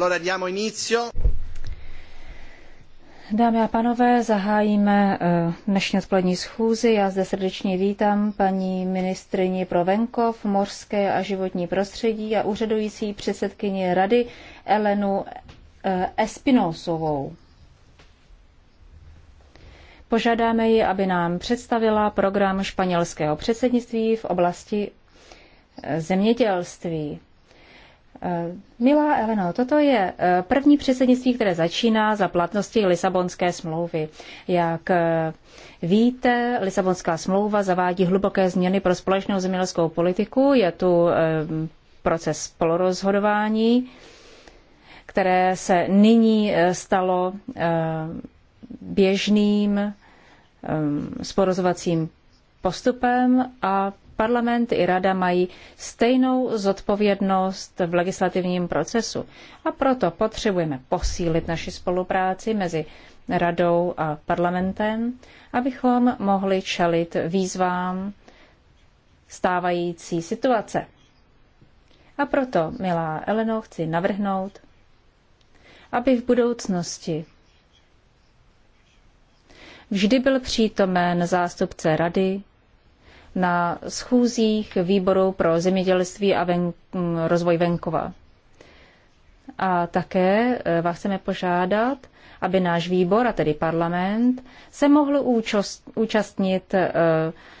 Allora diamo inizio. Dámy a pánové, zahájíme eh, dnešní odpolední schůzi. Já zde srdečně vítám paní ministrině pro venkov, mořské a životní prostředí a úřadující předsedkyni rady Elenu eh, Espinosovou. Požádáme ji, aby nám představila program španělského předsednictví v oblasti eh, zemědělství. Eh, milá Eleno, toto je eh, první předsednictví, které začíná za platnosti Lisabonské smlouvy. Jak eh, víte, Lisabonská smlouva zavádí hluboké změny pro společnou zemědělskou politiku. Je tu proces polorozhodování, které se nyní stalo běžným sporozovacím postupem a Parlament i Rada mají stejnou zodpovědnost v legislativním procesu a proto potřebujeme posílit naši spolupráci mezi Radou a Parlamentem, abychom mohli čelit výzvám stávající situace. A proto, milá Eleno, chci navrhnout, aby v budoucnosti vždy byl přítomen zástupce rady na schůzích výboru pro zemědělství a ven, mm, rozvoj venkova. A také eh, vás chceme požádat, aby náš výbor, a tedy parlament, se mohl účast, účastnit eh,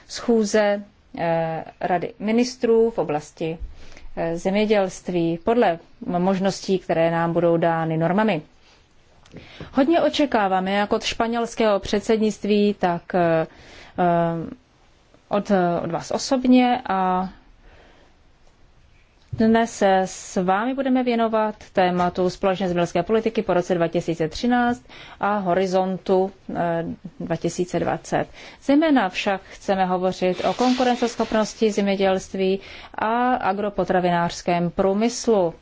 schůze eh, Rady ministrů v oblasti zemědělství podle možností, které nám budou dány normami. Hodně očekáváme jak od španělského předsednictví, tak od, od vás osobně a dnes se s vámi budeme věnovat tématu společné zemědělské politiky po roce 2013 a horizontu 2020. Eh, Zejména však chceme hovořit o konkurenceschopnosti zemědělství a agropotravinářském průmyslu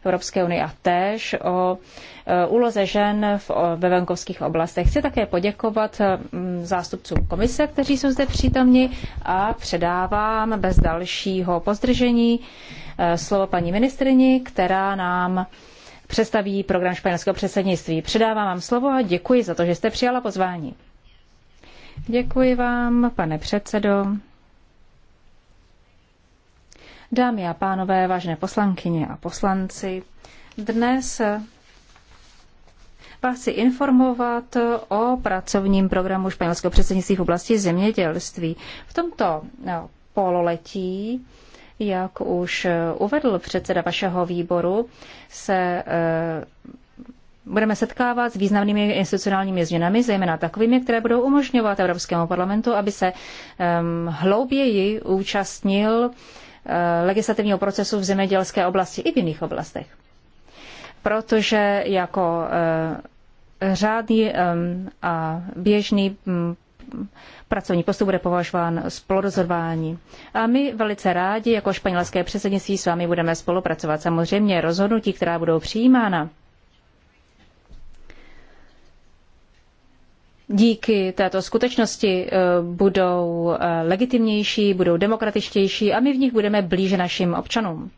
v Evropské unii a též o e, úloze žen v, ve venkovských oblastech. Chci také poděkovat e, zástupcům komise, kteří jsou zde přítomni a předávám bez dalšího pozdržení e, slovo paní ministrini, která nám představí program španělského předsednictví. Předávám vám slovo a děkuji za to, že jste přijala pozvání. Děkuji vám, pane předsedo. Dámy a pánové, vážné poslankyně a poslanci, dnes vás chci informovat o pracovním programu španělského předsednictví v oblasti zemědělství. V tomto no, pololetí, jak už uvedl předseda vašeho výboru, se eh, budeme setkávat s významnými institucionálními změnami, zejména takovými, které budou umožňovat Evropskému parlamentu, aby se um, hlouběji účastnil uh, Eh, legislativního procesu v zemědělské oblasti i v jiných oblastech. Protože jako eh, řádný eh, a běžný mm, pracovní postup bude považován spolurozhodování. A my velice rádi jako španělské předsednictví s vámi budeme spolupracovat. Samozřejmě rozhodnutí, která budou přijímána, díky této skutečnosti eh, budou eh, legitimnější, budou demokratičtější a my v nich budeme blíže našim občanům.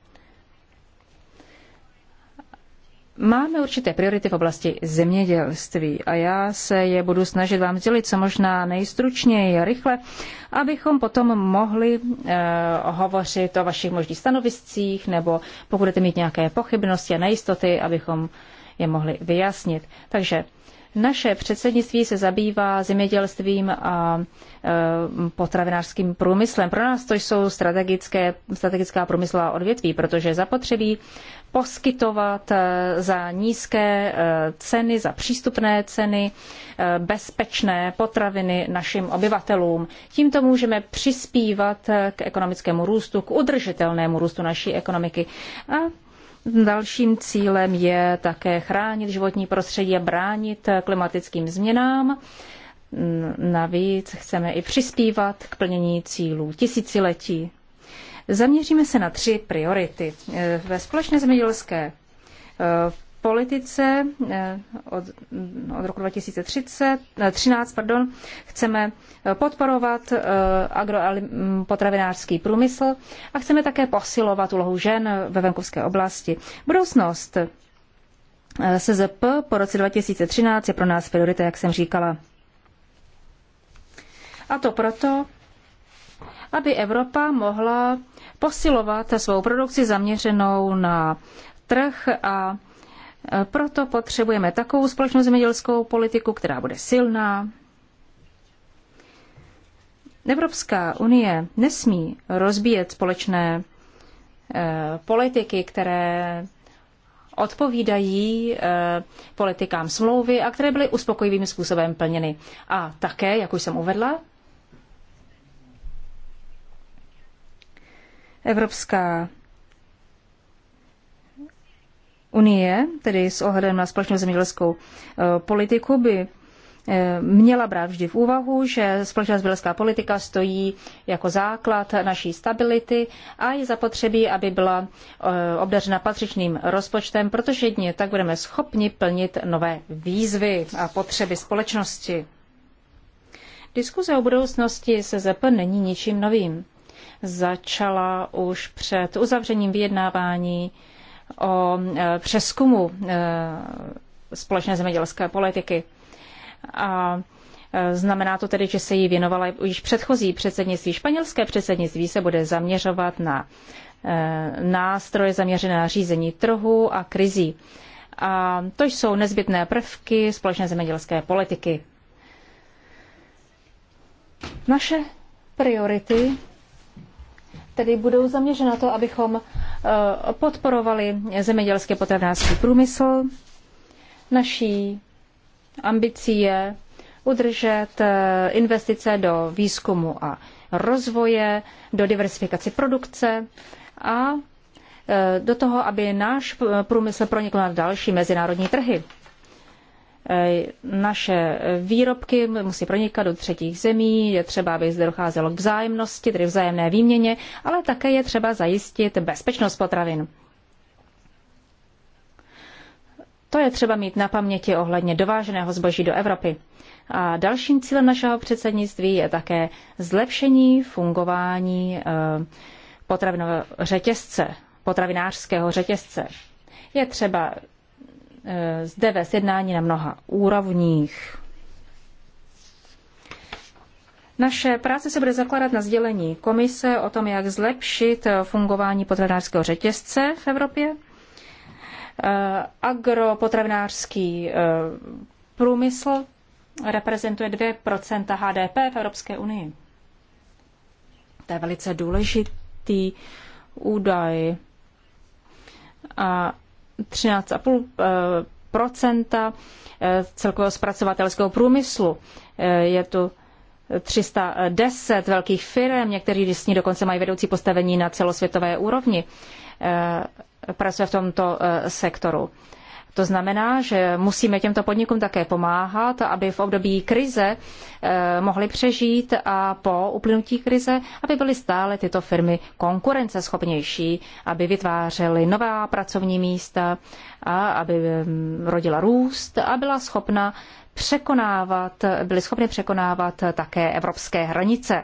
Máme určité priority v oblasti zemědělství a já se je budu snažit vám sdělit co možná nejstručněji a rychle, abychom potom mohli eh, hovořit o vašich možných stanoviscích nebo pokud budete mít nějaké pochybnosti a nejistoty, abychom je mohli vyjasnit. Takže naše předsednictví se zabývá zemědělstvím a e, potravinářským průmyslem. Pro nás to jsou strategické, strategická průmyslová odvětví, protože zapotřebí poskytovat e, za nízké e, ceny, za přístupné ceny bezpečné potraviny našim obyvatelům. Tímto můžeme přispívat k ekonomickému růstu, k udržitelnému růstu naší ekonomiky. A Dalším cílem je také chránit životní prostředí a bránit klimatickým změnám. Navíc chceme i přispívat k plnění cílů tisíciletí. Zaměříme se na tři priority. Ve společné zemědělské politice eh, od, od roku 2013, 13 eh, pardon, chceme eh, podporovat agropotravinářský průmysl a chceme také posilovat úlohu žen ve venkovské oblasti. Budoucnost SZP po roce 2013 je pro nás priorita, jak jsem říkala. A to proto, aby Evropa mohla posilovat svou produkci zaměřenou na trh a Eh, proto potřebujeme takovou společnou zemědělskou politiku, která bude silná. Evropská unie nesmí rozbíjet společné eh, politiky, které odpovídají eh, politikám smlouvy a které byly uspokojivým způsobem plněny. A také, jak už jsem uvedla, Evropská Unie, tedy s ohledem na společnou zemědělskou eh, politiku, by eh, měla brát vždy v úvahu, že společná zemědělská politika stojí jako základ naší stability a je zapotřebí, aby byla eh, obdařena patřičným rozpočtem, protože jedině tak budeme schopni plnit nové výzvy a potřeby společnosti. Diskuze o budoucnosti SZP není ničím novým. Začala už před uzavřením vyjednávání o e, přeskumu e, společné zemědělské politiky. A e, Znamená to tedy, že se jí věnovala již předchozí předsednictví. Španělské předsednictví se bude zaměřovat na nástroje zaměřené na řízení trhu a krizí. A to jsou nezbytné prvky společné zemědělské politiky. Naše priority tedy budou zaměřeny na to, abychom Eh, podporovali zemědělský potravinářský průmysl. Naší ambicí je udržet eh, investice do výzkumu a rozvoje, do diversifikace produkce a eh, do toho, aby náš průmysl pronikl na další mezinárodní trhy. Eh, naše výrobky musí pronikat do třetích zemí, je třeba, aby zde docházelo k vzájemnosti, tedy vzájemné výměně, ale také je třeba zajistit bezpečnost potravin. To je třeba mít na paměti ohledně dováženého zboží do Evropy. A dalším cílem našeho předsednictví je také zlepšení fungování eh, potravinového řetězce, potravinářského řetězce. Je třeba Eh, zde ve sjednání na mnoha úrovních. Naše práce se bude zakládat na sdělení komise o tom, jak zlepšit eh, fungování potravinářského řetězce v Evropě. Eh, agropotravinářský průmysl reprezentuje 2 HDP v Evropské unii. To je velice důležitý údaj. A 13,5 eh, eh, celkového zpracovatelského průmyslu. Eh, je tu 310 velkých firm, někteří z nich dokonce mají vedoucí postavení na celosvětové úrovni. Pracuje v tomto sektoru. To znamená, že musíme těmto podnikům také pomáhat, aby v období krize eh, mohli přežít a po uplynutí krize, aby byly stále tyto firmy konkurenceschopnější, aby vytvářely nová pracovní místa, a aby mm, rodila růst a byla schopna překonávat, byly schopny překonávat také evropské hranice.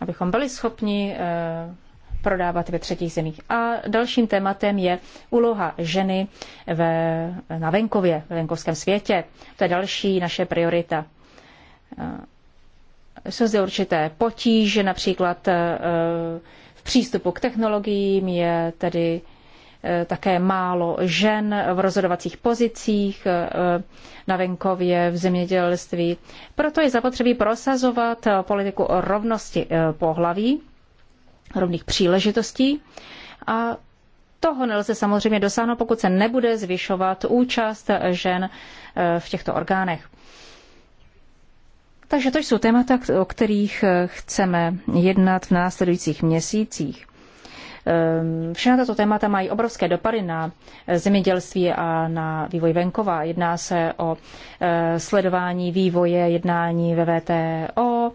Abychom byli schopni eh, prodávat ve třetích zemích. A dalším tématem je úloha ženy ve, na venkově, ve venkovském světě. To je další naše priorita. Eh, jsou zde určité potíže, například eh, v přístupu k technologiím je tedy eh, také málo žen v rozhodovacích pozicích na venkově, v zemědělství. Proto je zapotřebí prosazovat politiku o rovnosti pohlaví rovných příležitostí. A toho nelze samozřejmě dosáhnout, pokud se nebude zvyšovat účast žen e, v těchto orgánech. Takže to jsou témata, o kterých e, chceme jednat v následujících měsících. Ehm, všechna tato témata mají obrovské dopady na zemědělství a na vývoj venkova. Jedná se o e, sledování vývoje jednání ve VTO,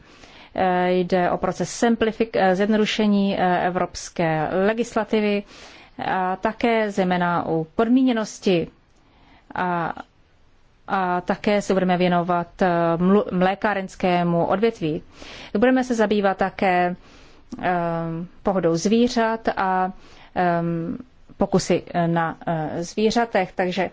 Eh, jde o proces eh, zjednodušení eh, evropské legislativy a také zejména u podmíněnosti a, a také se budeme věnovat mlékárenskému odvětví. Budeme se zabývat také pohodou zvířat a pokusy na zvířatech, takže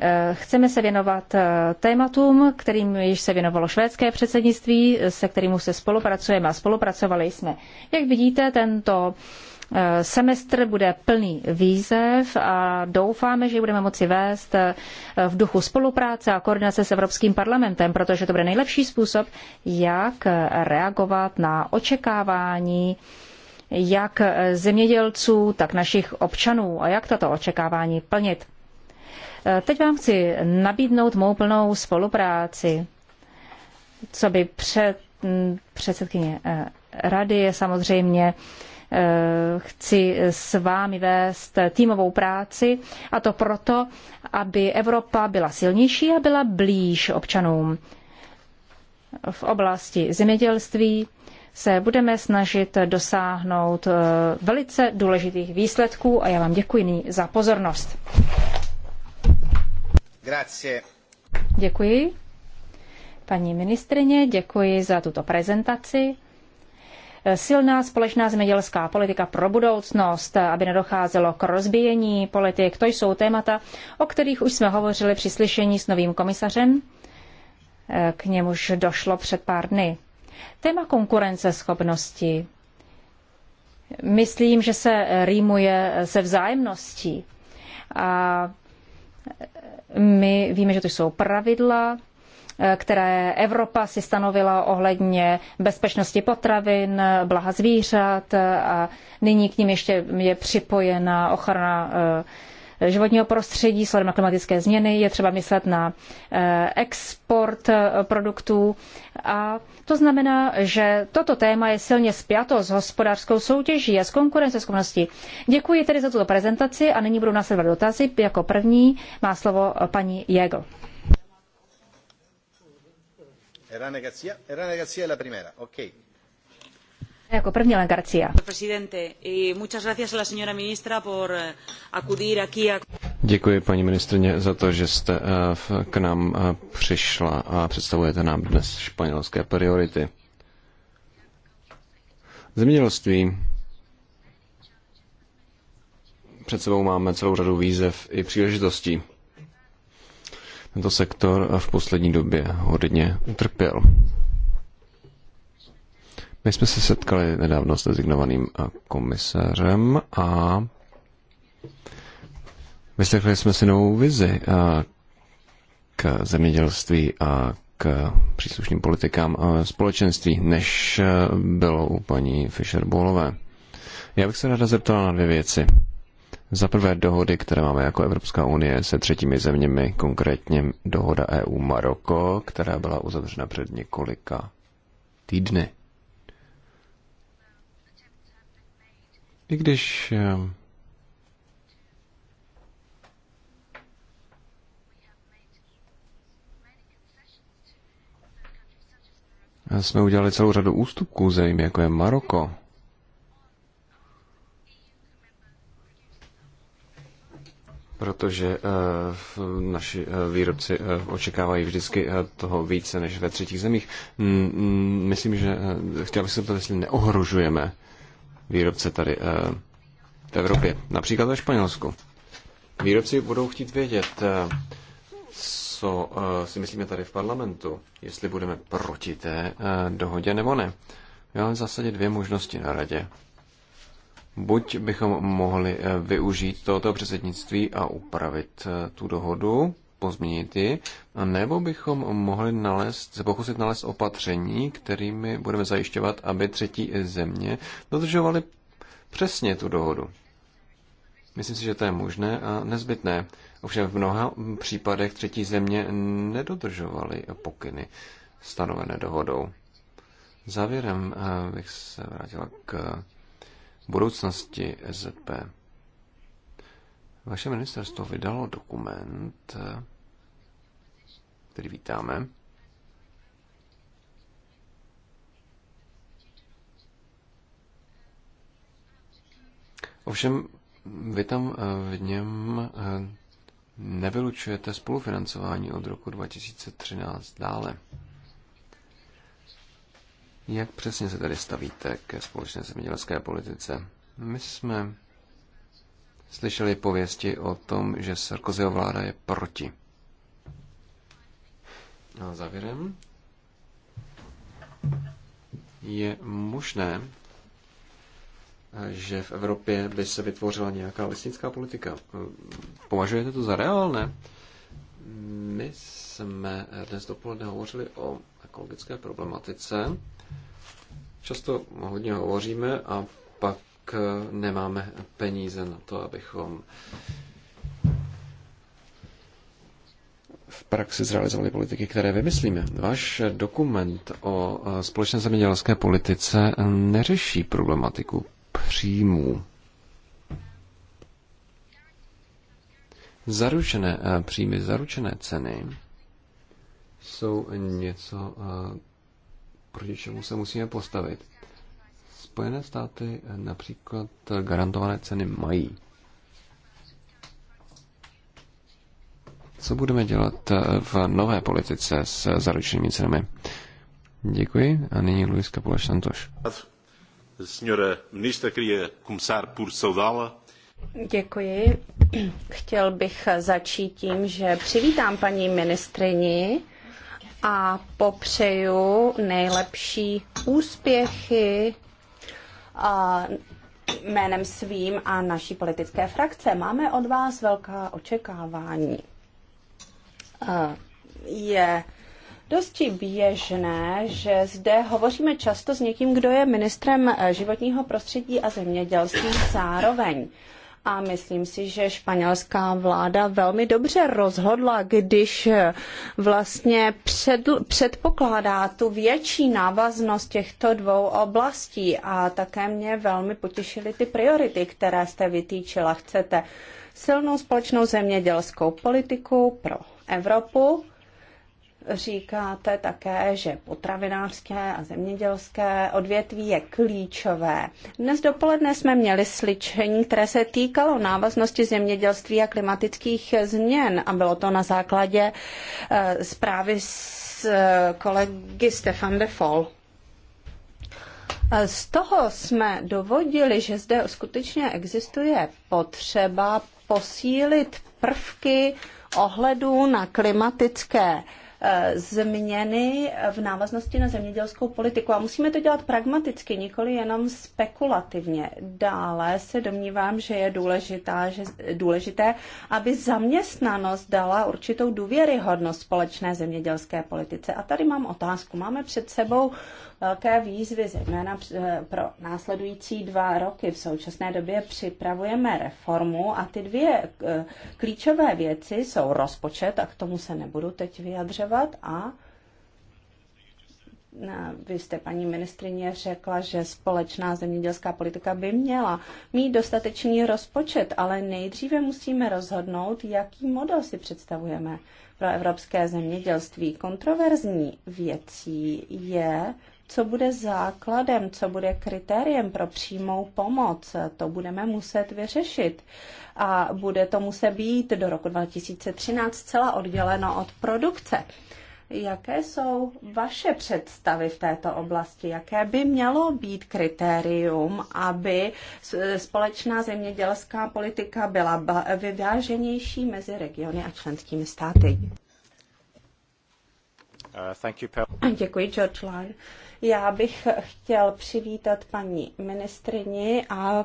Eh, chceme se věnovat eh, tématům, kterým již se věnovalo švédské předsednictví, eh, se kterým se spolupracujeme a spolupracovali jsme. Jak vidíte, tento Semestr bude plný výzev a doufáme, že budeme moci vést v duchu spolupráce a koordinace s Evropským parlamentem, protože to bude nejlepší způsob, jak reagovat na očekávání jak zemědělců, tak našich občanů a jak tato očekávání plnit. Teď vám chci nabídnout mou plnou spolupráci, co by před, předsedkyně eh, rady je samozřejmě eh, chci s vámi vést týmovou práci a to proto, aby Evropa byla silnější a byla blíž občanům. V oblasti zemědělství se budeme snažit dosáhnout eh, velice důležitých výsledků a já vám děkuji za pozornost. Děkuji. Paní ministrině, děkuji za tuto prezentaci. Silná společná zemědělská politika pro budoucnost, aby nedocházelo k rozbíjení politik, to jsou témata, o kterých už jsme hovořili při slyšení s novým komisařem. K němuž došlo před pár dny. Téma konkurenceschopnosti. Myslím, že se rýmuje se vzájemností. A my víme, že to jsou pravidla, eh, které Evropa si stanovila ohledně bezpečnosti potravin, blaha zvířat eh, a nyní k nim ještě je připojena ochrana eh, životního prostředí, s na klimatické změny, je třeba myslet na eh, export eh, produktů. A to znamená, že toto téma je silně spjato s hospodářskou soutěží a s konkurenceschopností. Děkuji tedy za tuto prezentaci a nyní budou následovat dotazy. Jako první má slovo paní Jägl. la primera. Okay. Jako první Len Garcia. Eh, Děkuji paní ministrině za to, že jste eh, k nám eh, přišla a představujete nám dnes španělské priority. Zemědělství. Před sebou máme celou řadu výzev i příležitostí. Tento sektor v poslední době hodně utrpěl. My jsme se setkali nedávno s designovaným eh, komisařem a vyslechli jsme si novou vizi eh, k zemědělství a k příslušným politikám a eh, společenství, než bylo u paní fischer -Bohlové. Já bych se ráda zeptala na dvě věci. Za prvé dohody, které máme jako Evropská unie se třetími zeměmi, konkrétně dohoda EU Maroko, která byla uzavřena před několika týdny. I když eh, jsme udělali celou řadu ústupků zemím, jako je Maroko, protože uh, naši uh, výrobci uh, očekávají vždycky uh, toho více než ve třetích zemích. Mm, mm, myslím, že uh, chtěl bych se ptát, jestli neohrožujeme výrobce tady eh, v Evropě, například ve Španělsku. Výrobci budou chtít vědět, eh, co eh, si myslíme tady v parlamentu, jestli budeme proti té dohodě nebo ne. Já mám v zásadě dvě možnosti na radě. Buď bychom mohli využít tohoto předsednictví a upravit tu dohodu, pozměnit ji, nebo bychom mohli nalézt, se pokusit nalézt opatření, kterými budeme zajišťovat, aby třetí země dodržovaly přesně tu dohodu. Myslím si, že to je možné a nezbytné. Ovšem v mnoha případech třetí země nedodržovaly pokyny stanovené dohodou. Závěrem eh, bych se vrátila k budoucnosti SZP. Vaše ministerstvo vydalo dokument, eh, který vítáme, Ovšem, vy tam eh, v něm eh, nevylučujete spolufinancování od roku 2013 dále. Jak přesně se tady stavíte ke společné zemědělské politice? My jsme slyšeli pověsti o tom, že Sarkozyho vláda je proti. A závěrem je možné, že v Evropě by se vytvořila nějaká listnická politika. Považujete to za reálné? My jsme dnes dopoledne hovořili o ekologické problematice. Často hodně hovoříme a pak Eh, nemáme peníze na to, abychom v praxi zrealizovali politiky, které vymyslíme. Váš dokument o eh, společné zemědělské politice neřeší problematiku příjmů. Zaručené eh, příjmy, zaručené ceny jsou něco, proti čemu se musíme postavit. Spojené státy například garantované ceny mají. Co budeme dělat eh, v nové politice s zaručenými cenami? Děkuji a nyní Luis Kapulaš Santos. Děkuji. Chtěl bych začít tím, že přivítám paní ministrini a popřeju nejlepší úspěchy jménem svým a naší politické frakce. Máme od vás velká očekávání. Je dosti běžné, že zde hovoříme často s někým, kdo je ministrem životního prostředí a zemědělství zároveň a myslím si, že španělská vláda velmi dobře rozhodla, když eh, vlastně před, předpokládá tu větší návaznost těchto dvou oblastí a také mě velmi potěšily ty priority, které jste vytýčila. Chcete silnou společnou zemědělskou politiku pro Evropu, Říkáte také, že potravinářské a zemědělské odvětví je klíčové. Dnes dopoledne jsme měli slyšení, které se týkalo návaznosti zemědělství a klimatických změn a bylo to na základě eh, zprávy s eh, kolegy Stefan de Foll. Z toho jsme dovodili, že zde skutečně existuje potřeba posílit prvky ohledu na klimatické změny v návaznosti na zemědělskou politiku. A musíme to dělat pragmaticky, nikoli jenom spekulativně. Dále se domnívám, že je důležitá, že, důležité, aby zaměstnanost dala určitou důvěryhodnost společné zemědělské politice. A tady mám otázku. Máme před sebou velké výzvy, zejména eh, pro následující dva roky. V současné době připravujeme reformu a ty dvě eh, klíčové věci jsou rozpočet, a k tomu se nebudu teď vyjadřovat, a eh, vy jste, paní ministrině, řekla, že společná zemědělská politika by měla mít dostatečný rozpočet, ale nejdříve musíme rozhodnout, jaký model si představujeme pro evropské zemědělství. Kontroverzní věcí je co bude základem, co bude kritériem pro přímou pomoc, to budeme muset vyřešit. A bude to muset být do roku 2013 celá odděleno od produkce. Jaké jsou vaše představy v této oblasti? Jaké by mělo být kritérium, aby společná zemědělská politika byla vyváženější mezi regiony a členskými státy? Uh, you, Děkuji, George Line. Já bych chtěl přivítat paní ministrini a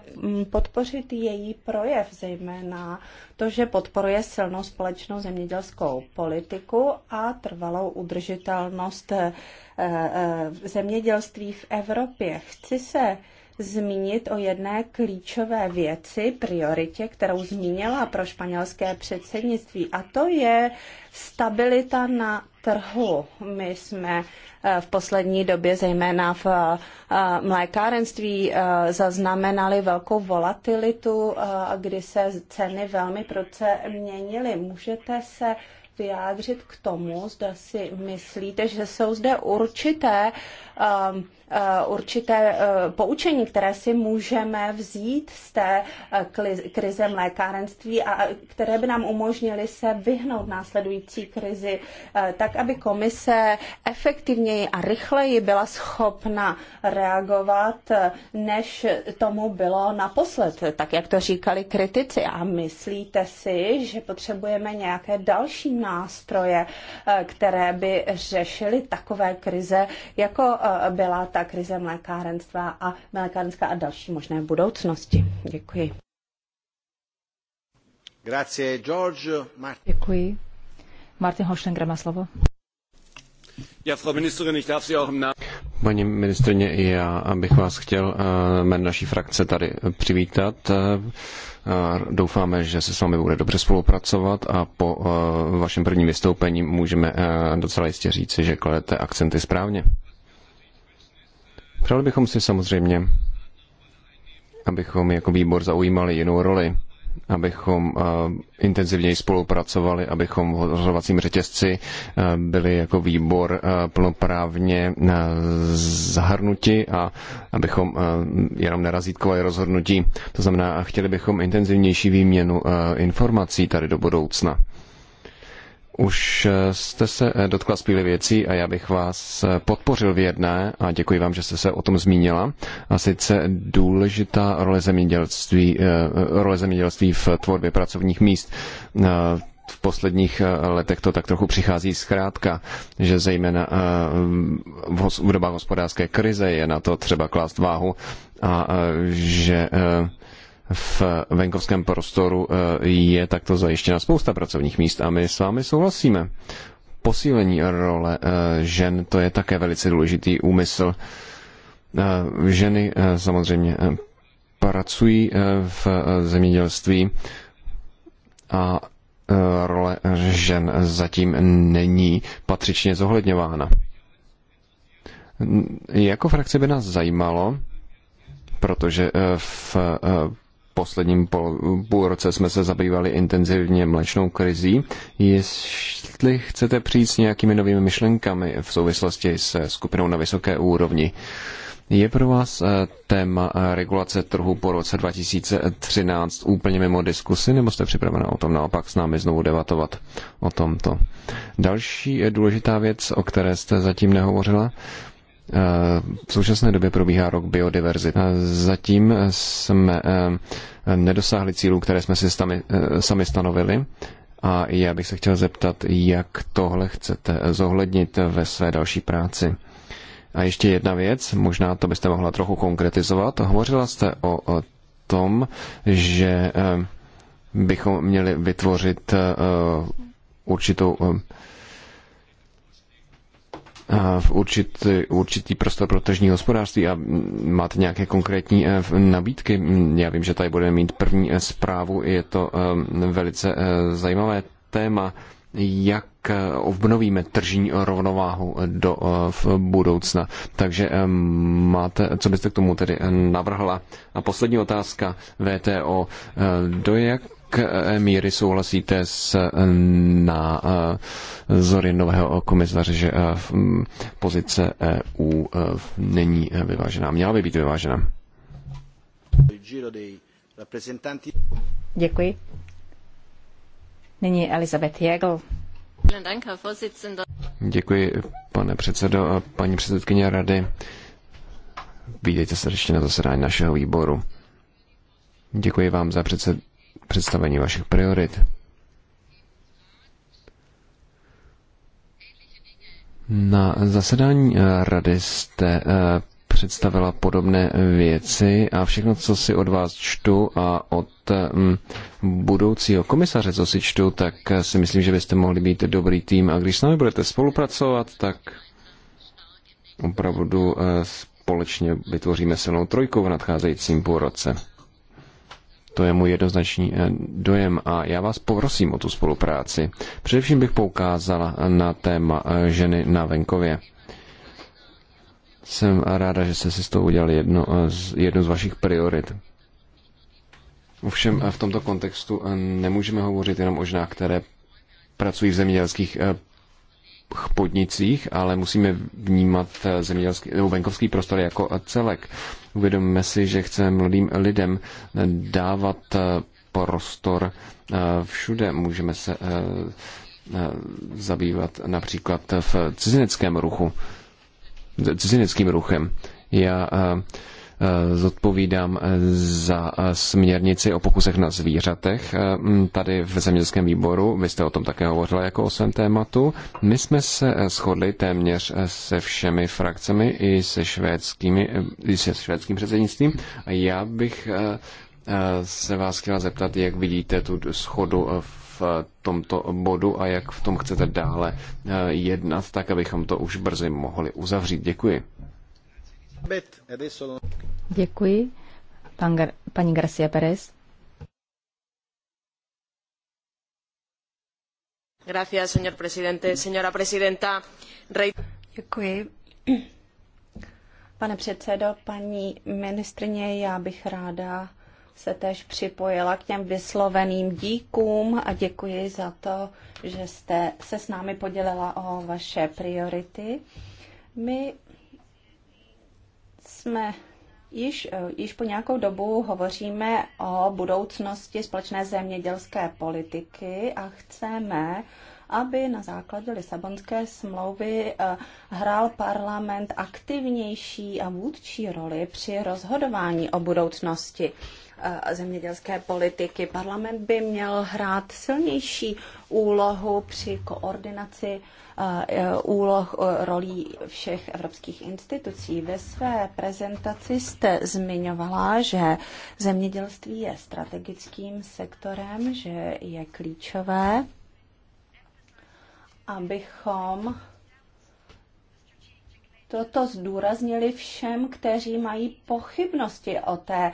podpořit její projev, zejména to, že podporuje silnou společnou zemědělskou politiku a trvalou udržitelnost eh, eh, zemědělství v Evropě. Chci se zmínit o jedné klíčové věci, prioritě, kterou zmínila pro španělské předsednictví, a to je stabilita na trhu. My jsme eh, v poslední době, zejména v eh, mlékárenství, eh, zaznamenali velkou volatilitu, kdy se ceny velmi proce měnily. Můžete se vyjádřit k tomu, zda si myslíte, že jsou zde určité um, Eh, určité eh, poučení, které si můžeme vzít z té eh, krize mlékárenství a které by nám umožnily se vyhnout následující krizi, tak aby komise efektivněji a rychleji byla schopna reagovat, než tomu bylo naposled, tak jak to říkali kritici. A myslíte si, že potřebujeme nějaké další nástroje, které by řešily takové krize, jako byla ta krize mlékárenstva a mlékárenská a další možné budoucnosti. Děkuji. Grazie, George. Martin. Děkuji. Martin Hoštenger má slovo. Ja, Frau Ministerin, ich darf Sie auch im Namen Paní ministrině, i já bych vás chtěl eh, jménem naší frakce tady přivítat. Eh, eh, doufáme, že se s vámi bude dobře spolupracovat a po vašem prvním vystoupení můžeme docela jistě říci, že kladete akcenty správně. Přáli bychom si samozřejmě, abychom jako výbor zaujímali jinou roli, abychom uh, intenzivněji spolupracovali, abychom v rozhodovacím řetězci uh, byli jako výbor uh, plnoprávně uh, zahrnuti a abychom uh, jenom nerazítkovali rozhodnutí. To znamená, chtěli bychom intenzivnější výměnu uh, informací tady do budoucna. Už eh, jste se eh, dotkla spíly věcí a já bych vás eh, podpořil v jedné a děkuji vám, že jste se o tom zmínila. A sice důležitá role zemědělství, role zemědělství v tvorbě pracovních míst. V posledních letech to tak trochu přichází zkrátka, že zejména v dobách hospodářské krize je na to třeba klást váhu a že v venkovském prostoru eh, je takto zajištěna spousta pracovních míst a my s vámi souhlasíme. Posílení role eh, žen, to je také velice důležitý úmysl. Eh, ženy samozřejmě pracují v zemědělství a role žen zatím není patřičně zohledňována. Jako frakce by nás zajímalo, protože v posledním půl roce jsme se zabývali intenzivně mlečnou krizí. Jestli chcete přijít s nějakými novými myšlenkami v souvislosti se skupinou na vysoké úrovni, je pro vás eh, téma eh, regulace trhu po roce 2013 úplně mimo diskusy, nebo jste připravena o tom naopak s námi znovu debatovat o tomto? Další eh, důležitá věc, o které jste zatím nehovořila, Eh, v současné době probíhá rok biodiverzity. Eh, zatím jsme eh, nedosáhli cílů, které jsme si sami, sami stanovili. A já bych se chtěl zeptat, jak tohle chcete zohlednit ve své další práci. A ještě jedna věc, možná to byste mohla trochu konkretizovat. Hovořila jste o, tom, že bychom měli vytvořit určitou v určitý, určitý prostor pro tržní hospodářství a máte nějaké konkrétní e, nabídky. Já vím, že tady budeme mít první e, zprávu, je to e, velice zajímavé téma, jak obnovíme tržní rovnováhu do v budoucna. Takže máte, co byste k tomu tedy navrhla? A poslední otázka VTO. Do jak Eh, míry souhlasíte s eh, na eh, zory nového komisaře, že pozice EU není vyvážená? Měla by být vyvážená? Děkuji. Nyní Elizabeth Jägl. Děkuji, pane předsedo, paní předsedkyně rady. Vítejte srdečně na zasedání našeho výboru. Děkuji vám za předsed, představení vašich priorit. Na zasedání eh, rady jste eh, představila podobné věci a všechno, co si od vás čtu a od mm, budoucího komisaře, co si čtu, tak eh, si myslím, že byste mohli být dobrý tým. A když s námi budete spolupracovat, tak opravdu společně vytvoříme silnou trojku v nadcházejícím roce. To je můj jednoznačný eh, dojem a já vás poprosím o tu spolupráci. Především bych poukázala na téma eh, ženy na venkově. Jsem ráda, že jste si z toho udělali jedno, eh, jednu z vašich priorit. Ovšem v tomto kontextu nemůžeme hovořit jenom o ženách, které pracují v zemědělských podnicích, ale musíme vnímat zemědělský, nebo venkovský prostor jako celek. Uvědomíme si, že chceme mladým lidem dávat prostor eh, všude. Můžeme se eh, eh, zabývat například v cizineckém ruchu, cizineckým ruchem. Já Eh, zodpovídám eh, za eh, směrnici o pokusech na zvířatech tady v zemědělském výboru. Vy jste o tom také hovořila jako o svém tématu. My jsme se shodli téměř se všemi frakcemi i se, švédskými, i se švédským předsednictvím. Já bych se vás chtěla zeptat, jak vidíte tu schodu v tomto bodu a jak v tom chcete dále jednat, tak abychom to už brzy mohli uzavřít. Děkuji. Děkuji. Pan paní Garcia Gracias, señor presidente. Señora presidenta, rey... Děkuji. Pane předsedo, paní ministrině, já bych ráda se tež připojila k těm vysloveným díkům a děkuji za to, že jste se s námi podělila o vaše priority. My jsme Již, eh, již po nějakou dobu hovoříme o budoucnosti společné zemědělské politiky a chceme, aby na základě Lisabonské smlouvy eh, hrál parlament aktivnější a vůdčí roli při rozhodování o budoucnosti zemědělské politiky. Parlament by měl hrát silnější úlohu při koordinaci e, úloh e, rolí všech evropských institucí. Ve své prezentaci jste zmiňovala, že zemědělství je strategickým sektorem, že je klíčové, abychom toto zdůraznili všem, kteří mají pochybnosti o, té,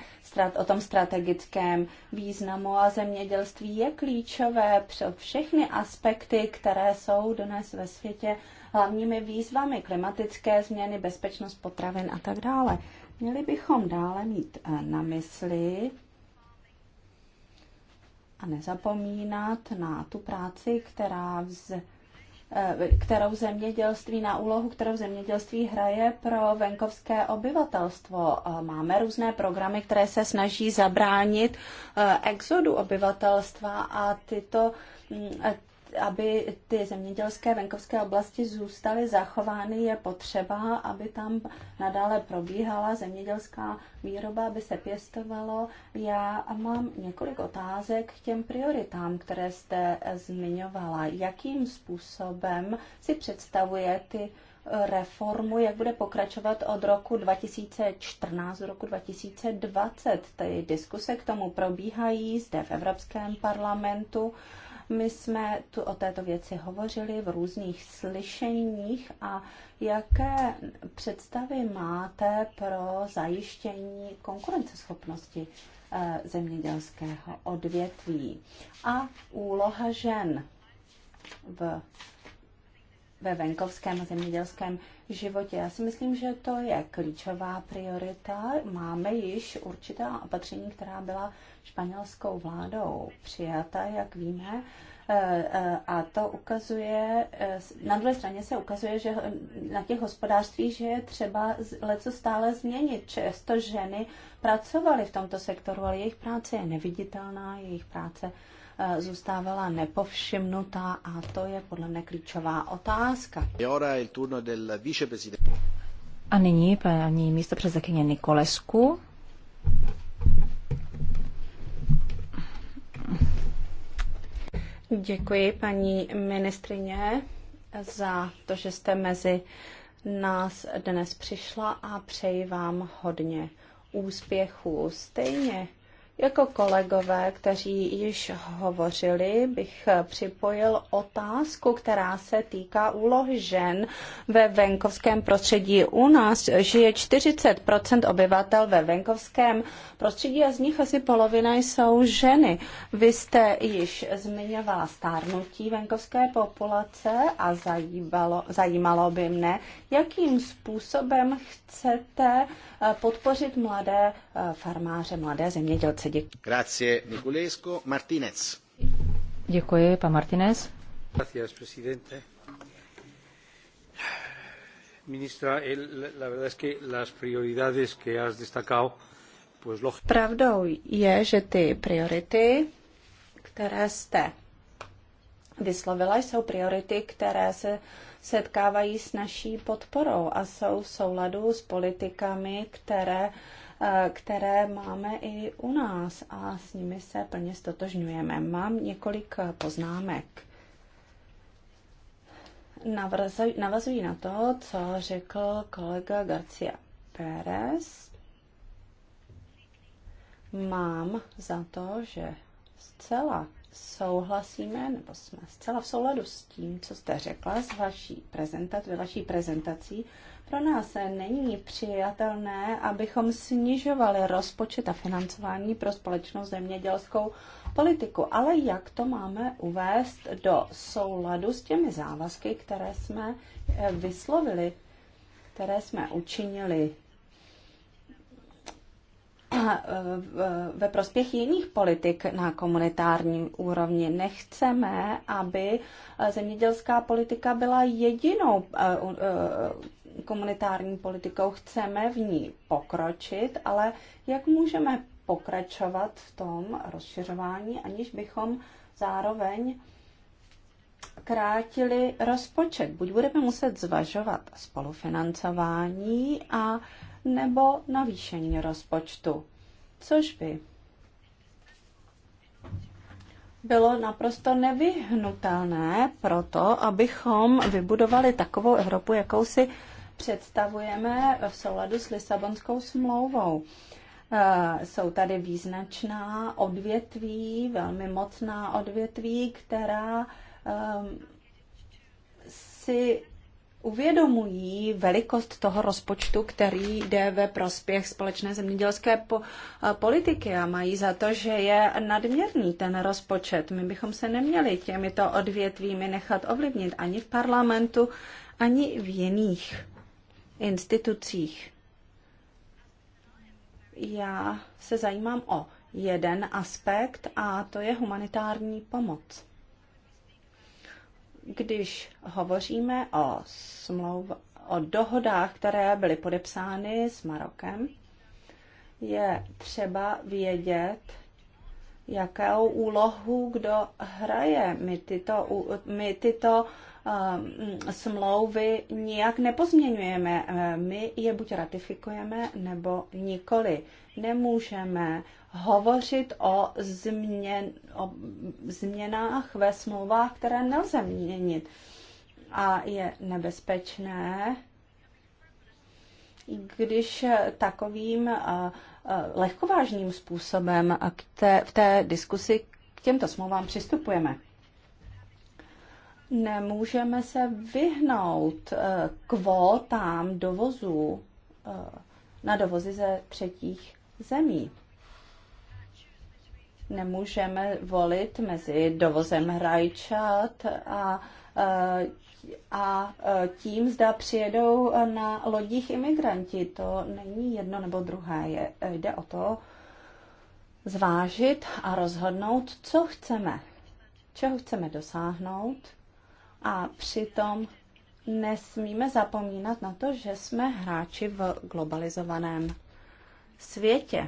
o tom strategickém významu a zemědělství je klíčové pro všechny aspekty, které jsou dnes ve světě hlavními výzvami klimatické změny, bezpečnost potravin a tak dále. Měli bychom dále mít eh, na mysli a nezapomínat na tu práci, která vz, Eh, kterou zemědělství, na úlohu, kterou zemědělství hraje pro venkovské obyvatelstvo. Eh, máme různé programy, které se snaží zabránit eh, exodu obyvatelstva a tyto mm, aby ty zemědělské venkovské oblasti zůstaly zachovány, je potřeba, aby tam nadále probíhala zemědělská výroba, aby se pěstovalo. Já mám několik otázek k těm prioritám, které jste zmiňovala. Jakým způsobem si představuje ty reformu, jak bude pokračovat od roku 2014 do roku 2020. Ty diskuse k tomu probíhají zde v Evropském parlamentu my jsme tu o této věci hovořili v různých slyšeních a jaké představy máte pro zajištění konkurenceschopnosti eh, zemědělského odvětví a úloha žen v ve venkovském a zemědělském životě. Já si myslím, že to je klíčová priorita. Máme již určitá opatření, která byla španělskou vládou přijata, jak víme. Eh, eh, a to ukazuje, eh, na druhé straně se ukazuje, že na těch hospodářstvích, že je třeba leco stále změnit. Často ženy pracovaly v tomto sektoru, ale jejich práce je neviditelná, jejich práce E, zůstávala nepovšimnutá a to je podle mě klíčová otázka. A nyní paní místo předsedkyně Nikolesku. Děkuji, paní ministrině, za to, že jste mezi nás dnes přišla a přeji vám hodně úspěchů. Stejně jako kolegové, kteří již hovořili, bych připojil otázku, která se týká úlohy žen ve venkovském prostředí. U nás žije 40 obyvatel ve venkovském prostředí a z nich asi polovina jsou ženy. Vy jste již zmiňovala stárnutí venkovské populace a zajímalo, zajímalo by mne, jakým způsobem chcete podpořit mladé eh, farmáře, mladé zemědělce. Děkuji. Grazie, Niculesco. Martinez. Děkuji, pan Martinez. Gracias, presidente. Ministra, la verdad es que las prioridades que has destacado, pues lógico. Pravdou je, že ty priority, které jste vyslovila, jsou priority, které se setkávají s naší podporou a jsou v souladu s politikami, které Eh, které máme i u nás a s nimi se plně stotožňujeme. Mám několik eh, poznámek. navazují na to, co řekl kolega Garcia Pérez. Mám za to, že zcela souhlasíme, nebo jsme zcela v souladu s tím, co jste řekla, s vaší prezentací, vaší prezentací pro nás není přijatelné, abychom snižovali rozpočet a financování pro společnou zemědělskou politiku. Ale jak to máme uvést do souladu s těmi závazky, které jsme eh, vyslovili, které jsme učinili eh, ve prospěch jiných politik na komunitární úrovni. Nechceme, aby eh, zemědělská politika byla jedinou komunitární politikou. Chceme v ní pokročit, ale jak můžeme pokračovat v tom rozšiřování, aniž bychom zároveň krátili rozpočet. Buď budeme muset zvažovat spolufinancování a nebo navýšení rozpočtu, což by bylo naprosto nevyhnutelné pro to, abychom vybudovali takovou Evropu, jakou si představujeme v souladu s Lisabonskou smlouvou. Eh, jsou tady význačná odvětví, velmi mocná odvětví, která ehm, si uvědomují velikost toho rozpočtu, který jde ve prospěch společné zemědělské po, eh, politiky a mají za to, že je nadměrný ten rozpočet. My bychom se neměli těmito odvětvími nechat ovlivnit ani v parlamentu, ani v jiných institucích. Já se zajímám o jeden aspekt a to je humanitární pomoc. Když hovoříme o, smlouv, o dohodách, které byly podepsány s Marokem, je třeba vědět, jakou úlohu kdo hraje. My tyto, my tyto um, smlouvy nijak nepozměňujeme. My je buď ratifikujeme, nebo nikoli. Nemůžeme hovořit o, změn, o změnách ve smlouvách, které nelze měnit. A je nebezpečné, když takovým Eh, lehkovážným způsobem a k té, v té diskusi k těmto smlouvám přistupujeme. Nemůžeme se vyhnout eh, kvótám dovozu eh, na dovozy ze třetích zemí. Nemůžeme volit mezi dovozem rajčat a Eh, a eh, tím, zda přijedou eh, na lodích imigranti. To není jedno nebo druhé. Je, jde o to zvážit a rozhodnout, co chceme, čeho chceme dosáhnout a přitom nesmíme zapomínat na to, že jsme hráči v globalizovaném světě.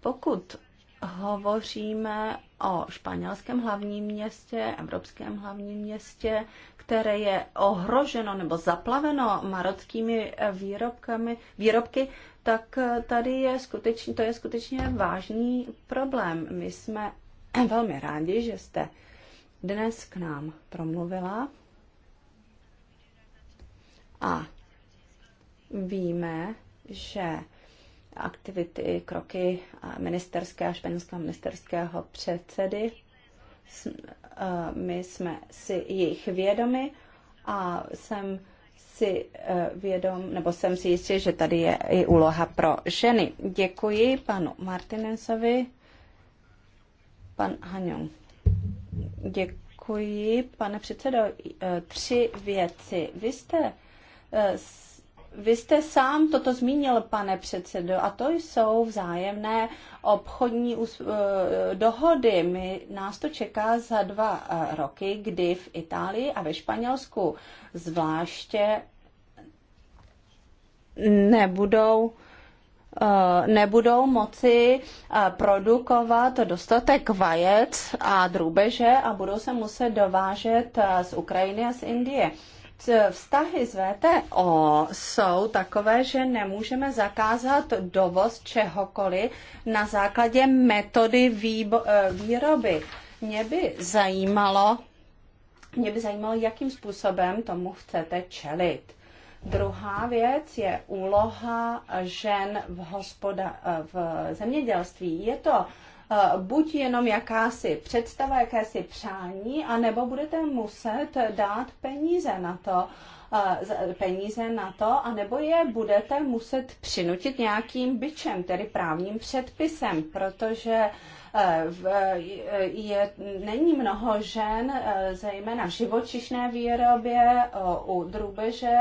Pokud hovoříme o španělském hlavním městě, evropském hlavním městě, které je ohroženo nebo zaplaveno marockými eh, výrobkami, výrobky, tak eh, tady je skutečně, to je skutečně vážný problém. My jsme velmi rádi, že jste dnes k nám promluvila a víme, že aktivity, kroky ministerského a španělského ministerského předsedy. My jsme si jejich vědomi a jsem si e, vědom, nebo jsem si jistě, že tady je i úloha pro ženy. Děkuji panu Martinensovi. Pan Haňon. Děkuji, pane předsedo. E, tři věci. Vy jste e, vy jste sám toto zmínil, pane předsedo, a to jsou vzájemné obchodní eh, dohody. My, nás to čeká za dva eh, roky, kdy v Itálii a ve Španělsku zvláště nebudou eh, nebudou moci produkovat dostatek vajec a drůbeže a budou se muset dovážet z Ukrajiny a z Indie. Vztahy s VTO jsou takové, že nemůžeme zakázat dovoz čehokoliv na základě metody eh, výroby. Mě by zajímalo, mě by zajímalo, jakým způsobem tomu chcete čelit. Druhá věc je úloha žen v, hospoda- eh, v zemědělství. Je to Eh, buď jenom jakási představa, jakési přání, anebo budete muset dát peníze na to, eh, peníze na to, anebo je budete muset přinutit nějakým byčem, tedy právním předpisem, protože eh, je, není mnoho žen, zejména v živočišné výrobě, u drůbeže,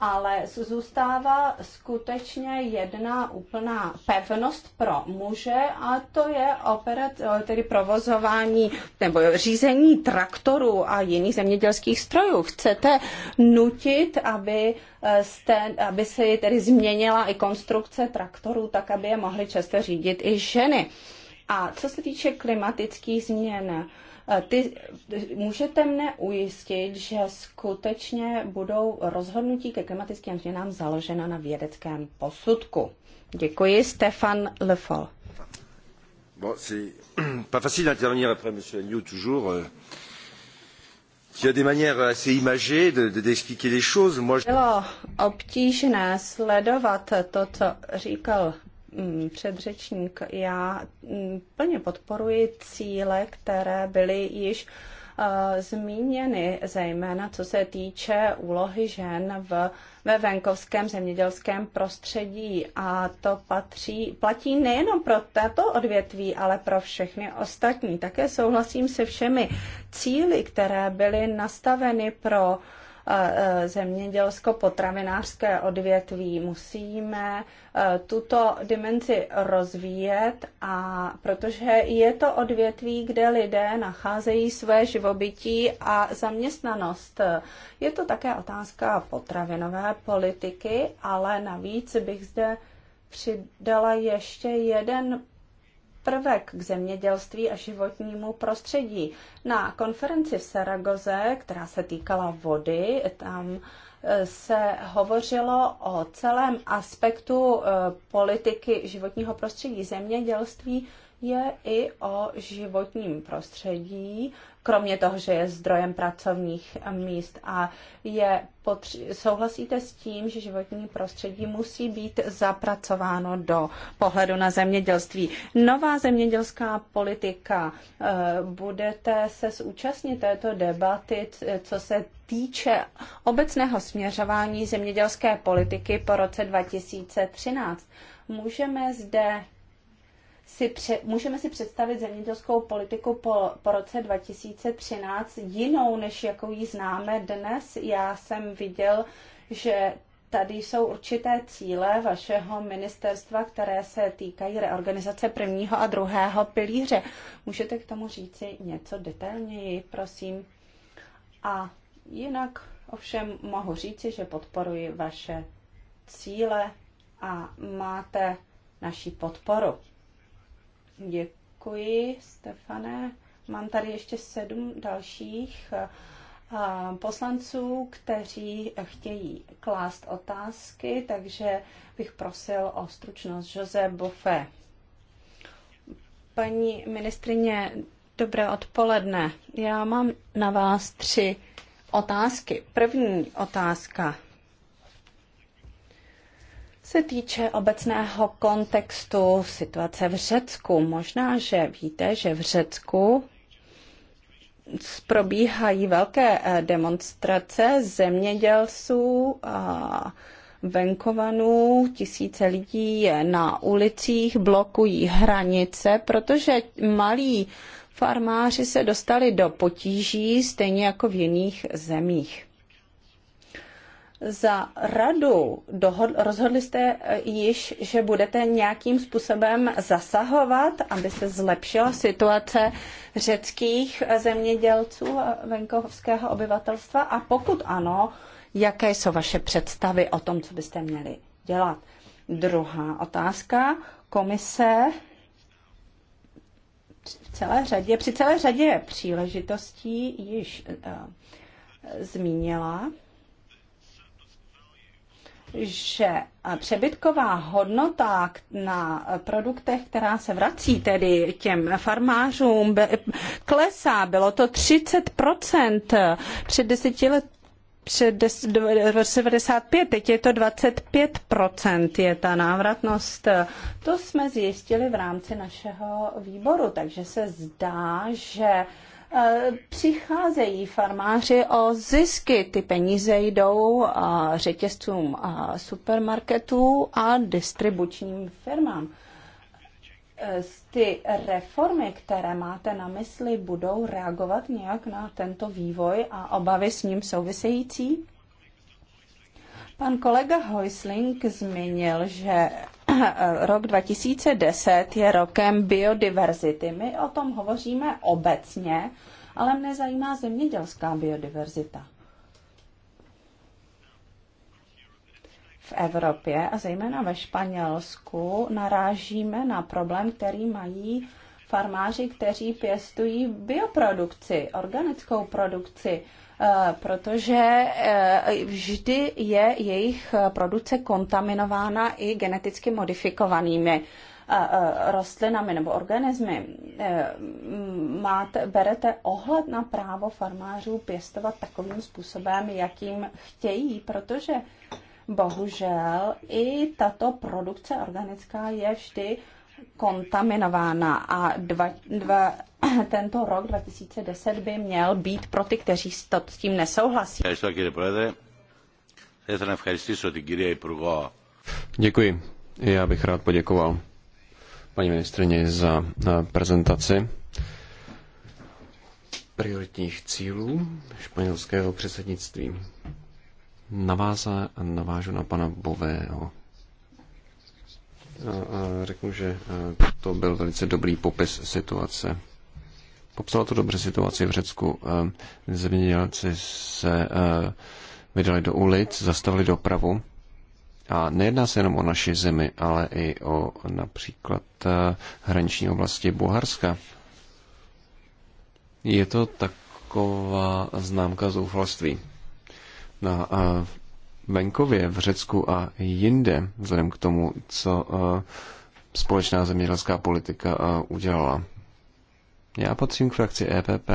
ale zůstává skutečně jedna úplná pevnost pro muže a to je operat, tedy provozování nebo řízení traktorů a jiných zemědělských strojů. Chcete nutit, aby, e, jste, aby se tedy změnila i konstrukce traktorů, tak aby je mohly často řídit i ženy. A co se týče klimatických změn, ty, můžete mne ujistit, že skutečně budou rozhodnutí ke klimatickým změnám založena na vědeckém posudku. Děkuji, Stefan Lefol. Bon, c'est pas facile d'intervenir après M. Agnew, toujours. Euh, a des manières assez imagées de, les choses. Moi, je... Bylo obtížné sledovat to, co říkal Mm, předřečník. Já mm, plně podporuji cíle, které byly již eh, zmíněny, zejména co se týče úlohy žen v, ve venkovském zemědělském prostředí. A to patří, platí nejenom pro tato odvětví, ale pro všechny ostatní. Také souhlasím se všemi cíly, které byly nastaveny pro uh, E, zemědělsko-potravinářské odvětví. Musíme e, tuto dimenzi rozvíjet, a protože je to odvětví, kde lidé nacházejí své živobytí a zaměstnanost. Je to také otázka potravinové politiky, ale navíc bych zde přidala ještě jeden prvek k zemědělství a životnímu prostředí. Na konferenci v Saragoze, která se týkala vody, tam eh, se hovořilo o celém aspektu eh, politiky životního prostředí zemědělství, je i o životním prostředí, kromě toho, že je zdrojem pracovních míst. A je potři- souhlasíte s tím, že životní prostředí musí být zapracováno do pohledu na zemědělství. Nová zemědělská politika, eh, budete se zúčastnit této debaty, co se týče obecného směřování zemědělské politiky po roce 2013. Můžeme zde si pře- můžeme si představit zemědělskou politiku po, po roce 2013 jinou, než jakou ji známe dnes. Já jsem viděl, že tady jsou určité cíle vašeho ministerstva, které se týkají reorganizace prvního a druhého pilíře. Můžete k tomu říci něco detailněji, prosím? A jinak ovšem mohu říci, že podporuji vaše cíle a máte naši podporu. Děkuji, Stefane. Mám tady ještě sedm dalších eh, poslanců, kteří chtějí klást otázky, takže bych prosil o stručnost Jose Bofe. Paní ministrině, dobré odpoledne. Já mám na vás tři otázky. První otázka se týče obecného kontextu situace v Řecku, možná, že víte, že v Řecku probíhají velké eh, demonstrace zemědělců a venkovanů, tisíce lidí je na ulicích, blokují hranice, protože malí farmáři se dostali do potíží, stejně jako v jiných zemích za radu dohod, rozhodli jste eh, již, že budete nějakým způsobem zasahovat, aby se zlepšila situace řeckých eh, zemědělců a venkovského obyvatelstva? A pokud ano, jaké jsou vaše představy o tom, co byste měli dělat? Druhá otázka. Komise v celé řadě, při celé řadě příležitostí již uh, zmínila že přebytková hodnota na produktech, která se vrací tedy těm farmářům, klesá. Bylo to 30% před deseti let před 95, teď je to 25%, je ta návratnost. To jsme zjistili v rámci našeho výboru, takže se zdá, že Eh, přicházejí farmáři o zisky. Ty peníze jdou eh, řetězcům eh, supermarketů a distribučním firmám. Ty reformy, které máte na mysli, budou reagovat nějak na tento vývoj a obavy s ním související? Pan kolega Heusling zmínil, že rok 2010 je rokem biodiverzity. My o tom hovoříme obecně, ale mne zajímá zemědělská biodiverzita. v Evropě a zejména ve Španělsku narážíme na problém, který mají farmáři, kteří pěstují bioprodukci, organickou produkci. Eh, protože eh, vždy je jejich eh, produkce kontaminována i geneticky modifikovanými rostlinami nebo organismy. Máte, berete ohled na právo farmářů pěstovat takovým způsobem, jakým chtějí, protože bohužel i tato produkce organická je vždy kontaminována a dva, dva, tento rok 2010 by měl být pro ty, kteří s tím nesouhlasí. Děkuji. Já bych rád poděkoval paní ministrině za eh, prezentaci prioritních cílů španělského předsednictví. a navážu na pana Bového. A, eh, a eh, řeknu, že to byl velice dobrý popis situace popsal to dobře situaci v Řecku. Eh, zemědělci se eh, vydali do ulic, zastavili dopravu a nejedná se jenom o naši zemi, ale i o například eh, hraniční oblasti Bulharska. Je to taková známka zoufalství. Na venkově v Řecku a jinde, vzhledem k tomu, co společná zemědělská politika udělala já patřím k frakci EPP,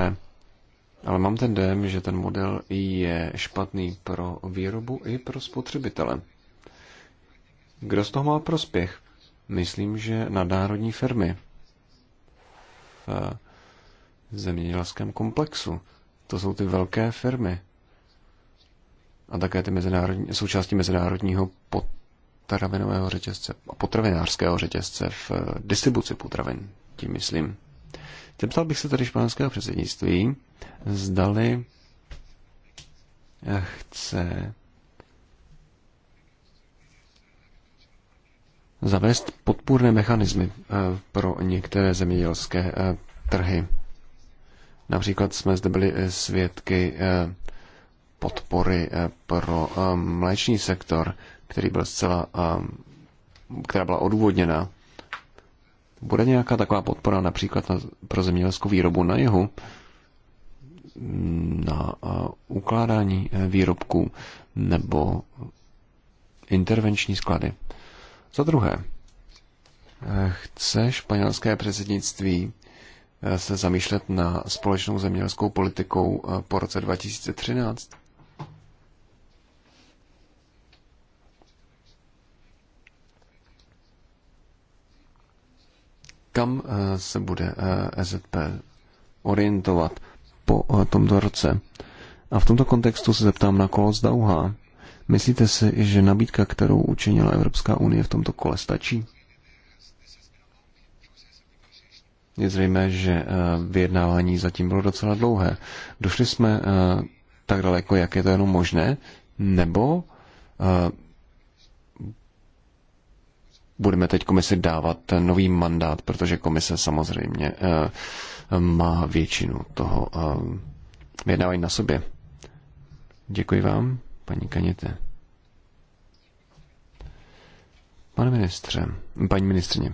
ale mám ten dojem, že ten model je špatný pro výrobu i pro spotřebitele. Kdo z toho má prospěch? Myslím, že nadárodní firmy v eh, zemědělském komplexu. To jsou ty velké firmy. A také ty mezinárodní, součástí mezinárodního potravinového řetězce a potravinářského řetězce v eh, distribuci potravin, tím myslím. Zeptal bych se tedy španělského předsednictví, zdali eh, chce zavést podpůrné mechanismy eh, pro některé zemědělské eh, trhy. Například jsme zde byli svědky podpory pro mléčný sektor, který byl zcela, která byla odůvodněna. Bude nějaká taková podpora například na, pro zemědělskou výrobu na jihu, na ukládání e, výrobků nebo intervenční sklady? Za druhé, e, chce španělské předsednictví e, se zamýšlet na společnou zemědělskou politikou po roce 2013? kam eh, se bude EZP eh, orientovat po eh, tomto roce. A v tomto kontextu se zeptám na kolo z Dauha. Myslíte si, že nabídka, kterou učinila Evropská unie v tomto kole, stačí? Je zřejmé, že vyjednávání zatím bylo docela dlouhé. Došli jsme tak daleko, jak je to jenom možné, nebo budeme teď komisi dávat nový mandát, protože komise samozřejmě eh, má většinu toho eh, vyjednávání na sobě. Děkuji vám, paní Kaněte. Pane ministře, paní ministrně,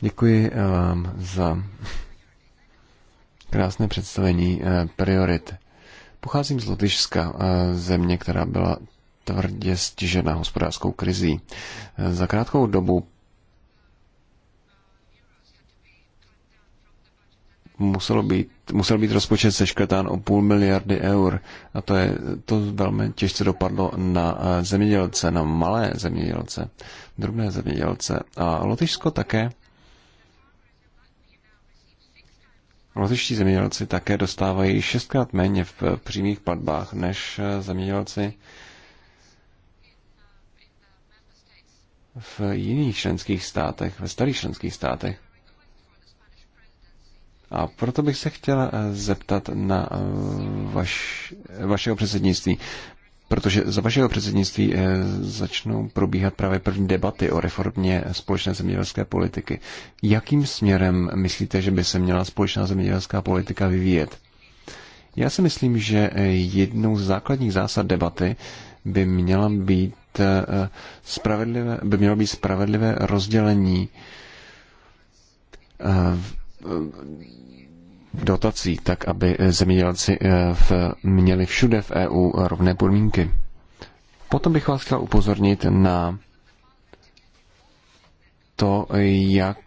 děkuji eh, vám za krásné představení priorit. Pocházím z Lotyšska, země, která byla tvrdě stižena hospodářskou krizí. Za krátkou dobu muselo být, musel být rozpočet seškrtán o půl miliardy eur. A to, je, to velmi těžce dopadlo na eh, zemědělce, na malé zemědělce, drobné zemědělce. A Lotyšsko také. Lotyští zemědělci také dostávají šestkrát méně v přímých platbách než eh, zemědělci v jiných členských státech, ve starých členských státech. A proto bych se chtěla eh, zeptat na eh, vaš, vašeho předsednictví, protože za vašeho předsednictví eh, začnou probíhat právě první debaty o reformě společné zemědělské politiky. Jakým směrem myslíte, že by se měla společná zemědělská politika vyvíjet? Já si myslím, že jednou z základních zásad debaty by měla být Eh, spravedlivé, by mělo být spravedlivé rozdělení eh, eh, dotací, tak aby zemědělci v, měli všude v EU rovné podmínky. Potom bych vás chtěl upozornit na to, jak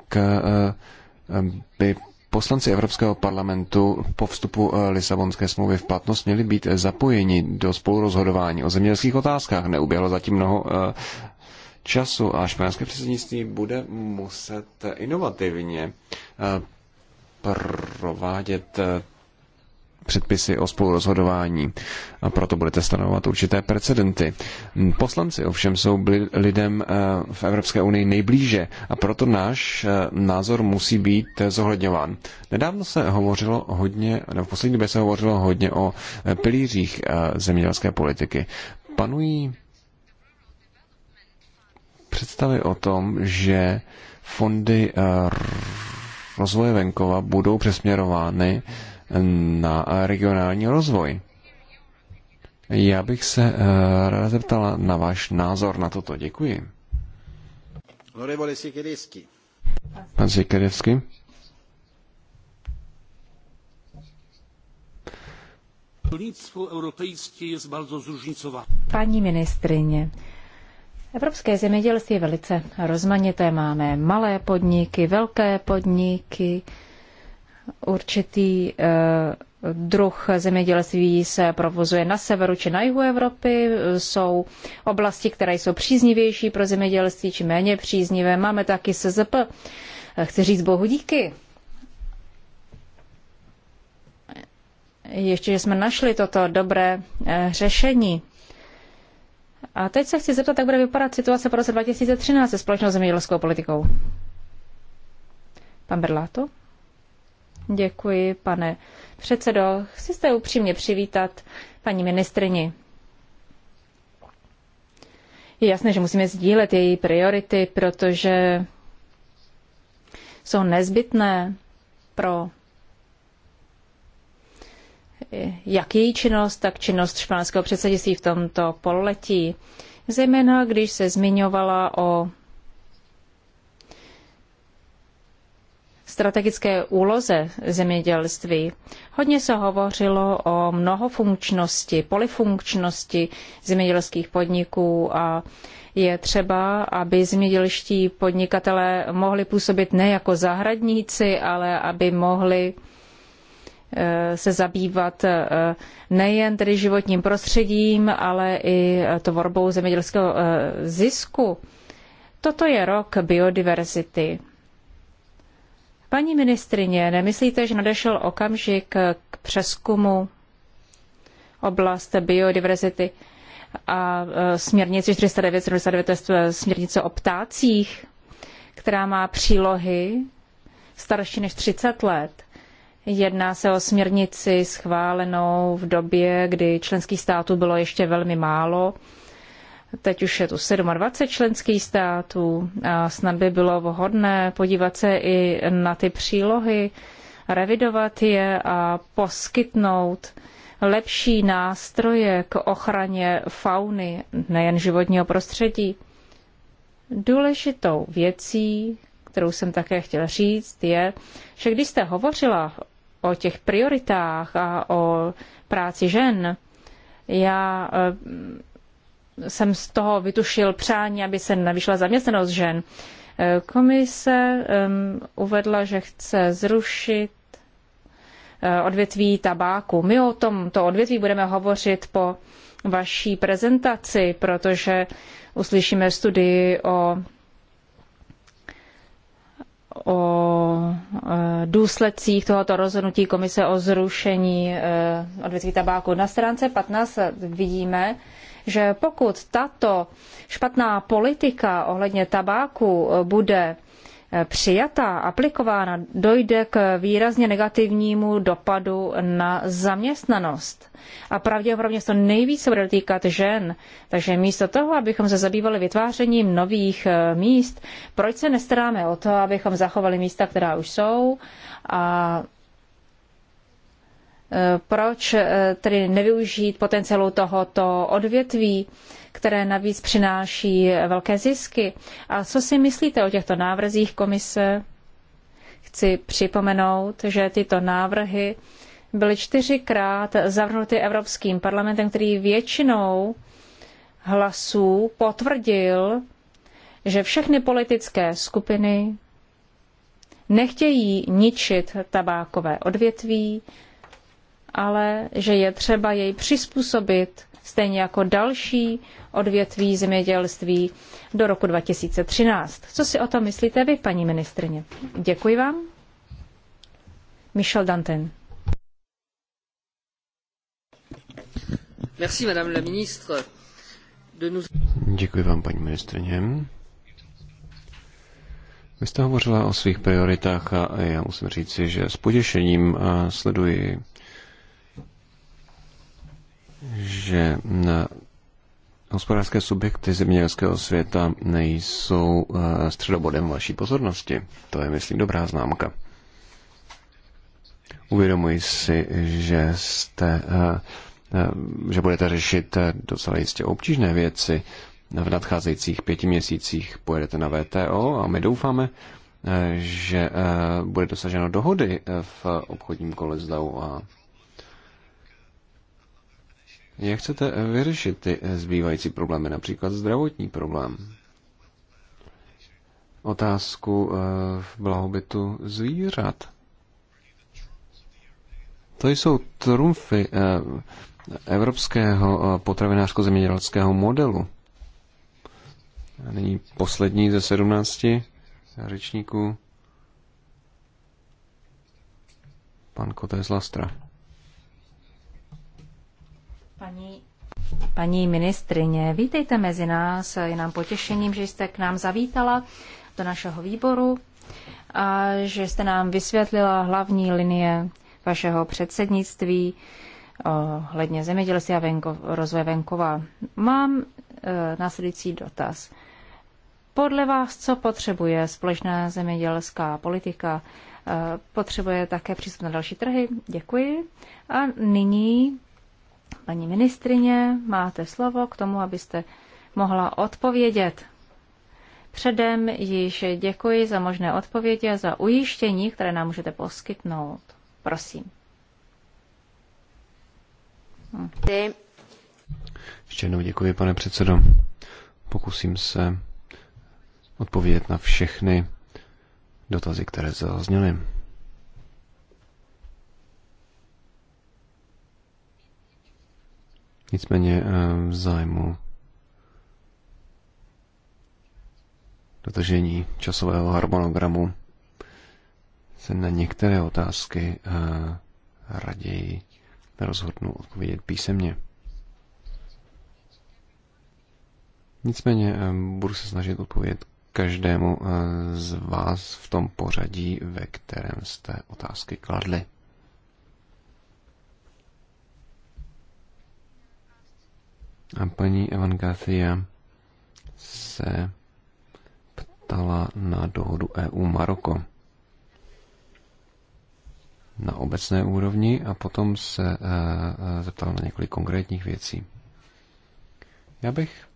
by poslanci Evropského parlamentu po vstupu eh, Lisabonské smlouvy v platnost měli být eh, zapojeni do spolurozhodování o zemědělských otázkách. Neuběhlo zatím mnoho eh, času a španělské předsednictví bude muset inovativně provádět předpisy o spolurozhodování a proto budete stanovovat určité precedenty. Poslanci ovšem jsou lidem eh, v Evropské unii nejblíže a proto náš eh, názor musí být eh, zohledňován. Nedávno se hovořilo hodně, nebo v poslední době se hovořilo hodně o pilířích zemědělské politiky. Panují představy o tom, že fondy rozvoje venkova budou přesměrovány na regionální rozvoj. Já bych se eh, ráda zeptala na váš názor na toto. Děkuji. Pan Sikeresky. Paní ministrině, Evropské zemědělství je velice rozmanité. Máme malé podniky, velké podniky, určitý eh, druh zemědělství se provozuje na severu či na jihu Evropy. Jsou oblasti, které jsou příznivější pro zemědělství či méně příznivé. Máme taky SZP. Eh, chci říct bohu díky. Ještě, že jsme našli toto dobré eh, řešení. A teď se chci zeptat, jak bude vypadat situace pro roce 2013 se společnou zemědělskou politikou. Pan Berlato? Děkuji, pane předsedo. Chci se upřímně přivítat paní ministrini. Je jasné, že musíme sdílet její priority, protože jsou nezbytné pro jak její činnost, tak činnost španělského předsednictví v tomto pololetí. Zejména když se zmiňovala o strategické úloze zemědělství. Hodně se hovořilo o mnohofunkčnosti, polifunkčnosti zemědělských podniků a je třeba, aby zemědělští podnikatelé mohli působit ne jako zahradníci, ale aby mohli eh, se zabývat eh, nejen tedy životním prostředím, ale i eh, tvorbou zemědělského zisku. Toto je rok biodiverzity. Paní ministrině, nemyslíte, že nadešel okamžik k přeskumu oblast biodiverzity a e, směrnici 409 to je e, směrnice o ptácích, která má přílohy starší než 30 let. Jedná se o směrnici schválenou v době, kdy členských států bylo ještě velmi málo Teď už je tu 27 členských států a snad by bylo vhodné podívat se i na ty přílohy, revidovat je a poskytnout lepší nástroje k ochraně fauny, nejen životního prostředí. Důležitou věcí, kterou jsem také chtěl říct, je, že když jste hovořila o těch prioritách a o práci žen, já jsem z toho vytušil přání, aby se navýšila zaměstnanost žen. Eh, komise uvedla, že chce zrušit eh, odvětví tabáku. My o tomto odvětví budeme hovořit po vaší prezentaci, protože uslyšíme studii o, o eh, důsledcích tohoto rozhodnutí Komise o zrušení odvětví tabáku. Na stránce 15 vidíme, že pokud tato špatná politika ohledně tabáku eh, bude eh, přijata, aplikována, dojde k výrazně negativnímu dopadu na zaměstnanost. A pravděpodobně se to nejvíce bude dotýkat žen. Takže místo toho, abychom se zabývali vytvářením nových eh, míst, proč se nestaráme o to, abychom zachovali místa, která už jsou a proč eh, tedy nevyužít potenciálu tohoto odvětví, které navíc přináší velké zisky? A co si myslíte o těchto návrzích komise? Chci připomenout, že tyto návrhy byly čtyřikrát zavrhnuty Evropským parlamentem, který většinou hlasů potvrdil, že všechny politické skupiny nechtějí ničit tabákové odvětví, ale že je třeba jej přizpůsobit, stejně jako další odvětví zemědělství do roku 2013. Co si o tom myslíte vy, paní ministrině? Děkuji vám. Michel Danten. Merci, madame la ministre. Děkuji vám, paní ministrině. Vy jste hovořila o svých prioritách a já musím říci, že s poděšením sleduji že hospodářské subjekty zemědělského světa nejsou eh, středobodem vaší pozornosti. To je, myslím, dobrá známka. Uvědomuji si, že jste, eh, eh, že budete řešit docela jistě obtížné věci. V nadcházejících pěti měsících pojedete na VTO a my doufáme, že bude dosaženo dohody v obchodním kolezdu a jak chcete vyřešit ty zbývající problémy, například zdravotní problém? Otázku eh, v blahobytu zvířat. To jsou trumfy eh, evropského eh, potravinářsko-zemědělského modelu. A nyní poslední ze sedmnácti řečníků. Pan Kotez Lastra. Paní, paní ministrině, vítejte mezi nás. Je nám potěšením, že jste k nám zavítala do našeho výboru a že jste nám vysvětlila hlavní linie vašeho předsednictví ohledně zemědělství a venko, rozvoje venkova. Mám e, následující dotaz. Podle vás, co potřebuje společná zemědělská politika? E, potřebuje také přístup na další trhy? Děkuji. A nyní Paní ministrině, máte slovo k tomu, abyste mohla odpovědět. Předem již děkuji za možné odpovědi a za ujištění, které nám můžete poskytnout. Prosím. Ty. Ještě jednou děkuji, pane předsedo. Pokusím se odpovědět na všechny dotazy, které zazněly. Nicméně eh, v zájmu dotažení časového harmonogramu se na některé otázky eh, raději rozhodnu odpovědět písemně. Nicméně eh, budu se snažit odpovědět každému z vás v tom pořadí, ve kterém jste otázky kladli. A paní Evangelia se ptala na dohodu EU-Maroko na obecné úrovni a potom se eh, eh, zeptala na několik konkrétních věcí. Já bych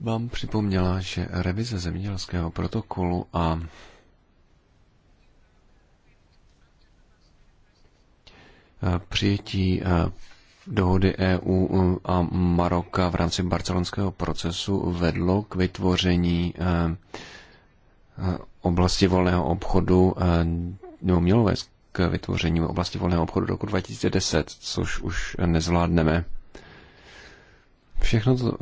vám připomněla, že revize zemědělského protokolu a Eh, přijetí eh, dohody EU eh, a Maroka v rámci barcelonského procesu vedlo k vytvoření oblasti volného obchodu, nebo mělo vést k vytvoření oblasti volného obchodu roku 2010, což už nezvládneme. Všechno to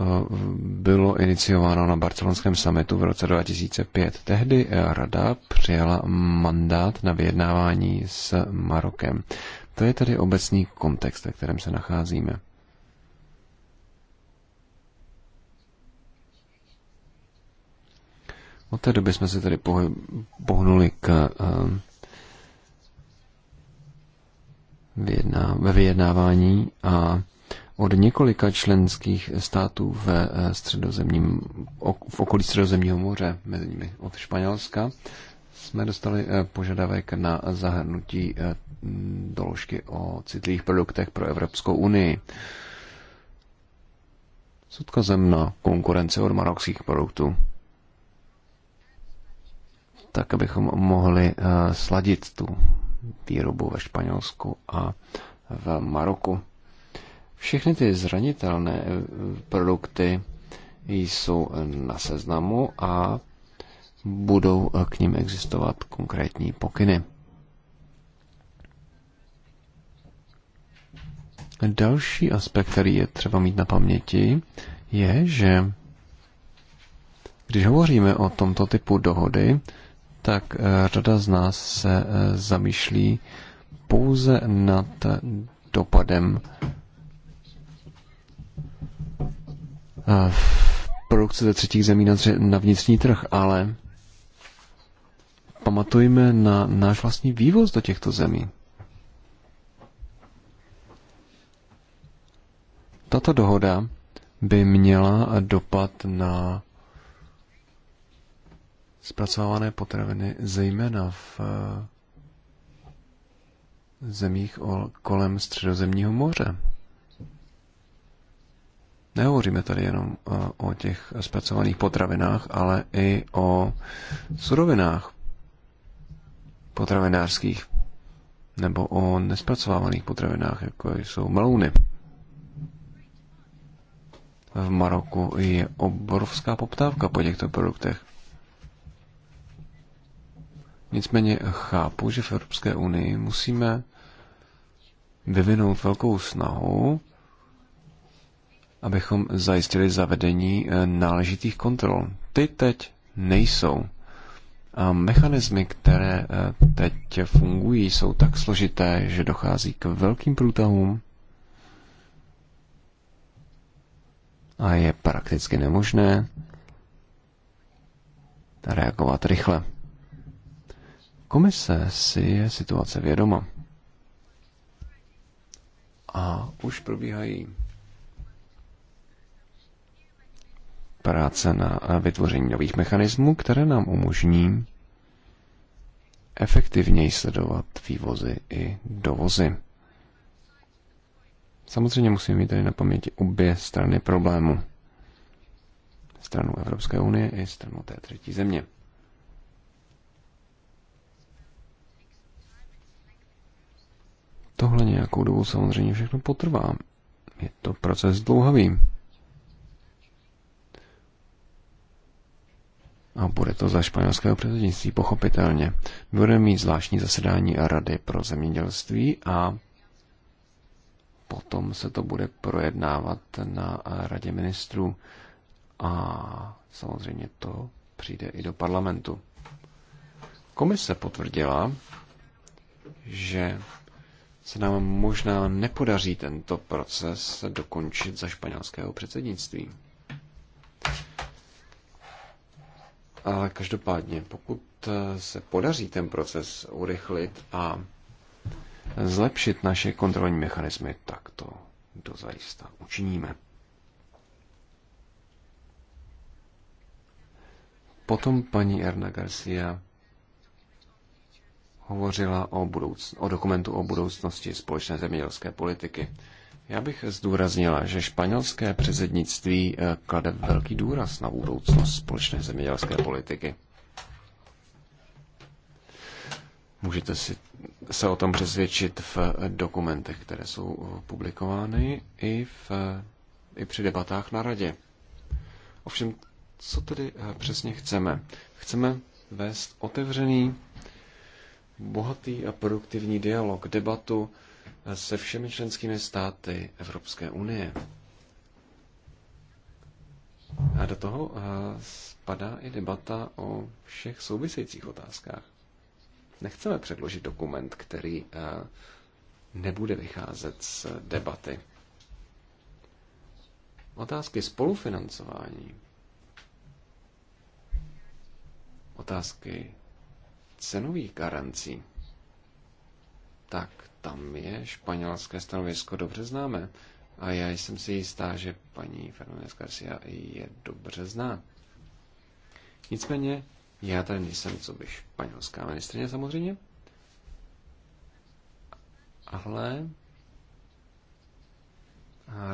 bylo iniciováno na barcelonském summitu v roce 2005. Tehdy rada přijala mandát na vyjednávání s Marokem. To je tedy obecný kontext, ve kterém se nacházíme. Od té doby jsme se tedy pohnuli k ehm, ve vyjednávání a od několika členských států ve e, středozemním, v okolí Středozemního moře, mezi nimi od Španělska, jsme dostali e, požadavek na zahrnutí e, Mm, doložky o citlivých produktech pro Evropskou unii. S odkazem na konkurenci od marokských produktů. Tak, abychom mohli eh, sladit tu výrobu ve Španělsku a v Maroku. Všechny ty zranitelné eh, produkty jsou na seznamu a budou eh, k ním existovat konkrétní pokyny. Další aspekt, který je třeba mít na paměti, je, že když hovoříme o tomto typu dohody, tak eh, řada z nás se eh, zamýšlí pouze nad dopadem eh, v produkce ze třetích zemí na vnitřní trh, ale pamatujme na náš vlastní vývoz do těchto zemí. Tato dohoda by měla dopad na zpracovávané potraviny, zejména v eh, zemích kolem Středozemního moře. Nehovoříme tady jenom eh, o těch zpracovaných potravinách, ale i o surovinách potravinářských nebo o nespracovávaných potravinách, jako jsou melouny v Maroku je obrovská poptávka po těchto produktech. Nicméně chápu, že v Evropské unii musíme vyvinout velkou snahu, abychom zajistili zavedení eh, náležitých kontrol. Ty teď nejsou. A mechanismy, které eh, teď fungují, jsou tak složité, že dochází k velkým průtahům a je prakticky nemožné reagovat rychle. Komise si je situace vědoma. A už probíhají práce na vytvoření nových mechanismů, které nám umožní efektivněji sledovat vývozy i dovozy. Samozřejmě musíme mít tady na paměti obě strany problému. Stranu Evropské unie i stranu té třetí země. Tohle nějakou dobu samozřejmě všechno potrvá. Je to proces dlouhavý. a bude to za španělského předsednictví, pochopitelně. bude mít zvláštní zasedání a rady pro zemědělství a potom se to bude projednávat na radě ministrů a samozřejmě to přijde i do parlamentu. Komise potvrdila, že se nám možná nepodaří tento proces dokončit za španělského předsednictví. Ale každopádně, pokud se podaří ten proces urychlit a zlepšit naše kontrolní mechanismy, tak to dozajista učiníme. Potom paní Erna Garcia hovořila o, budouc- o dokumentu o budoucnosti společné zemědělské politiky. Já bych zdůraznila, že španělské předsednictví eh, klade velký důraz na budoucnost společné zemědělské politiky. Můžete si se o tom přesvědčit v dokumentech, které jsou eh, publikovány i, v, eh, i při debatách na radě. Ovšem, co tedy eh, přesně chceme? Chceme vést otevřený, bohatý a produktivní dialog, debatu se všemi členskými státy Evropské unie. A do toho spadá i debata o všech souvisejících otázkách. Nechceme předložit dokument, který eh, nebude vycházet z debaty. Otázky spolufinancování, otázky cenových garancí, tak tam je španělské stanovisko dobře známe, A já jsem si jistá, že paní Fernández Garcia je dobře zná. Nicméně já tady nejsem, co by španělská ministrině samozřejmě. Ale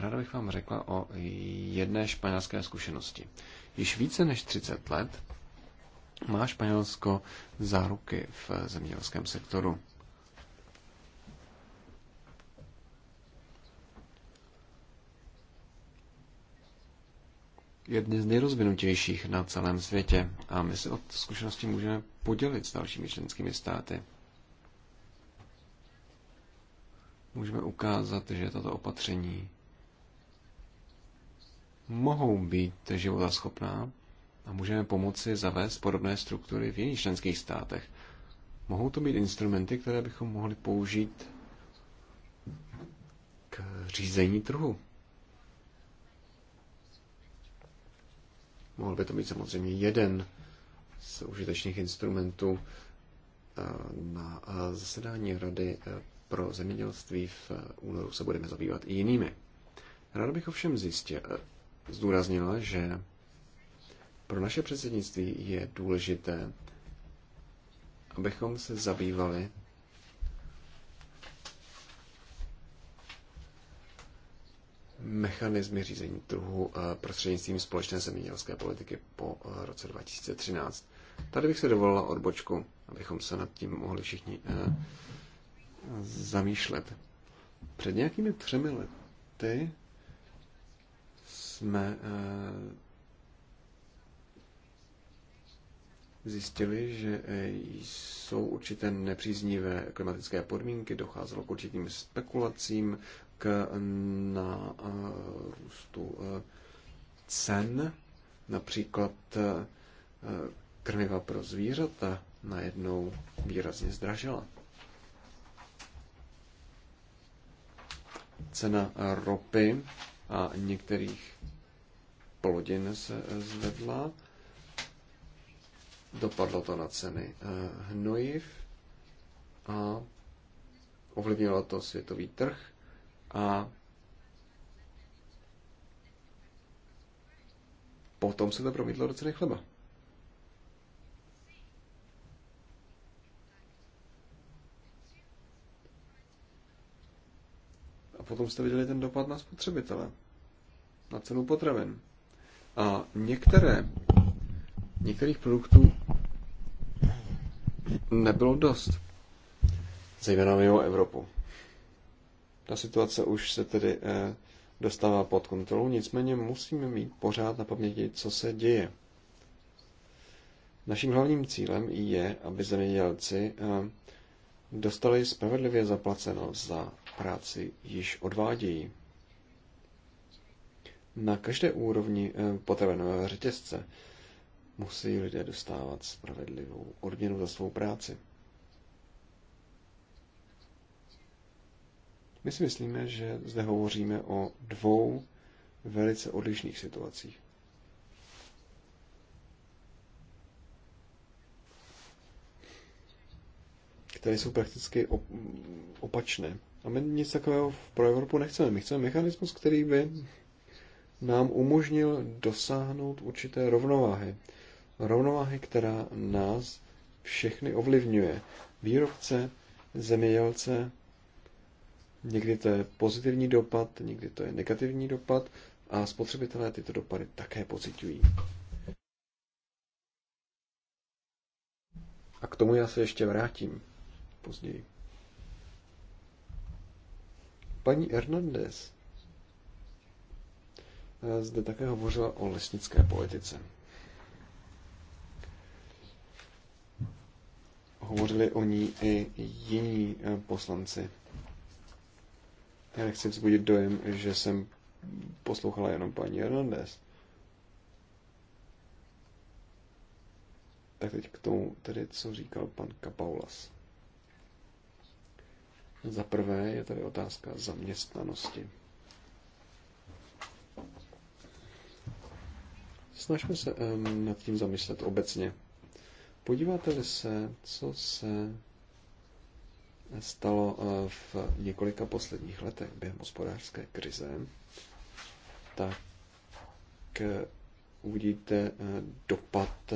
ráda bych vám řekla o jedné španělské zkušenosti. Již více než 30 let má Španělsko záruky v zemědělském sektoru. jedny z nejrozvinutějších na celém světě a my se od zkušenosti můžeme podělit s dalšími členskými státy. Můžeme ukázat, že tato opatření mohou být životaschopná a můžeme pomoci zavést podobné struktury v jiných členských státech. Mohou to být instrumenty, které bychom mohli použít k řízení trhu. Mohl by to být samozřejmě jeden z užitečných instrumentů eh, na eh, zasedání Rady eh, pro zemědělství v únoru se budeme zabývat i jinými. Rád bych ovšem zjistě, zdůraznila, že pro naše předsednictví je důležité, abychom se zabývali mechanizmy řízení trhu eh, prostřednictvím společné zemědělské politiky po eh, roce 2013. Tady bych se dovolila odbočku, abychom se nad tím mohli všichni eh, zamýšlet. Před nějakými třemi lety jsme zjistili, že jsou určité nepříznivé klimatické podmínky, docházelo k určitým spekulacím, Eh, na eh, růstu eh, cen, například krmiva pro zvířata najednou výrazně zdražila. Cena ropy a některých plodin se zvedla. Dopadlo to na ceny hnojiv a ovlivnilo to světový trh a potom se to promítlo do ceny chleba. A potom jste viděli ten dopad na spotřebitele, na cenu potravin. A některé, některých produktů nebylo dost, zejména mimo Evropu. Ta situace už se tedy eh, dostává pod kontrolu, nicméně musíme mít pořád na paměti, co se děje. Naším hlavním cílem je, aby zemědělci eh, dostali spravedlivě zaplaceno za práci, již odvádějí. Na každé úrovni eh, potravinového řetězce musí lidé dostávat spravedlivou odměnu za svou práci. My si myslíme, že zde hovoříme o dvou velice odlišných situacích. které jsou prakticky opačné. A my nic takového pro Evropu nechceme. My chceme mechanismus, který by nám umožnil dosáhnout určité rovnováhy. Rovnováhy, která nás všechny ovlivňuje. Výrobce, zemědělce, Někdy to je pozitivní dopad, někdy to je negativní dopad a spotřebitelé tyto dopady také pocitují. A k tomu já se ještě vrátím později. Paní Hernandez zde také hovořila o lesnické politice. Hovořili o ní i jiní poslanci já nechci vzbudit dojem, že jsem poslouchala jenom paní Hernandez. Tak teď k tomu, tedy co říkal pan Kapaulas. Za prvé je tady otázka zaměstnanosti. Snažme se nad tím zamyslet obecně. Podíváte-li se, co se stalo eh, v několika posledních letech během hospodářské krize, tak eh, uvidíte eh, dopad,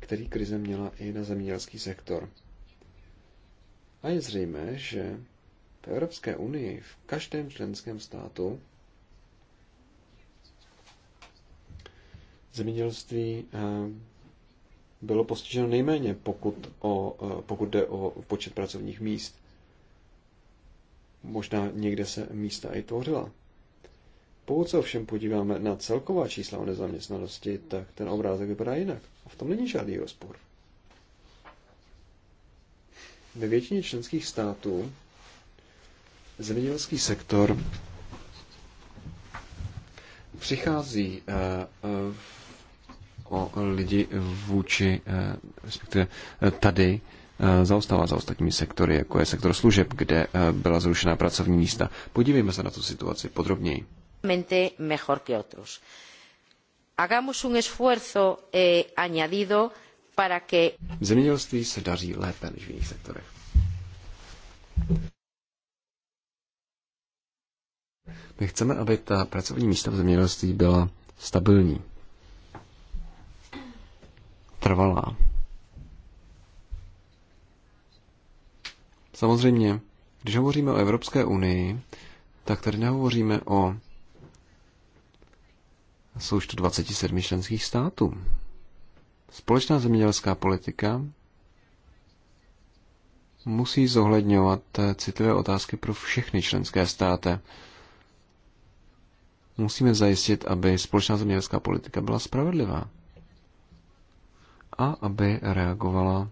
který krize měla i na zemědělský sektor. A je zřejmé, že v Evropské unii v každém členském státu zemědělství bylo postiženo nejméně, pokud, o, e, pokud jde o počet pracovních míst. Možná někde se místa i tvořila. Pokud se ovšem podíváme na celková čísla o nezaměstnanosti, tak ten obrázek vypadá jinak. A v tom není žádný rozpor. Ve většině členských států zemědělský sektor přichází v e, e, o lidi vůči, eh, respektive eh, tady, eh, zaostává za ostatními sektory, jako je sektor služeb, kde byla zrušena pracovní místa. Podívejme se na tu situaci podrobněji. mejor que otros. Hagamos un esfuerzo eh, añadido para que... V zemědělství se daří lépe než v jiných sektorech. My chceme, aby ta pracovní místa v zemědělství byla stabilní trvalá. Samozřejmě, když hovoříme o Evropské unii, tak tady nehovoříme o součtu 27 členských států. Společná zemědělská politika musí zohledňovat citlivé otázky pro všechny členské státy. Musíme zajistit, aby společná zemědělská politika byla spravedlivá a aby reagovala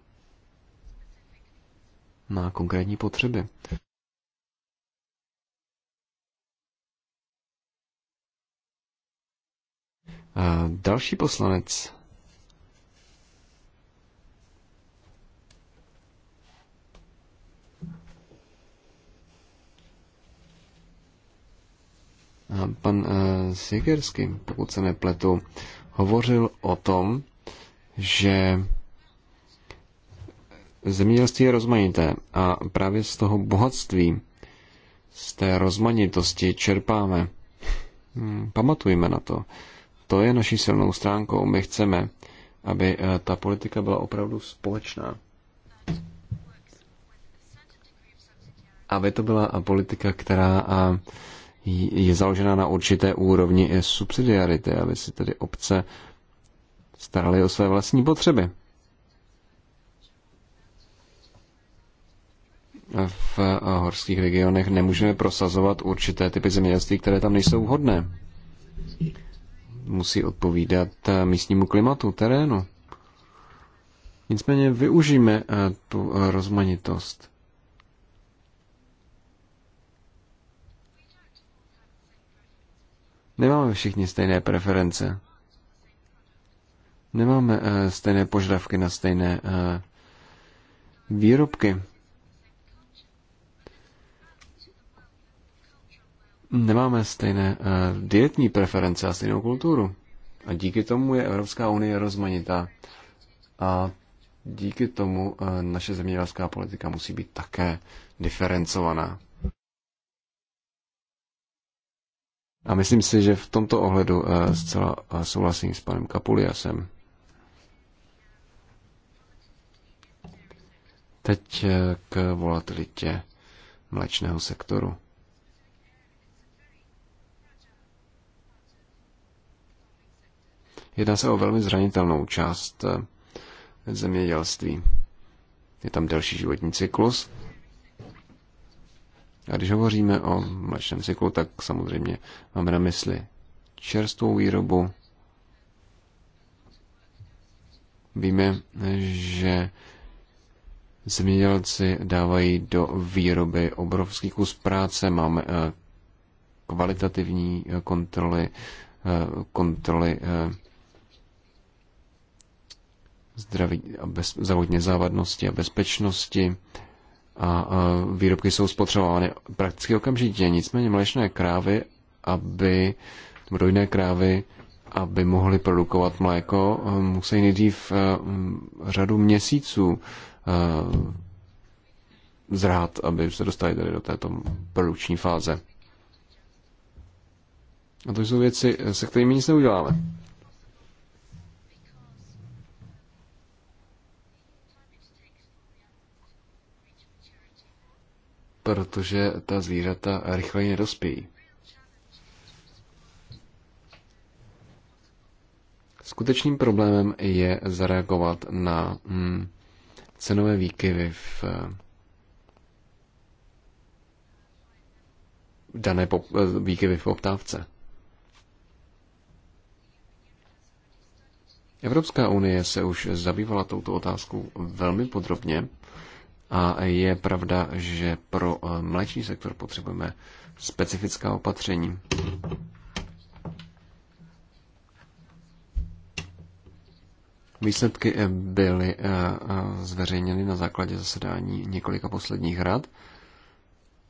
na konkrétní potřeby. Další poslanec. Pan eh, Sigersky, pokud se nepletu, hovořil o tom, že zemědělství je rozmanité a právě z toho bohatství, z té rozmanitosti čerpáme. Hmm, pamatujme na to. To je naší silnou stránkou. My chceme, aby eh, ta politika byla opravdu společná. Aby to byla eh, politika, která eh, je založena na určité úrovni subsidiarity, aby si tedy obce starali o své vlastní potřeby. V eh, horských regionech nemůžeme prosazovat určité typy zemědělství, které tam nejsou vhodné. Musí odpovídat eh, místnímu klimatu, terénu. Nicméně využijeme eh, tu rozmanitost. Nemáme všichni stejné preference. Nemáme eh, stejné požadavky na stejné eh, výrobky. Nemáme stejné eh, dietní preference a stejnou kulturu. A díky tomu je Evropská unie rozmanitá. A díky tomu naše zemědělská politika musí být také diferencovaná. A myslím si, že v tomto ohledu zcela souhlasím s panem Kapuliasem. Teď eh, k volatilitě mlečného sektoru. Jedná se o velmi zranitelnou část eh, zemědělství. Je tam delší životní cyklus. A když hovoříme o mlečném cyklu, tak samozřejmě máme na mysli čerstvou výrobu. Víme, že Zemědělci dávají do výroby obrovský kus práce, máme eh, kvalitativní eh, kontroly, eh, kontroly zdraví a bez, zavodně závadnosti a bezpečnosti a, výrobky jsou spotřebovány prakticky okamžitě. Nicméně mléčné krávy, aby dojné krávy, aby mohly produkovat mléko, musí nejdřív řadu měsíců Eh, zrát, aby se dostali tady do této produkční fáze. A to jsou věci, eh, se kterými nic neuděláme. Protože ta zvířata rychleji nedospějí. Skutečným problémem je zareagovat na hmm, cenové výkyvy v eh, dané pop, eh, výkyvy v poptávce. Evropská unie se už zabývala touto otázkou velmi podrobně a je pravda, že pro eh, mléčný sektor potřebujeme specifická opatření. Výsledky eh, byly eh, eh, zveřejněny na základě zasedání několika posledních rad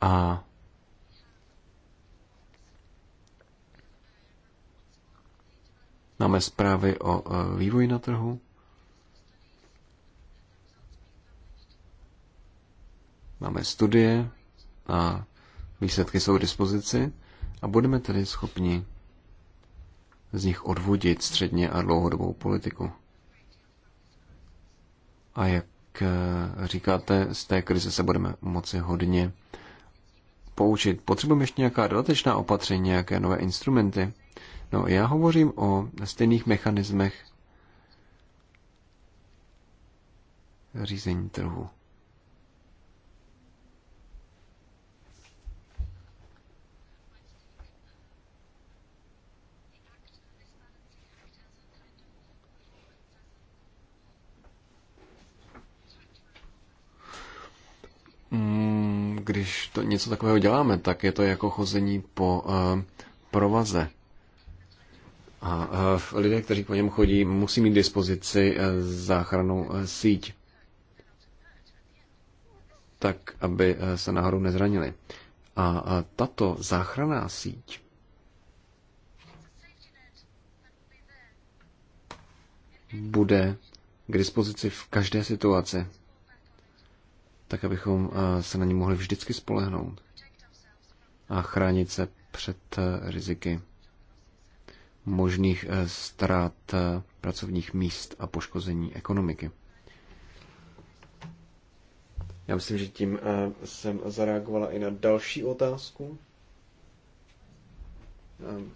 a máme zprávy o vývoji na trhu, máme studie a výsledky jsou k dispozici a budeme tedy schopni z nich odvodit středně a dlouhodobou politiku. A jak eh, říkáte, z té krize se budeme moci hodně poučit. Potřebujeme ještě nějaká dodatečná opatření, nějaké nové instrumenty. No, já hovořím o stejných mechanismech řízení trhu. Mm, když to, něco takového děláme, tak je to jako chození po uh, provaze. A uh, lidé, kteří po něm chodí, musí mít dispozici uh, záchranou uh, síť, tak aby uh, se náhodou nezranili. A uh, tato záchranná síť bude k dispozici v každé situaci tak abychom eh, se na ně mohli vždycky spolehnout a chránit se před eh, riziky možných eh, ztrát pracovních míst a poškození ekonomiky. Já myslím, že tím jsem zareagovala i na další otázku.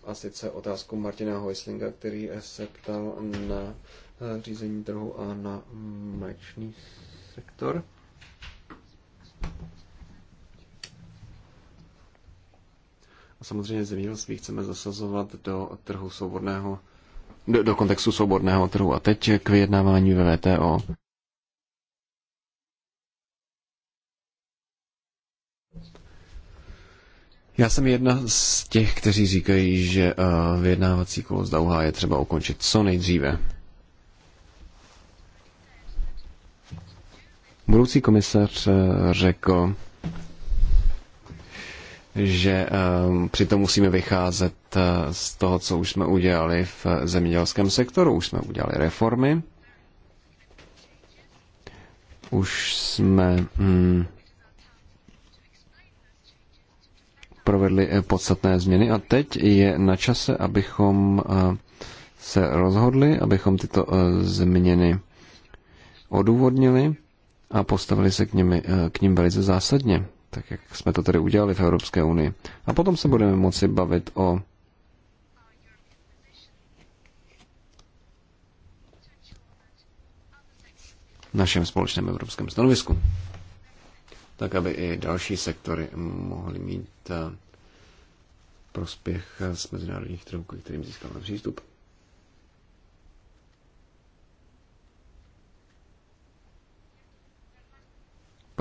A sice otázku Martina Hoislinga, který se ptal na řízení trhu a na mléčný sektor. A samozřejmě zemědělství chceme zasazovat do trhu svobodného, do, do kontextu svobodného trhu. A teď k vyjednávání ve VTO. Já jsem jedna z těch, kteří říkají, že uh, vyjednávací kolo z Dauha je třeba ukončit co nejdříve. Budoucí komisař eh, řekl, že eh, přitom musíme vycházet eh, z toho, co už jsme udělali v zemědělském sektoru. Už jsme udělali reformy, už jsme hmm, provedli podstatné změny a teď je na čase, abychom se rozhodli, abychom tyto změny odůvodnili a postavili se k, nimi, eh, k ním velice zásadně, tak jak jsme to tady udělali v Evropské unii. A potom se budeme moci bavit o našem společném evropském stanovisku. Tak, aby i další sektory mohly mít eh, prospěch z mezinárodních trhů, kterým získáme přístup.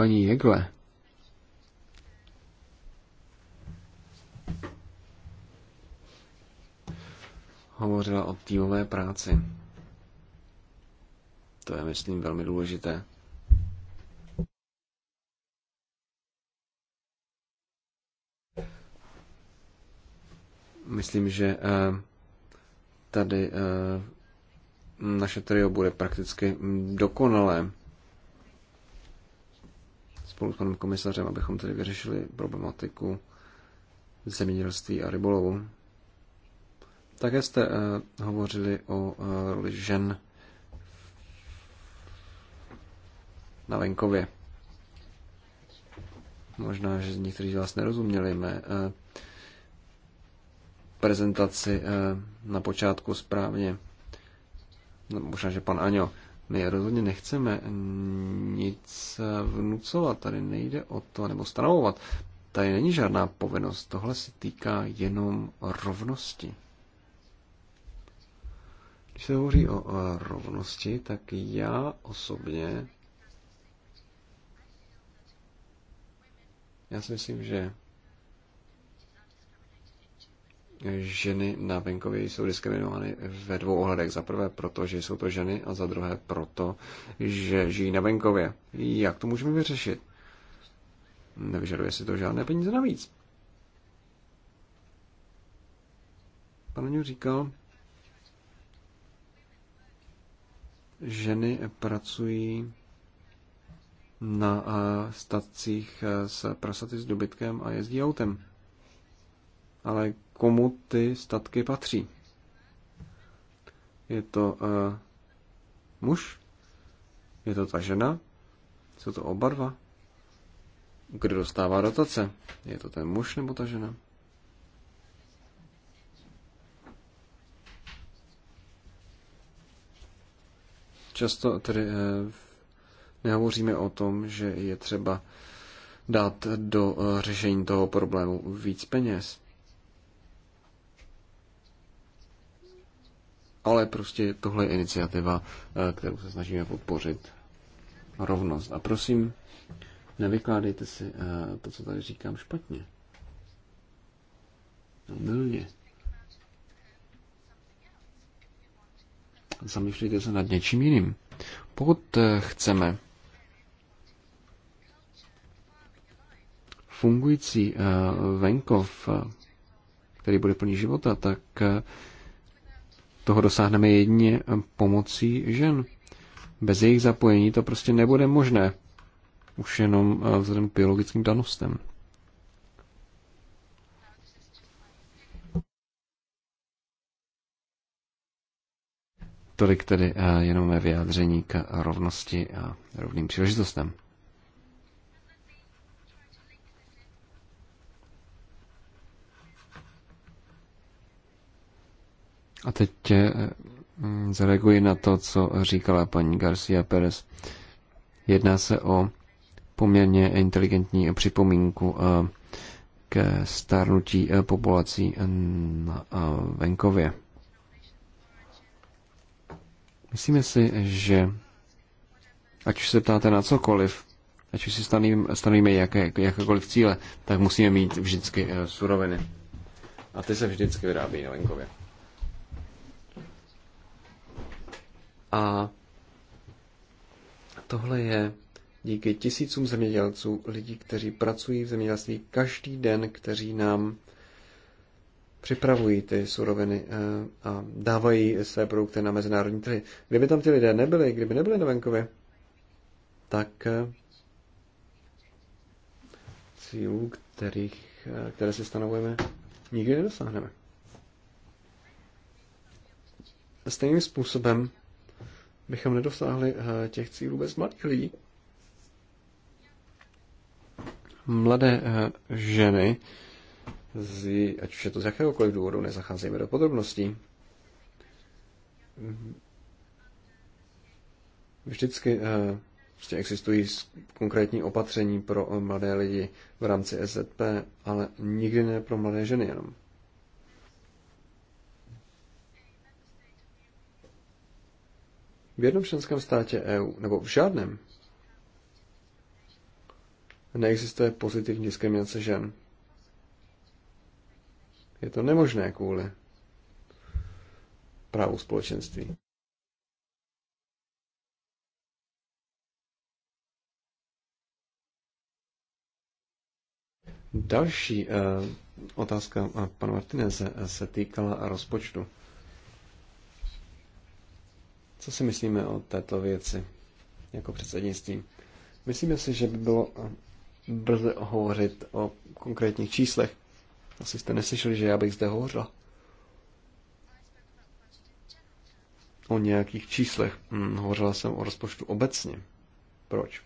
paní Jegle. Hovořila o týmové práci. To je, myslím, velmi důležité. Myslím, že eh, tady eh, naše trio bude prakticky dokonalé spolu s panem komisařem, abychom tedy vyřešili problematiku zemědělství a rybolovu. Také jste uh, hovořili o uh, roli žen na venkově. Možná, že někteří z vás nerozuměli mé uh, prezentaci uh, na počátku správně. No, možná, že pan Aňo. My rozhodně nechceme nic vnucovat, tady nejde o to, nebo stanovovat. Tady není žádná povinnost, tohle se týká jenom rovnosti. Když se hovoří o rovnosti, tak já osobně já si myslím, že ženy na venkově jsou diskriminovány ve dvou ohledech. Za prvé proto, že jsou to ženy a za druhé proto, že žijí na venkově. Jak to můžeme vyřešit? Nevyžaduje si to žádné peníze navíc. Pan říkal, ženy pracují na eh, statcích eh, s prasaty s dobytkem a jezdí autem. Ale komu ty statky patří. Je to uh, muž? Je to ta žena? Jsou to oba dva? Kdo dostává dotace? Je to ten muž nebo ta žena? Často tedy uh, nehovoříme o tom, že je třeba dát do eh, řešení toho problému víc peněz. ale prostě tohle je iniciativa, eh, kterou se snažíme podpořit. Rovnost. A prosím, nevykládejte si eh, to, co tady říkám, špatně. No, Milně. Zamýšlejte se nad něčím jiným. Pokud eh, chceme fungující venkov, který bude plný života, tak toho dosáhneme jedině pomocí žen. Bez jejich zapojení to prostě nebude možné. Už jenom eh, vzhledem k biologickým danostem. Tolik tedy eh, jenom mé vyjádření k rovnosti a rovným příležitostem. A teď eh, mm, zareaguji na to, co říkala paní Garcia Perez. Jedná se o poměrně inteligentní připomínku eh, ke stárnutí eh, populací na venkově. Myslíme si, že ať už se ptáte na cokoliv, ať už si stanovíme, stanovíme jaké, jakékoliv cíle, tak musíme mít vždycky suroviny. A ty se vždycky vyrábí na venkově. A tohle je díky tisícům zemědělců, lidí, kteří pracují v zemědělství každý den, kteří nám připravují ty suroviny eh, a dávají své produkty na mezinárodní trhy. Kdyby tam ty lidé nebyli, kdyby nebyli na venkově, tak eh, cílů, kterých, eh, které si stanovujeme, nikdy nedosáhneme. Stejným způsobem bychom nedosáhli eh, těch cílů bez mladých lidí. Mladé eh, ženy, ať už je to z jakéhokoliv důvodu, nezacházíme do podrobností, vždycky eh, prostě existují konkrétní opatření pro mladé lidi v rámci SZP, ale nikdy ne pro mladé ženy jenom. v jednom členském státě EU, nebo v žádném, neexistuje pozitivní diskriminace žen. Je to nemožné kvůli právu společenství. Další uh, otázka uh, pana Martineze eh, se týkala rozpočtu. Co si myslíme o této věci jako předsednictví? Myslíme si, že by bylo eh, brzy hovořit o konkrétních číslech. Asi jste neslyšeli, že já bych zde hovořil O nějakých číslech. Hmm, hovořila jsem o rozpočtu obecně. Proč?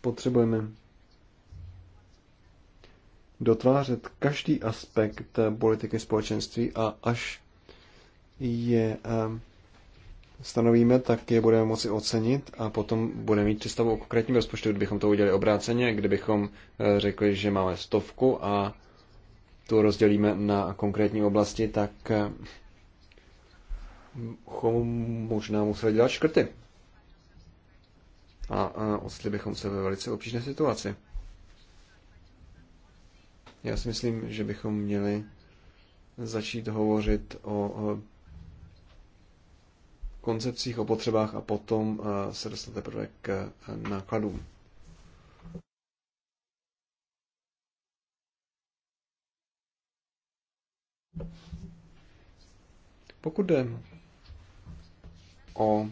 Potřebujeme dotvářet každý aspekt politiky společenství a až je ehm, stanovíme, tak je budeme moci ocenit a potom budeme mít představu o konkrétním rozpočtu. Kdybychom to udělali obráceně, kdybychom eh, řekli, že máme stovku a tu rozdělíme na konkrétní oblasti, tak eh, bychom možná museli dělat škrty. A, a odstli bychom se ve velice obtížné situaci. Já si myslím, že bychom měli začít hovořit o, o koncepcích, o potřebách a potom eh, se dostat teprve k eh, nákladům. Pokud jde o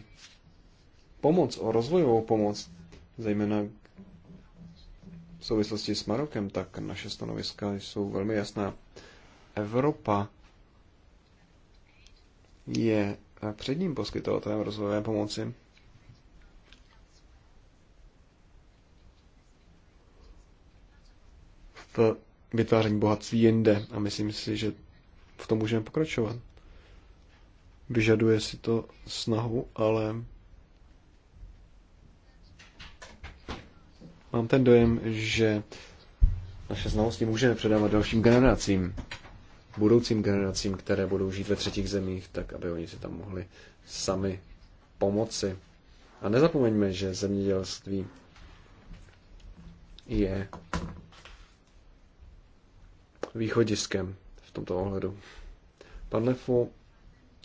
pomoc, o rozvojovou pomoc, zejména v souvislosti s Marokem, tak naše stanoviska jsou velmi jasná. Evropa je předním poskytovatelem rozvojové pomoci. v vytváření bohatství jinde a myslím si, že v tom můžeme pokračovat. Vyžaduje si to snahu, ale mám ten dojem, že naše znalosti můžeme předávat dalším generacím budoucím generacím, které budou žít ve třetích zemích, tak aby oni si tam mohli sami pomoci. A nezapomeňme, že zemědělství je východiskem v tomto ohledu. Pan Lefu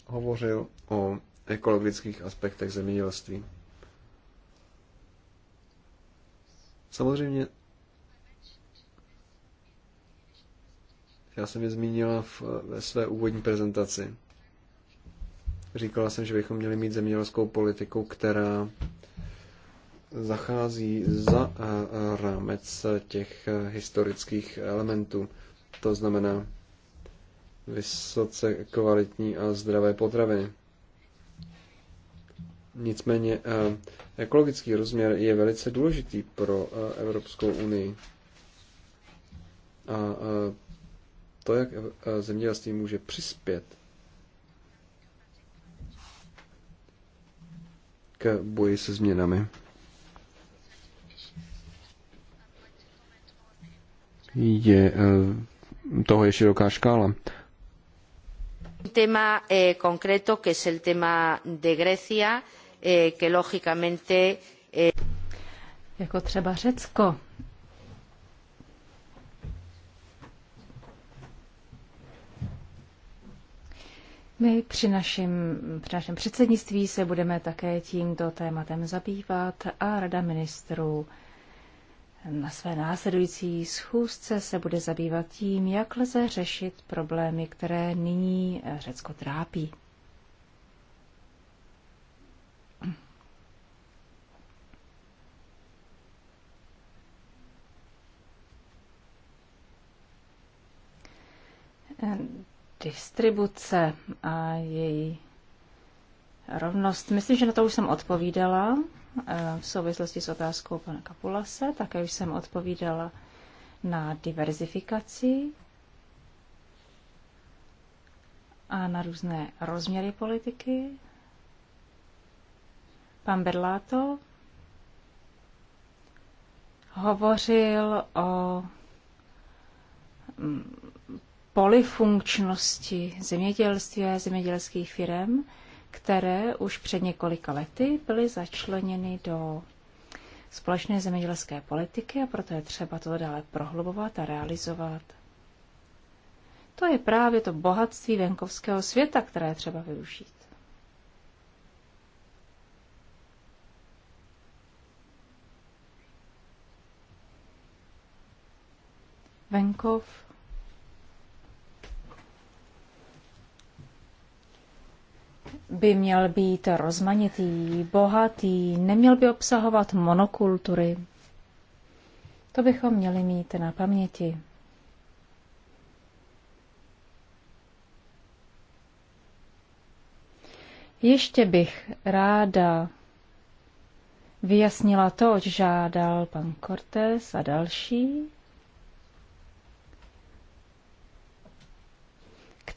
hovořil o ekologických aspektech zemědělství. Samozřejmě Já jsem je zmínila v, ve své úvodní prezentaci. Říkala jsem, že bychom měli mít zemědělskou politiku, která zachází za eh, rámec těch eh, historických elementů. To znamená vysoce kvalitní a zdravé potraviny. Nicméně eh, ekologický rozměr je velice důležitý pro Evropskou unii. A to, jak zemědělství může přispět k boji se změnami. Je, e, toho je široká škála. Téma eh, que es el tema de Grecia, eh, que lógicamente. Eh, jako třeba Řecko, My při našem, při našem předsednictví se budeme také tímto tématem zabývat a Rada ministrů na své následující schůzce se bude zabývat tím, jak lze řešit problémy, které nyní Řecko trápí distribuce a její rovnost. Myslím, že na to už jsem odpovídala eh, v souvislosti s otázkou pana Kapulase. Také už jsem odpovídala na diverzifikaci a na různé rozměry politiky. Pan Berláto hovořil o mm, polifunkčnosti zemědělství a zemědělských firm, které už před několika lety byly začleněny do společné zemědělské politiky a proto je třeba to dále prohlubovat a realizovat. To je právě to bohatství venkovského světa, které je třeba využít. Venkov by měl být rozmanitý, bohatý, neměl by obsahovat monokultury. To bychom měli mít na paměti. Ještě bych ráda vyjasnila to, oč žádal pan Cortés a další.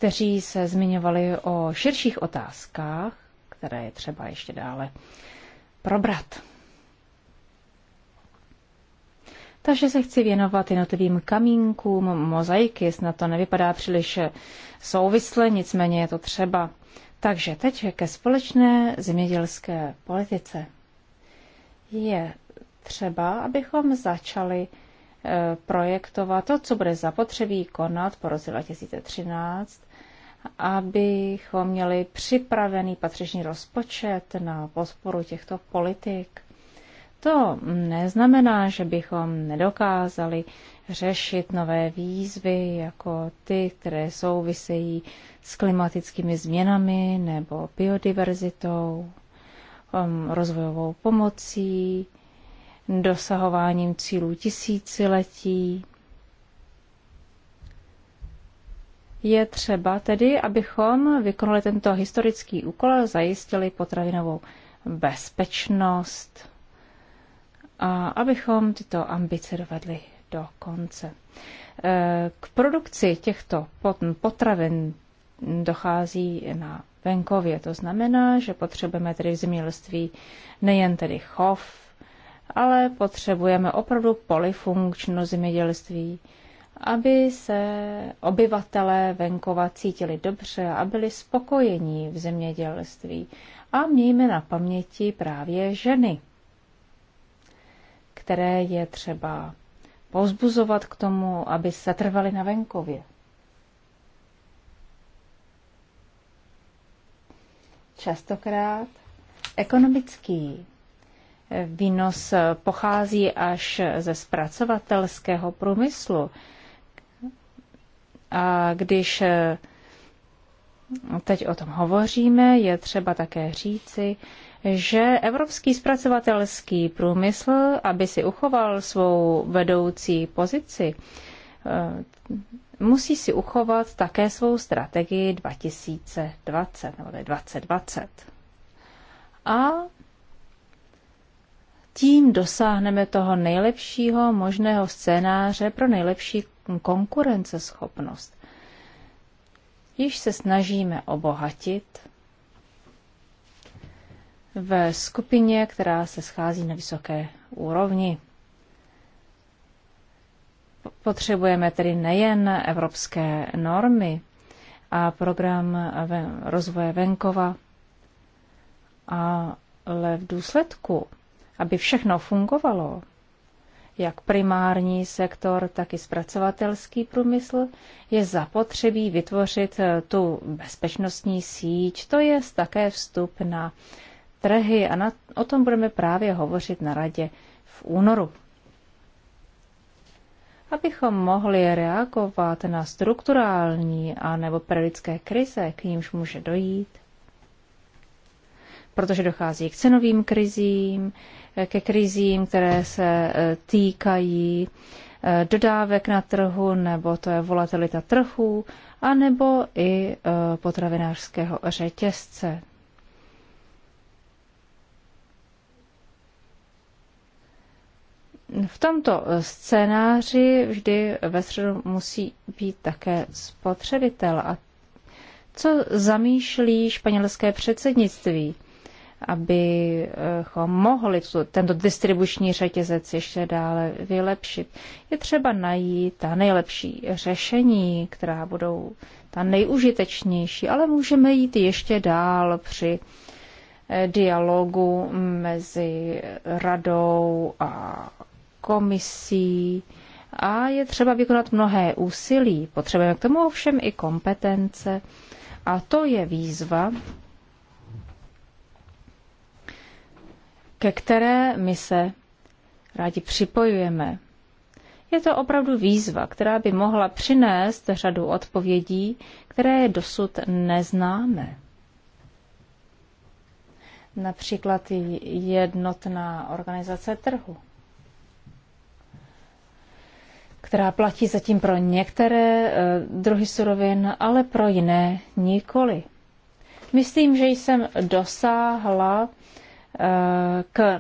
kteří se zmiňovali o širších otázkách, které je třeba ještě dále probrat. Takže se chci věnovat jednotlivým kamínkům, mozaiky, snad to nevypadá příliš souvisle, nicméně je to třeba. Takže teď ke společné zemědělské politice. Je třeba, abychom začali eh, projektovat to, co bude zapotřebí konat po roce 2013 abychom měli připravený patřičný rozpočet na podporu těchto politik. To neznamená, že bychom nedokázali řešit nové výzvy, jako ty, které souvisejí s klimatickými změnami nebo biodiverzitou, um, rozvojovou pomocí, dosahováním cílů tisíciletí Je třeba tedy, abychom vykonali tento historický úkol a zajistili potravinovou bezpečnost a abychom tyto ambice dovedli do konce. E, k produkci těchto potravin dochází na venkově. To znamená, že potřebujeme tedy v zemědělství nejen tedy chov, ale potřebujeme opravdu polifunkčnost zemědělství, aby se obyvatelé venkova cítili dobře a byli spokojení v zemědělství. A mějme na paměti právě ženy, které je třeba pozbuzovat k tomu, aby se trvaly na venkově. Častokrát ekonomický výnos pochází až ze zpracovatelského průmyslu, a když eh, teď o tom hovoříme, je třeba také říci, že evropský zpracovatelský průmysl, aby si uchoval svou vedoucí pozici, eh, musí si uchovat také svou strategii 2020 nebo 2020. A tím dosáhneme toho nejlepšího možného scénáře pro nejlepší konkurenceschopnost. Již se snažíme obohatit ve skupině, která se schází na vysoké úrovni. Potřebujeme tedy nejen evropské normy a program rozvoje venkova, ale v důsledku, aby všechno fungovalo, jak primární sektor, tak i zpracovatelský průmysl, je zapotřebí vytvořit eh, tu bezpečnostní síť. To je také vstup na trhy a na, o tom budeme právě hovořit na radě v únoru. Abychom mohli reagovat na strukturální a nebo periodické krize, k nímž může dojít, protože dochází k cenovým krizím, ke krizím, které se e, týkají e, dodávek na trhu, nebo to je volatilita trhů, anebo i e, potravinářského řetězce. V tomto scénáři vždy ve středu musí být také spotřebitel. A co zamýšlí španělské předsednictví? abychom mohli tento distribuční řetězec ještě dále vylepšit. Je třeba najít ta nejlepší řešení, která budou ta nejužitečnější, ale můžeme jít ještě dál při eh, dialogu mezi radou a komisí a je třeba vykonat mnohé úsilí. Potřebujeme k tomu ovšem i kompetence a to je výzva, ke které my se rádi připojujeme. Je to opravdu výzva, která by mohla přinést řadu odpovědí, které dosud neznáme. Například jednotná organizace trhu, která platí zatím pro některé eh, druhy surovin, ale pro jiné nikoli. Myslím, že jsem dosáhla Eh, k,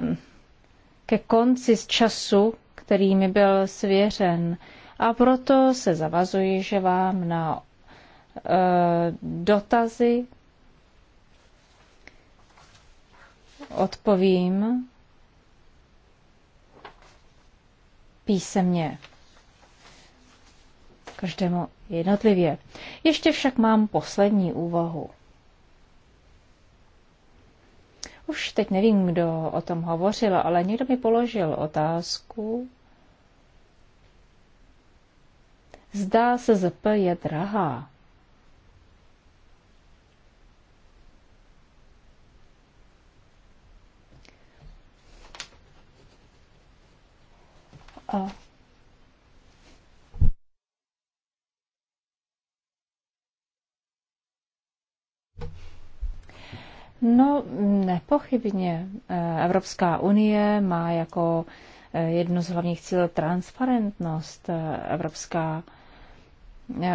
ke konci z času, který mi byl svěřen. A proto se zavazuji, že vám na eh, dotazy odpovím písemně každému jednotlivě. Ještě však mám poslední úvahu. Už teď nevím, kdo o tom hovořil, ale někdo mi položil otázku. Zdá se, ZP je drahá. A No, nepochybně. Eh, Evropská unie má jako eh, jedno z hlavních cílů transparentnost. Eh, Evropská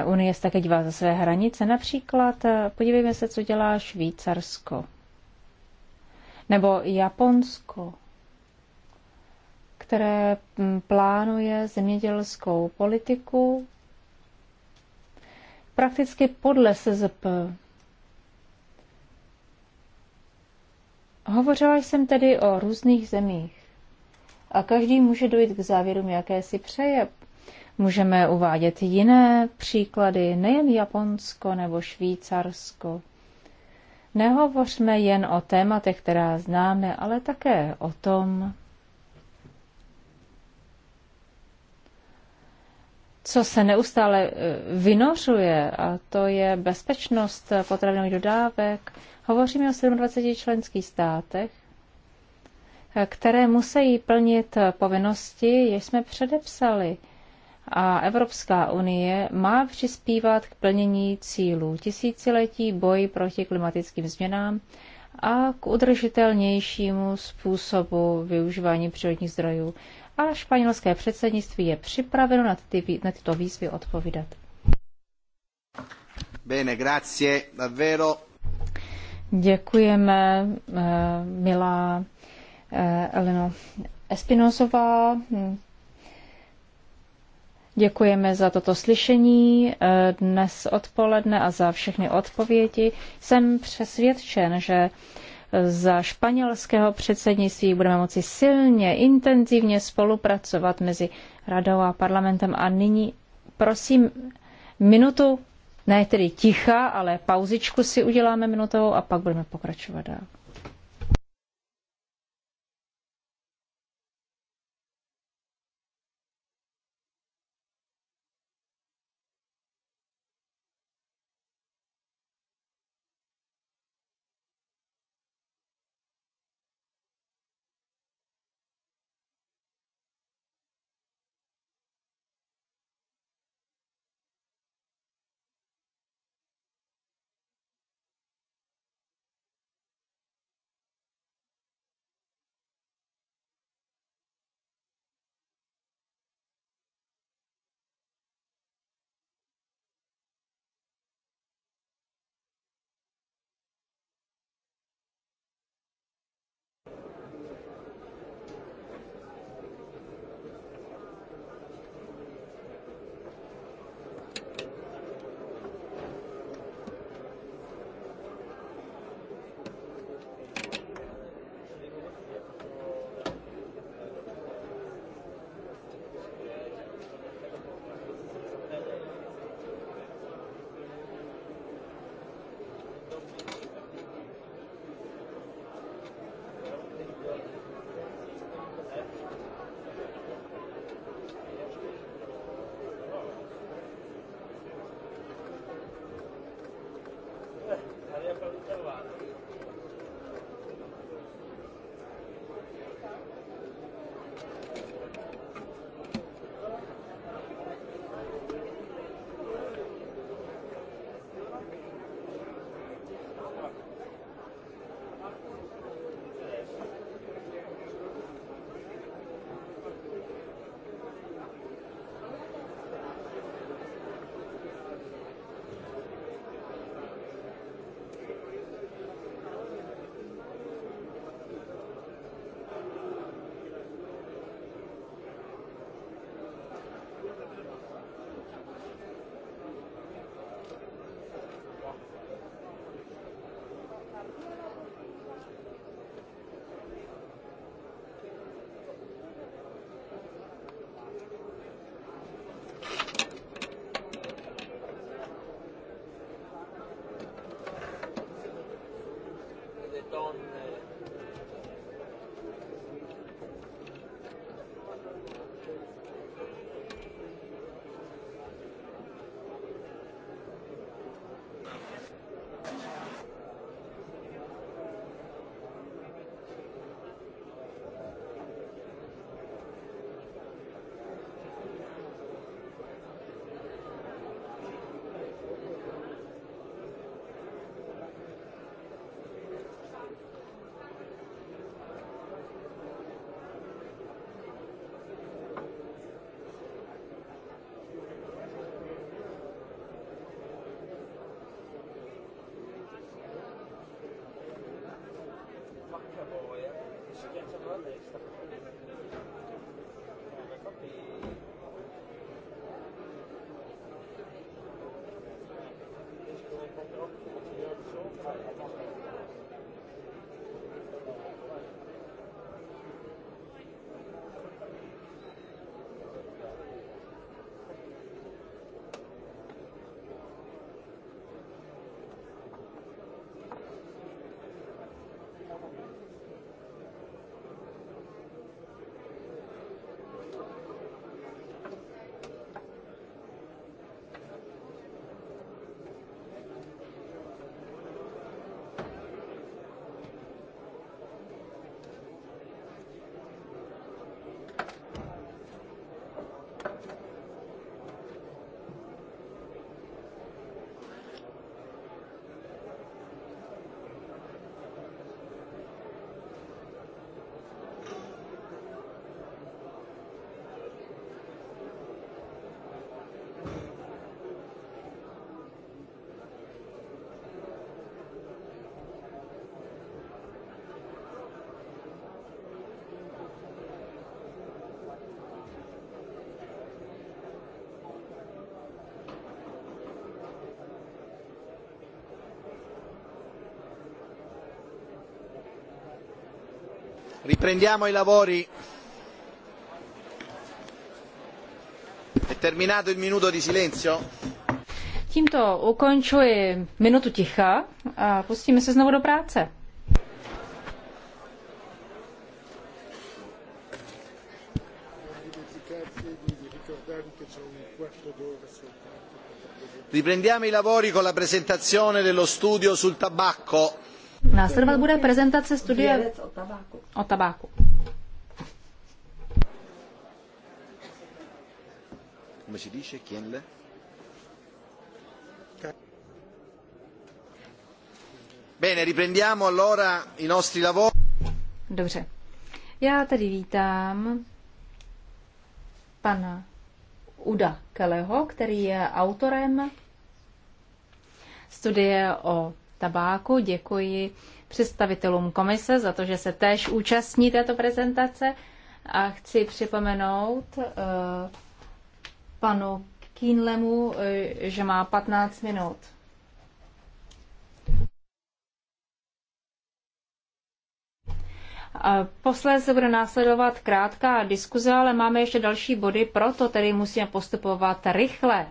unie se také dívá za své hranice. Například podívejme se, co dělá Švýcarsko nebo Japonsko, které hm, plánuje zemědělskou politiku prakticky podle SZP Hovořila jsem tedy o různých zemích. A každý může dojít k závěrům, jaké si přeje. Můžeme uvádět jiné příklady, nejen Japonsko nebo Švýcarsko. Nehovořme jen o tématech, která známe, ale také o tom, co se neustále eh, vynořuje, a to je bezpečnost potravinových dodávek, hovoříme o 27 členských státech, eh, které musí plnit povinnosti, jež jsme předepsali. A Evropská unie má přispívat k plnění cílů tisíciletí boji proti klimatickým změnám a k udržitelnějšímu způsobu využívání přírodních zdrojů a španělské předsednictví je připraveno na, ty, na tyto výzvy odpovídat. Bene, grazie, davvero. Děkujeme, eh, milá eh, Eleno Espinosová. Děkujeme za toto slyšení eh, dnes odpoledne a za všechny odpovědi. Jsem přesvědčen, že za španělského předsednictví budeme moci silně, intenzivně spolupracovat mezi radou a parlamentem. A nyní prosím minutu, ne tedy ticha, ale pauzičku si uděláme minutovou a pak budeme pokračovat dál. Riprendiamo i lavori. È terminato il minuto di silenzio? Tímto ukončuji minutu ticha a pustíme se znovu do práce. Riprendiamo i lavori con la presentazione dello studio sul tabacco. Následovat bude prezentace studie o tabáku. Dobře. Já tady vítám pana Uda Keleho, který je autorem studie o tabáku. Děkuji představitelům komise za to, že se též účastní této prezentace a chci připomenout eh, panu Kínlemu, eh, že má 15 minut. Posléze bude následovat krátká diskuze, ale máme ještě další body, proto tedy musíme postupovat rychle.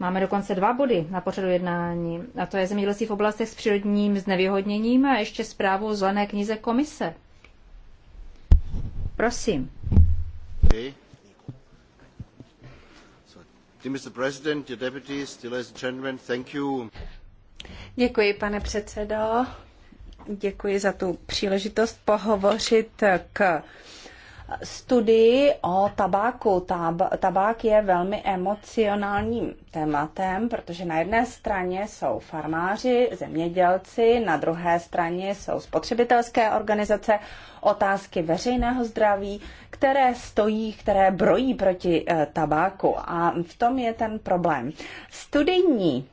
Máme dokonce dva body na pořadu jednání, a to je zemědělství v oblastech s přírodním znevýhodněním a ještě zprávu o zelené knize komise. Prosím. Okay. Děkuji, pane předsedo. Děkuji za tu příležitost pohovořit k studii o tabáku. Tab, tabák je velmi emocionálním tématem, protože na jedné straně jsou farmáři, zemědělci, na druhé straně jsou spotřebitelské organizace, otázky veřejného zdraví, které stojí, které brojí proti eh, tabáku. A v tom je ten problém. Studijní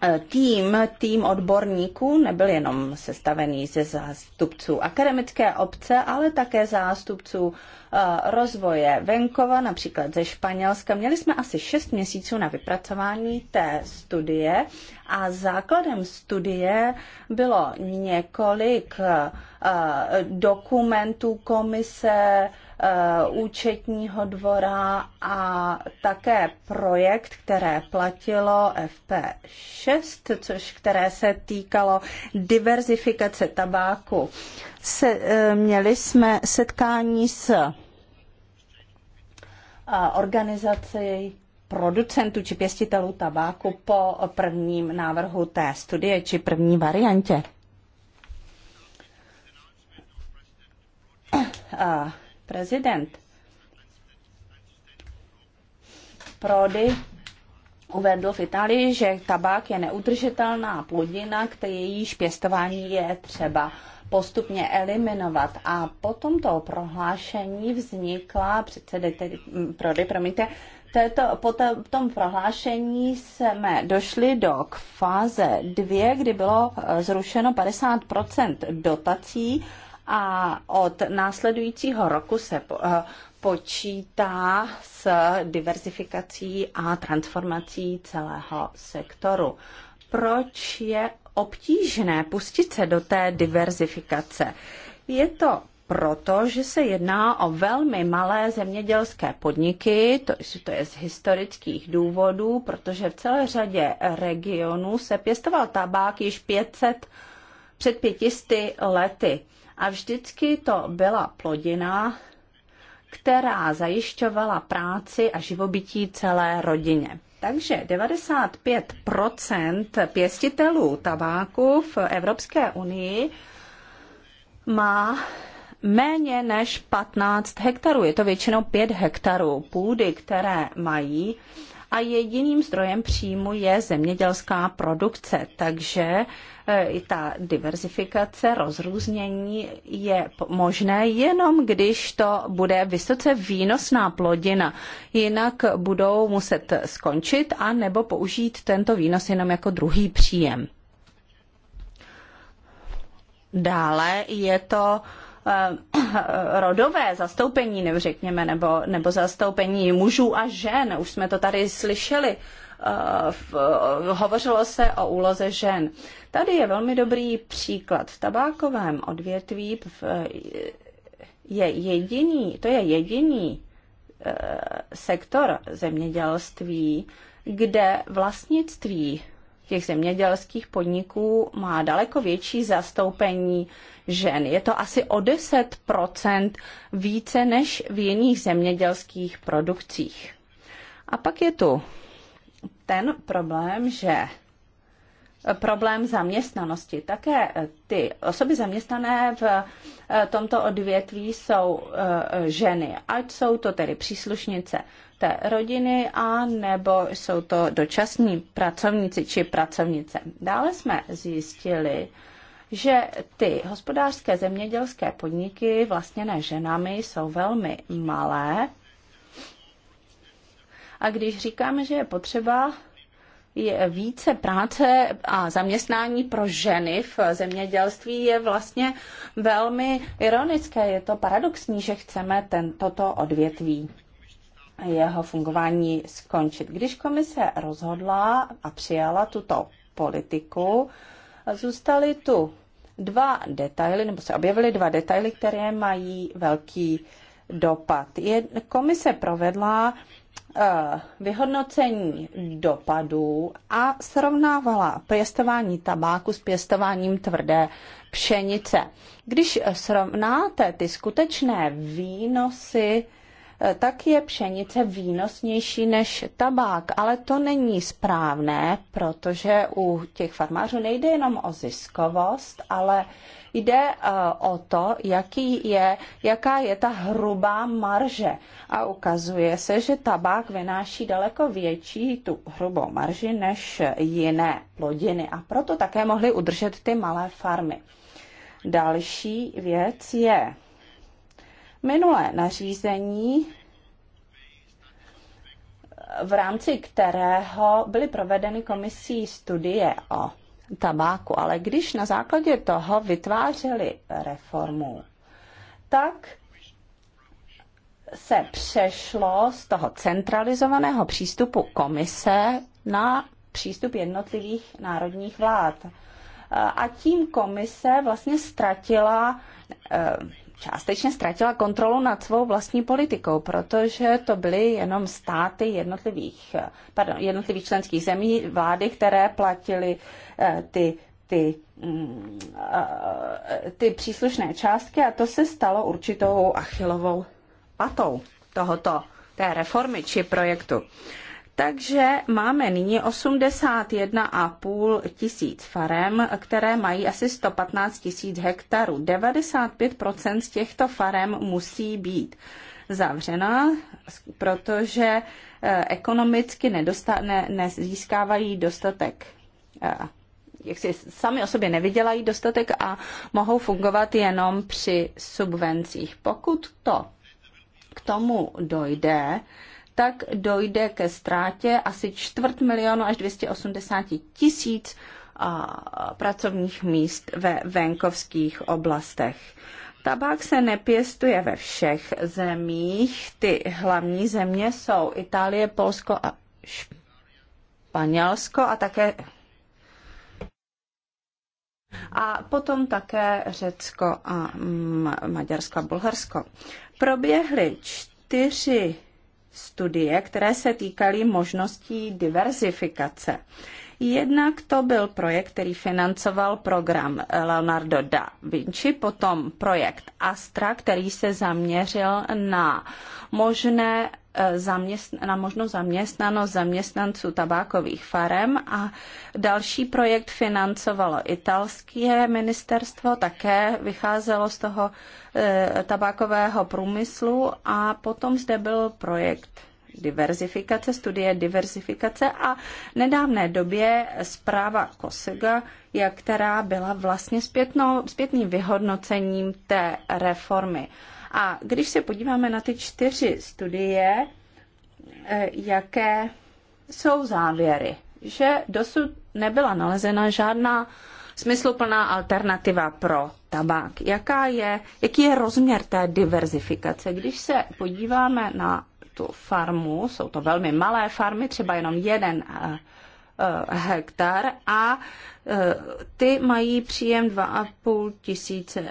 Eh, tým, tým odborníků nebyl jenom sestavený ze zástupců akademické obce, ale také zástupců eh, rozvoje venkova, například ze Španělska. Měli jsme asi 6 měsíců na vypracování té studie a základem studie bylo několik eh, dokumentů komise, Eh, účetního dvora a také projekt, které platilo FP6, což které se týkalo diverzifikace tabáku. Se, eh, měli jsme setkání s eh, organizací producentů či pěstitelů tabáku po prvním návrhu té studie či první variantě prezident Prody uvedl v Itálii, že tabák je neudržitelná plodina, které jejíž pěstování je třeba postupně eliminovat. A po tomto prohlášení vznikla, předsedy tedy, mm, Prody, promiňte, této, po tom prohlášení jsme došli do k fáze 2, kdy bylo eh, zrušeno 50 dotací a od následujícího roku se eh, počítá s diversifikací a transformací celého sektoru. Proč je obtížné pustit se do té diverzifikace? Je to proto, že se jedná o velmi malé zemědělské podniky, to, to je z historických důvodů, protože v celé řadě regionů se pěstoval tabák již 500, před 500 lety. A vždycky to byla plodina, která zajišťovala práci a živobytí celé rodině. Takže 95 pěstitelů tabáku v Evropské unii má méně než 15 hektarů. Je to většinou 5 hektarů půdy, které mají a jediným zdrojem příjmu je zemědělská produkce. Takže e, i ta diversifikace, rozrůznění je možné jenom, když to bude vysoce výnosná plodina. Jinak budou muset skončit a nebo použít tento výnos jenom jako druhý příjem. Dále je to Eh, rodové zastoupení, nebo řekněme, nebo, nebo zastoupení mužů a žen. Už jsme to tady slyšeli. Eh, hovořilo se o úloze žen. Tady je velmi dobrý příklad. V tabákovém odvětví eh, je jediný, to je jediný sektor zemědělství, kde vlastnictví těch zemědělských podniků má daleko větší zastoupení žen. Je to asi o 10 více než v jiných zemědělských produkcích. A pak je tu ten problém, že problém zaměstnanosti. Také eh, ty osoby zaměstnané v eh, tomto odvětví jsou eh, ženy, ať jsou to tedy příslušnice té rodiny a nebo jsou to dočasní pracovníci či pracovnice. Dále jsme zjistili, že ty hospodářské zemědělské podniky vlastněné ženami jsou velmi malé. A když říkáme, že je potřeba je více práce a zaměstnání pro ženy v zemědělství je vlastně velmi ironické. Je to paradoxní, že chceme ten, toto odvětví jeho fungování skončit. Když komise rozhodla a přijala tuto politiku, zůstaly tu dva detaily, nebo se objevily dva detaily, které mají velký dopad. Je, komise provedla Eh, vyhodnocení dopadů a srovnávala pěstování tabáku s pěstováním tvrdé pšenice. Když srovnáte ty skutečné výnosy Eh, tak je pšenice výnosnější než tabák. Ale to není správné, protože u těch farmářů nejde jenom o ziskovost, ale jde eh, o to, jaký je, jaká je ta hrubá marže. A ukazuje se, že tabák vynáší daleko větší tu hrubou marži než jiné plodiny. A proto také mohly udržet ty malé farmy. Další věc je minulé nařízení, v rámci kterého byly provedeny komisí studie o tabáku. Ale když na základě toho vytvářeli reformu, tak se přešlo z toho centralizovaného přístupu komise na přístup jednotlivých národních vlád. A tím komise vlastně ztratila eh, částečně ztratila kontrolu nad svou vlastní politikou, protože to byly jenom státy jednotlivých, pardon, jednotlivých členských zemí, vlády, které platily eh, ty ty, mm, eh, ty příslušné částky a to se stalo určitou achilovou patou tohoto té reformy či projektu. Takže máme nyní 81,5 tisíc farem, které mají asi 115 tisíc hektarů. 95% z těchto farem musí být zavřena, protože eh, ekonomicky nedostá, ne, nezískávají dostatek eh, jak si sami o sobě nevydělají dostatek a mohou fungovat jenom při subvencích. Pokud to k tomu dojde, tak dojde ke ztrátě asi čtvrt milionu až 280 tisíc pracovních míst ve venkovských oblastech. Tabák se nepěstuje ve všech zemích. Ty hlavní země jsou Itálie, Polsko a Španělsko a také a potom také Řecko a Maďarsko a Bulharsko. Proběhly čtyři studie, které se týkaly možností diverzifikace. Jednak to byl projekt, který financoval program Leonardo da Vinci, potom projekt Astra, který se zaměřil na možné na možnou zaměstnanost zaměstnanců tabákových farem a další projekt financovalo italské ministerstvo, také vycházelo z toho eh, tabákového průmyslu a potom zde byl projekt diverzifikace, studie diverzifikace a v nedávné době zpráva Kosega, která byla vlastně zpětnou, zpětným vyhodnocením té reformy. A když se podíváme na ty čtyři studie, eh, jaké jsou závěry? Že dosud nebyla nalezena žádná smysluplná alternativa pro tabák. Jaká je, jaký je rozměr té diverzifikace? Když se podíváme na tu farmu, jsou to velmi malé farmy, třeba jenom jeden eh, eh, hektar a ty mají příjem 2,5 tisíce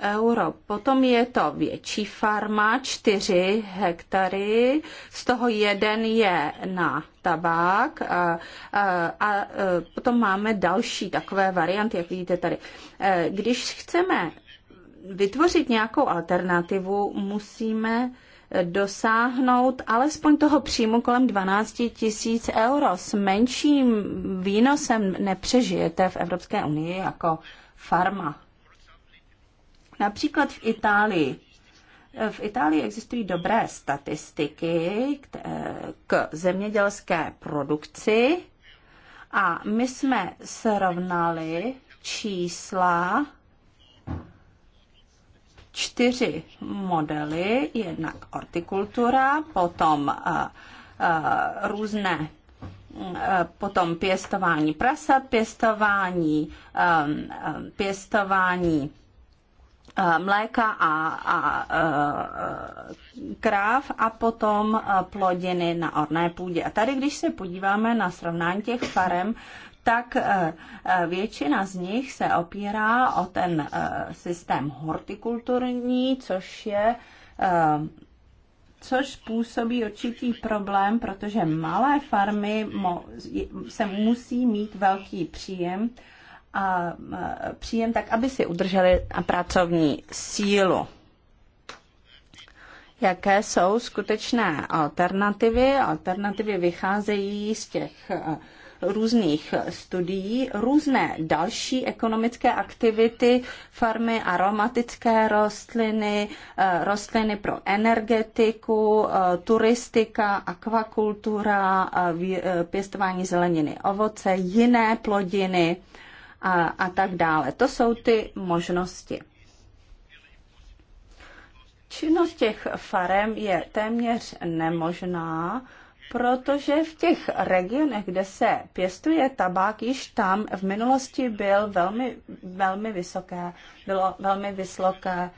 euro. Potom je to větší farma, 4 hektary, z toho jeden je na tabák a, a, a e, potom máme další takové varianty, jak vidíte tady. E, když chceme vytvořit nějakou alternativu, musíme dosáhnout alespoň toho příjmu kolem 12 tisíc euro. S menším výnosem nepřežijete v Evropské unii jako farma. Například v Itálii. V Itálii existují dobré statistiky k zemědělské produkci a my jsme srovnali čísla čtyři modely, jednak hortikultura, potom eh, eh, různé eh, potom pěstování prasat, pěstování, pěstování Eh, mléka a, a, eh, kráv a potom eh, plodiny na orné půdě. A tady, když se podíváme na srovnání těch farem, tak většina z nich se opírá o ten systém hortikulturní, což je což působí určitý problém, protože malé farmy se musí mít velký příjem a příjem, tak aby si udrželi pracovní sílu. Jaké jsou skutečné alternativy? Alternativy vycházejí z těch různých studií, různé další ekonomické aktivity, farmy aromatické rostliny, rostliny pro energetiku, turistika, akvakultura, e, pěstování zeleniny, ovoce, jiné plodiny a, a tak dále. To jsou ty možnosti. Činnost těch farem je téměř nemožná, protože v těch regionech, kde se pěstuje tabák, již tam v minulosti byl velmi, velmi vysoké, bylo velmi vysoké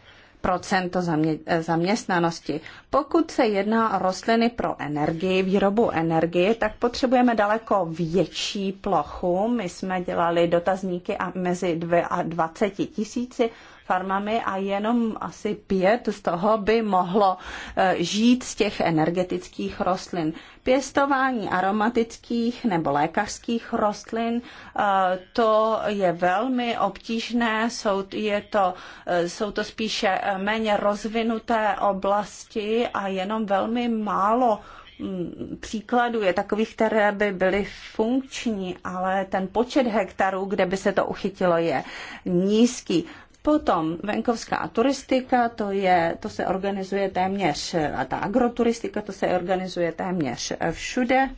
procento eh, zaměstnanosti. Pokud se jedná o rostliny pro energii, výrobu energie, tak potřebujeme daleko větší plochu. My jsme dělali dotazníky a mezi 2 a 20 tisíci farmami a jenom asi pět z toho by mohlo eh, žít z těch energetických rostlin. Pěstování aromatických nebo lékařských rostlin, eh, to je velmi obtížné, jsou, je to, eh, jsou to spíše méně rozvinuté oblasti a jenom velmi málo mm, příkladů je takových, které by byly funkční, ale ten počet hektarů, kde by se to uchytilo, je nízký. Potom venkovská turistika, to, je, to se organizuje téměř, a ta agroturistika, to se organizuje téměř všude.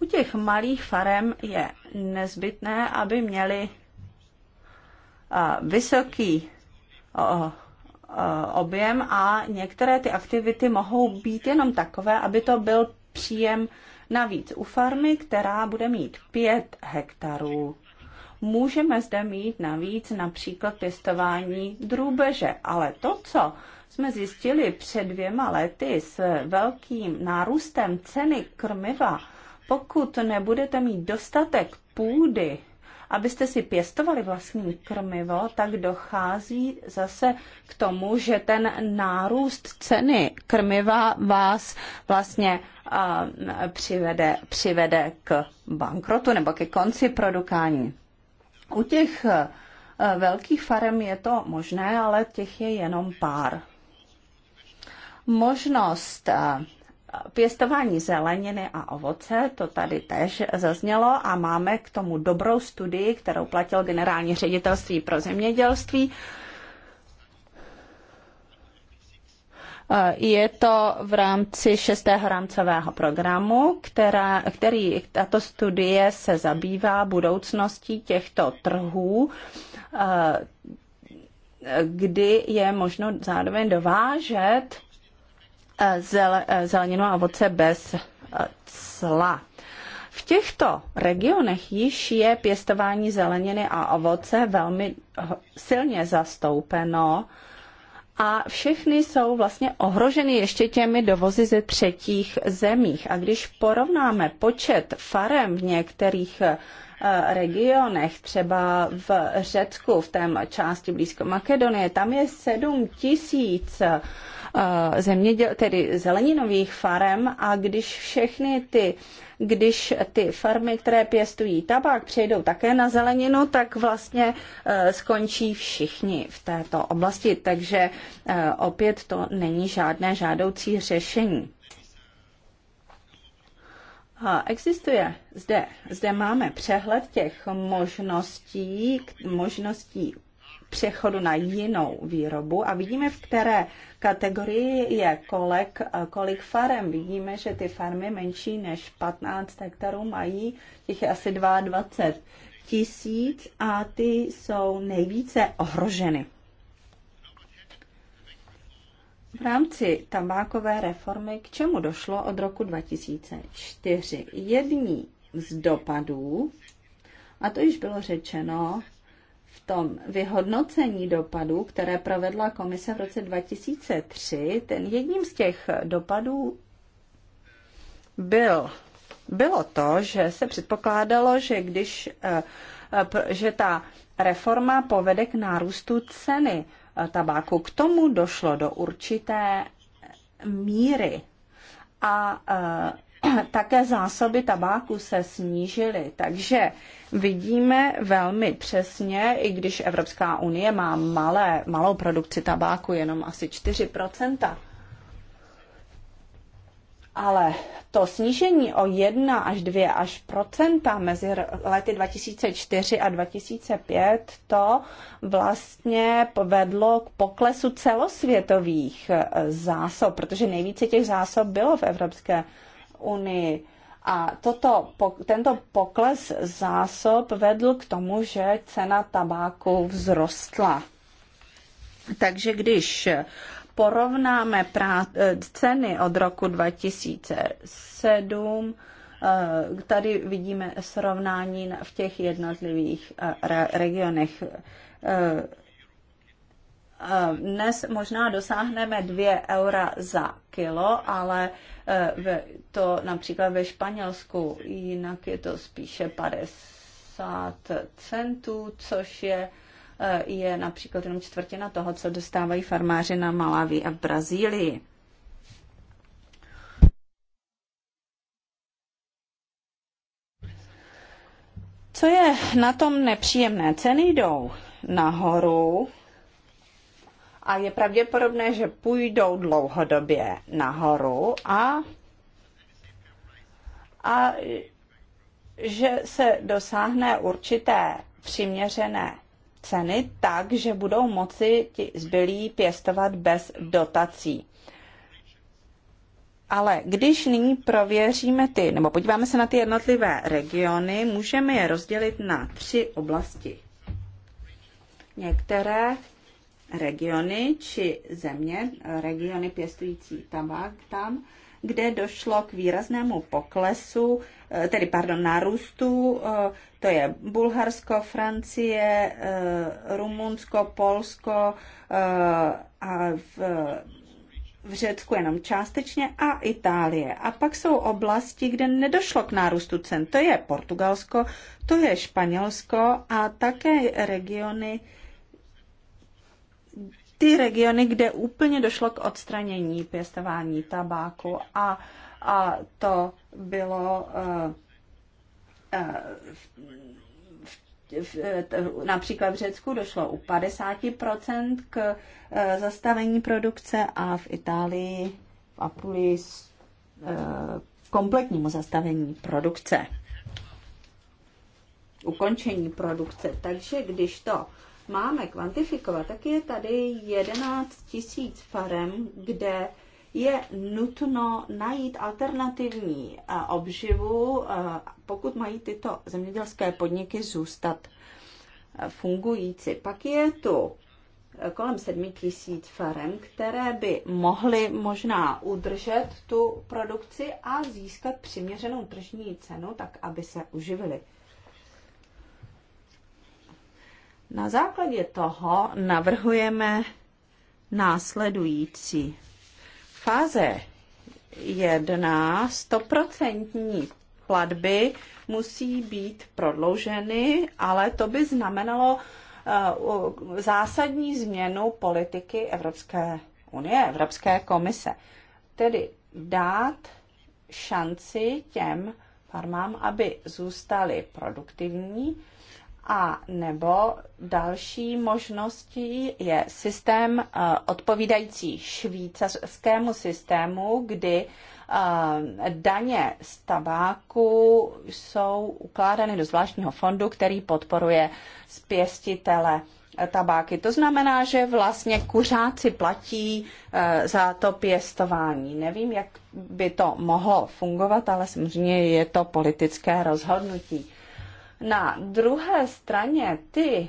U těch malých farem je nezbytné, aby měli vysoký objem a některé ty aktivity mohou být jenom takové, aby to byl příjem navíc u farmy, která bude mít 5 hektarů Můžeme zde mít navíc například pěstování drůbeže, ale to, co jsme zjistili před dvěma lety s velkým nárůstem ceny krmiva, pokud nebudete mít dostatek půdy, abyste si pěstovali vlastní krmivo, tak dochází zase k tomu, že ten nárůst ceny krmiva vás vlastně a, přivede, přivede k bankrotu nebo ke konci produkání. U těch eh, velkých farem je to možné, ale těch je jenom pár. Možnost eh, pěstování zeleniny a ovoce, to tady tež zaznělo a máme k tomu dobrou studii, kterou platil generální ředitelství pro zemědělství. Je to v rámci šestého rámcového programu, která, který tato studie se zabývá budoucností těchto trhů eh, kdy je možno zároveň dovážet eh, eh, zeleninu a ovoce bez cla. V těchto regionech již je pěstování zeleniny a ovoce velmi silně zastoupeno a všechny jsou vlastně ohroženy ještě těmi dovozy ze třetích zemích. A když porovnáme počet farem v některých eh, regionech, třeba v Řecku, v té části blízko Makedonie, tam je 7 tisíc eh, zeměděl, tedy zeleninových farem a když všechny ty když ty farmy, které pěstují tabák, přejdou také na zeleninu, tak vlastně eh, skončí všichni v této oblasti. Takže eh, opět to není žádné žádoucí řešení. Existuje zde, zde máme přehled těch možností, možností přechodu na jinou výrobu a vidíme, v které kategorii je kolik, kolik farem. Vidíme, že ty farmy menší než 15 hektarů mají těch asi 22 tisíc a ty jsou nejvíce ohroženy. V rámci tabákové reformy k čemu došlo od roku 2004? Jední z dopadů, a to již bylo řečeno, v tom vyhodnocení dopadů, které provedla komise v roce 2003, ten jedním z těch dopadů byl, bylo to, že se předpokládalo, že když eh, eh, že ta reforma povede k nárůstu ceny eh, tabáku. K tomu došlo do určité míry. A také zásoby tabáku se snížily, takže vidíme velmi přesně, i když Evropská unie má malé, malou produkci tabáku, jenom asi 4%, ale to snížení o 1 až 2 až procenta mezi lety 2004 a 2005 to vlastně vedlo k poklesu celosvětových e, zásob, protože nejvíce těch zásob bylo v Evropské unii unii. A toto, tento pokles zásob vedl k tomu, že cena tabáku vzrostla. Takže když porovnáme eh, ceny od roku 2007, eh, tady vidíme srovnání v těch jednotlivých eh, regionech. Dnes možná dosáhneme 2 eura za kilo, ale Eh, to například ve Španělsku, jinak je to spíše 50 centů, což je eh, je například jenom čtvrtina toho, co dostávají farmáři na Malaví a v Brazílii. Co je na tom nepříjemné? Ceny jdou nahoru, a je pravděpodobné, že půjdou dlouhodobě nahoru a, a že se dosáhne určité přiměřené ceny tak, že budou moci ti zbylí pěstovat bez dotací. Ale když nyní prověříme ty, nebo podíváme se na ty jednotlivé regiony, můžeme je rozdělit na tři oblasti. Některé regiony či země, regiony pěstující tabák tam, kde došlo k výraznému poklesu, eh, tedy pardon, nárůstu, eh, to je Bulharsko, Francie, eh, Rumunsko, Polsko a v, v Řecku jenom částečně a Itálie. A pak jsou oblasti, kde nedošlo k nárůstu cen. To je Portugalsko, to je Španělsko a také regiony, ty regiony, kde úplně došlo k odstranění pěstování tabáku a, a to bylo uh, například v Řecku došlo u 50% k eh, zastavení produkce a v Itálii v Apulii kompletnímu zastavení produkce. Ukončení produkce. Takže když to máme kvantifikovat, tak je tady 11 tisíc farem, kde je nutno najít alternativní eh, obživu, eh, pokud mají tyto zemědělské podniky zůstat eh, fungující. Pak je tu kolem 7 tisíc farem, které by mohly možná udržet tu produkci a získat přiměřenou tržní cenu, tak aby se uživili. Na základě toho navrhujeme následující. Fáze 1 stoprocentní platby musí být prodlouženy, ale to by znamenalo eh, zásadní změnu politiky Evropské unie, Evropské komise. Tedy dát šanci těm farmám, aby zůstaly produktivní, a nebo další možností je systém eh, odpovídající švýcarskému systému, kdy eh, daně z tabáku jsou ukládány do zvláštního fondu, který podporuje zpěstitele tabáky. To znamená, že vlastně kuřáci platí eh, za to pěstování. Nevím, jak by to mohlo fungovat, ale samozřejmě je to politické rozhodnutí. Na druhé straně ty e,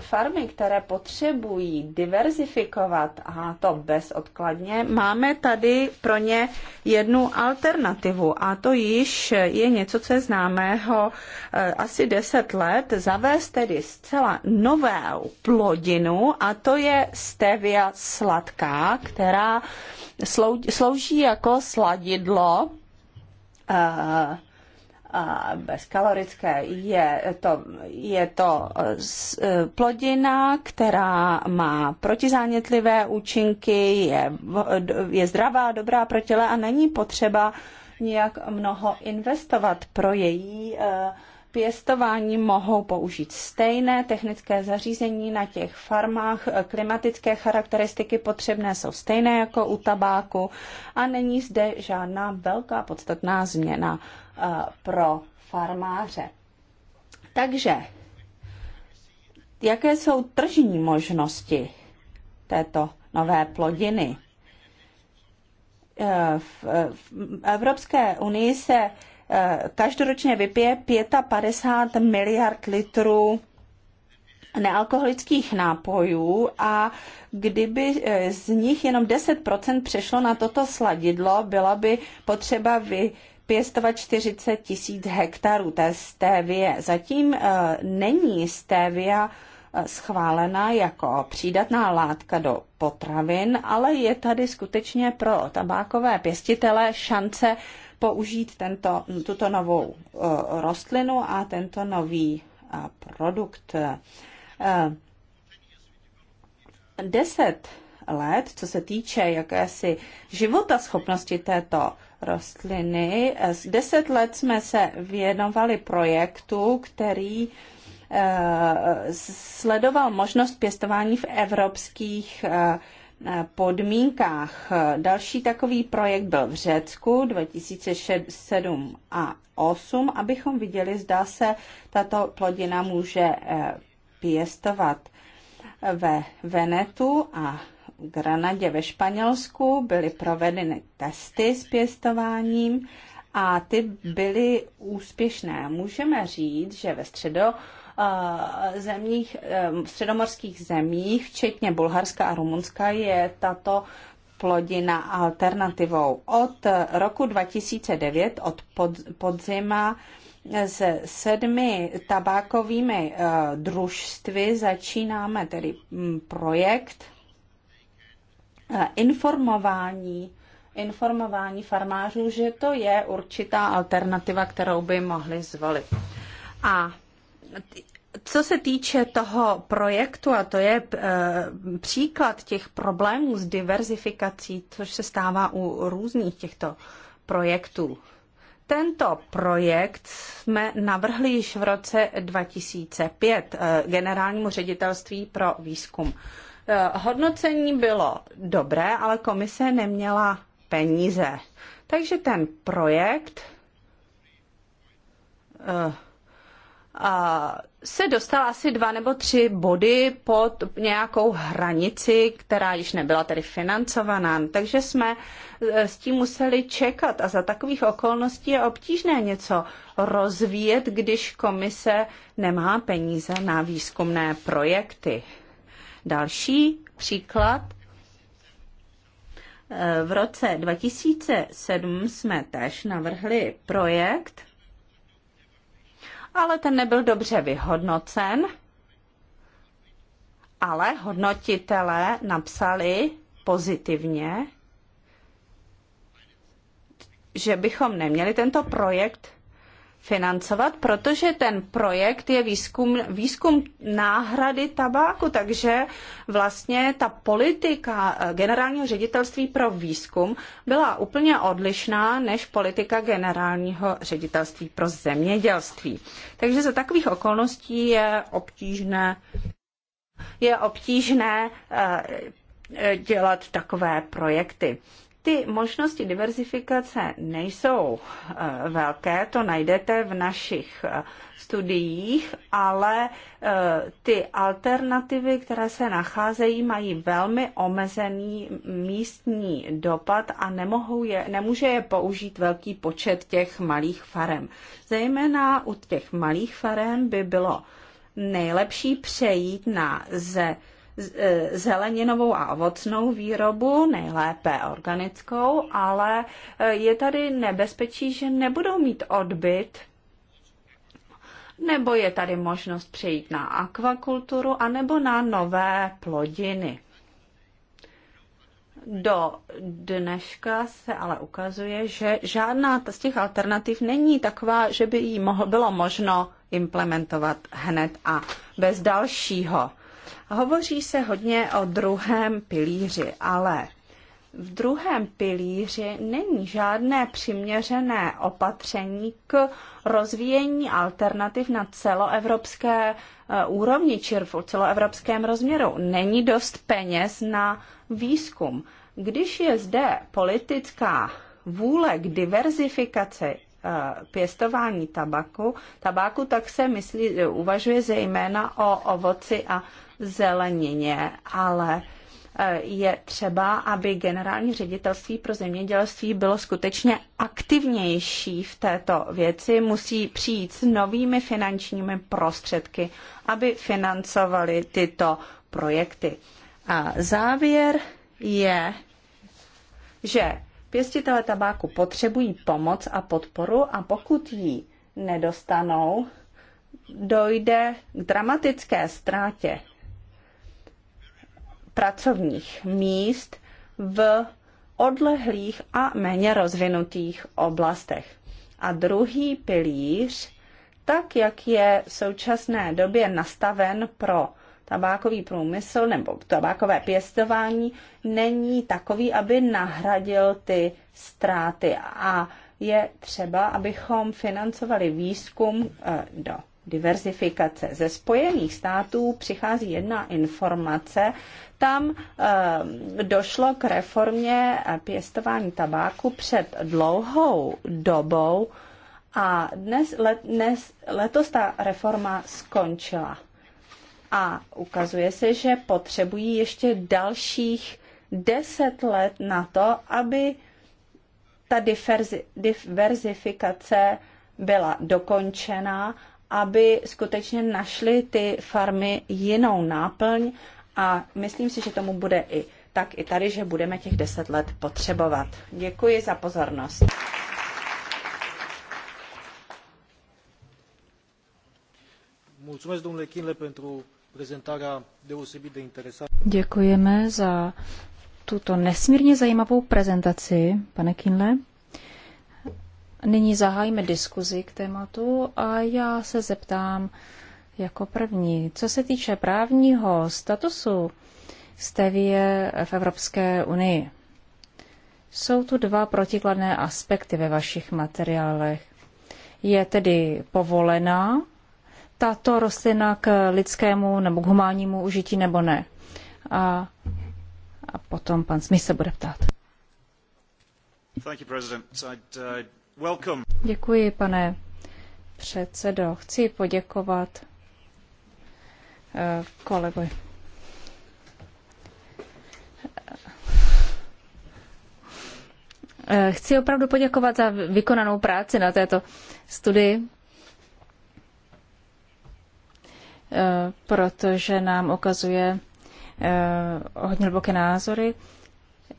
farmy, které potřebují diverzifikovat a to bezodkladně, máme tady pro ně jednu alternativu a to již je něco, co je známého e, asi 10 let, zavést tedy zcela novou plodinu a to je stevia sladká, která slouží jako sladidlo e, bezkalorické. Je to, je to e, plodina, která má protizánětlivé účinky, je, je zdravá, dobrá pro těle a není potřeba nějak mnoho investovat pro její e, pěstování mohou použít stejné technické zařízení na těch farmách, klimatické charakteristiky potřebné jsou stejné jako u tabáku a není zde žádná velká podstatná změna Eh, pro farmáře. Takže, jaké jsou tržní možnosti této nové plodiny? Eh, v Evropské unii se eh, každoročně vypije 55 miliard litrů nealkoholických nápojů a kdyby z nich jenom 10% přešlo na toto sladidlo, byla by potřeba vy, pěstovat 40 tisíc hektarů té stévie. Zatím e, není stévia e, schválena jako přídatná látka do potravin, ale je tady skutečně pro tabákové pěstitele šance použít tento, tuto novou e, rostlinu a tento nový produkt. Deset let, co se týče jakési života schopnosti této rostliny. Z deset let jsme se věnovali projektu, který eh, sledoval možnost pěstování v evropských eh, podmínkách. Další takový projekt byl v Řecku 2007 a 8, abychom viděli, zda se tato plodina může eh, pěstovat ve Venetu a Granadě ve Španělsku byly provedeny testy s pěstováním a ty byly úspěšné. Můžeme říct, že ve středo eh, zemích, eh, středomorských zemích, včetně Bulharska a Rumunska, je tato plodina alternativou. Od roku 2009, od pod, podzima, s sedmi tabákovými eh, družstvy začínáme tedy mm, projekt Eh, informování informování farmářů, že to je určitá alternativa, kterou by mohli zvolit. A co se týče toho projektu, a to je eh, příklad těch problémů s diverzifikací, což se stává u různých těchto projektů. Tento projekt jsme navrhli již v roce 2005 eh, generálnímu ředitelství pro výzkum. Eh, hodnocení bylo dobré, ale komise neměla peníze. Takže ten projekt eh, se dostal asi dva nebo tři body pod nějakou hranici, která již nebyla tedy financovaná. Takže jsme eh, s tím museli čekat a za takových okolností je obtížné něco rozvíjet, když komise nemá peníze na výzkumné projekty. Další příklad. V roce 2007 jsme tež navrhli projekt, ale ten nebyl dobře vyhodnocen, ale hodnotitelé napsali pozitivně, že bychom neměli tento projekt financovat, protože ten projekt je výzkum, výzkum náhrady tabáku, takže vlastně ta politika eh, generálního ředitelství pro výzkum byla úplně odlišná než politika generálního ředitelství pro zemědělství. Takže za takových okolností je obtížné je obtížné eh, eh, dělat takové projekty. Ty možnosti diverzifikace nejsou eh, velké, to najdete v našich eh, studiích, ale eh, ty alternativy, které se nacházejí, mají velmi omezený místní dopad a nemohou je, nemůže je použít velký počet těch malých farem. Zejména u těch malých farem by bylo nejlepší přejít na ze E, zeleninovou a ovocnou výrobu, nejlépe organickou, ale e, je tady nebezpečí, že nebudou mít odbyt nebo je tady možnost přejít na akvakulturu, anebo na nové plodiny. Do dneška se ale ukazuje, že žádná z těch alternativ není taková, že by jí bylo možno implementovat hned a bez dalšího. Hovoří se hodně o druhém pilíři, ale v druhém pilíři není žádné přiměřené opatření k rozvíjení alternativ na celoevropské eh, úrovni či v celoevropském rozměru. Není dost peněz na výzkum. Když je zde politická vůle k diverzifikaci eh, pěstování tabaku, tabáku, tak se myslí, uvažuje zejména o ovoci a zelenině, ale eh, je třeba, aby generální ředitelství pro zemědělství bylo skutečně aktivnější v této věci, musí přijít s novými finančními prostředky, aby financovali tyto projekty. A závěr je, že pěstitele tabáku potřebují pomoc a podporu a pokud ji nedostanou, dojde k dramatické ztrátě pracovních míst v odlehlých a méně rozvinutých oblastech. A druhý pilíř, tak jak je v současné době nastaven pro tabákový průmysl nebo tabákové pěstování, není takový, aby nahradil ty ztráty. A je třeba, abychom financovali výzkum eh, do diversifikace. Ze Spojených států přichází jedna informace, tam eh, došlo k reformě pěstování tabáku před dlouhou dobou a dnes, let, dnes letos ta reforma skončila. A ukazuje se, že potřebují ještě dalších deset let na to, aby ta diverzifikace byla dokončena aby skutečně našli ty farmy jinou náplň a myslím si, že tomu bude i tak i tady, že budeme těch deset let potřebovat. Děkuji za pozornost. Děkujeme za tuto nesmírně zajímavou prezentaci, pane Kinle nyní zahájíme diskuzi k tématu a já se zeptám jako první. Co se týče právního statusu stevie v Evropské unii, jsou tu dva protikladné aspekty ve vašich materiálech. Je tedy povolená tato rostlina k lidskému nebo k humánnímu užití nebo ne? A, a potom pan Smith se bude ptát. Thank you, President. I'd, uh... Děkuji, pane předsedo. Chci poděkovat eh, kolegovi. Eh, chci opravdu poděkovat za vykonanou práci na této studii, eh, protože nám ukazuje hodně hluboké názory.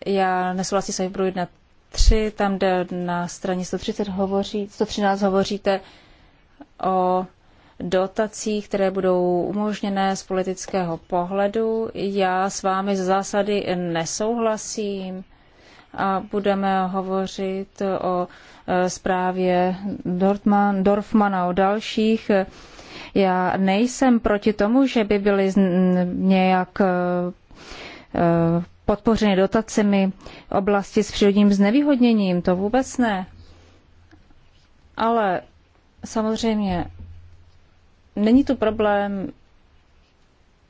Já nesouhlasím s vámi na. 3, tam, kde na straně 130 hovoří, 113 hovoříte o dotacích, které budou umožněné z politického pohledu. Já s vámi z zásady nesouhlasím a budeme hovořit o e, zprávě Dortman, Dorfmana o dalších. Já nejsem proti tomu, že by byly nějak e, e, podpořeny dotacemi oblasti s přírodním znevýhodněním, to vůbec ne. Ale samozřejmě není tu problém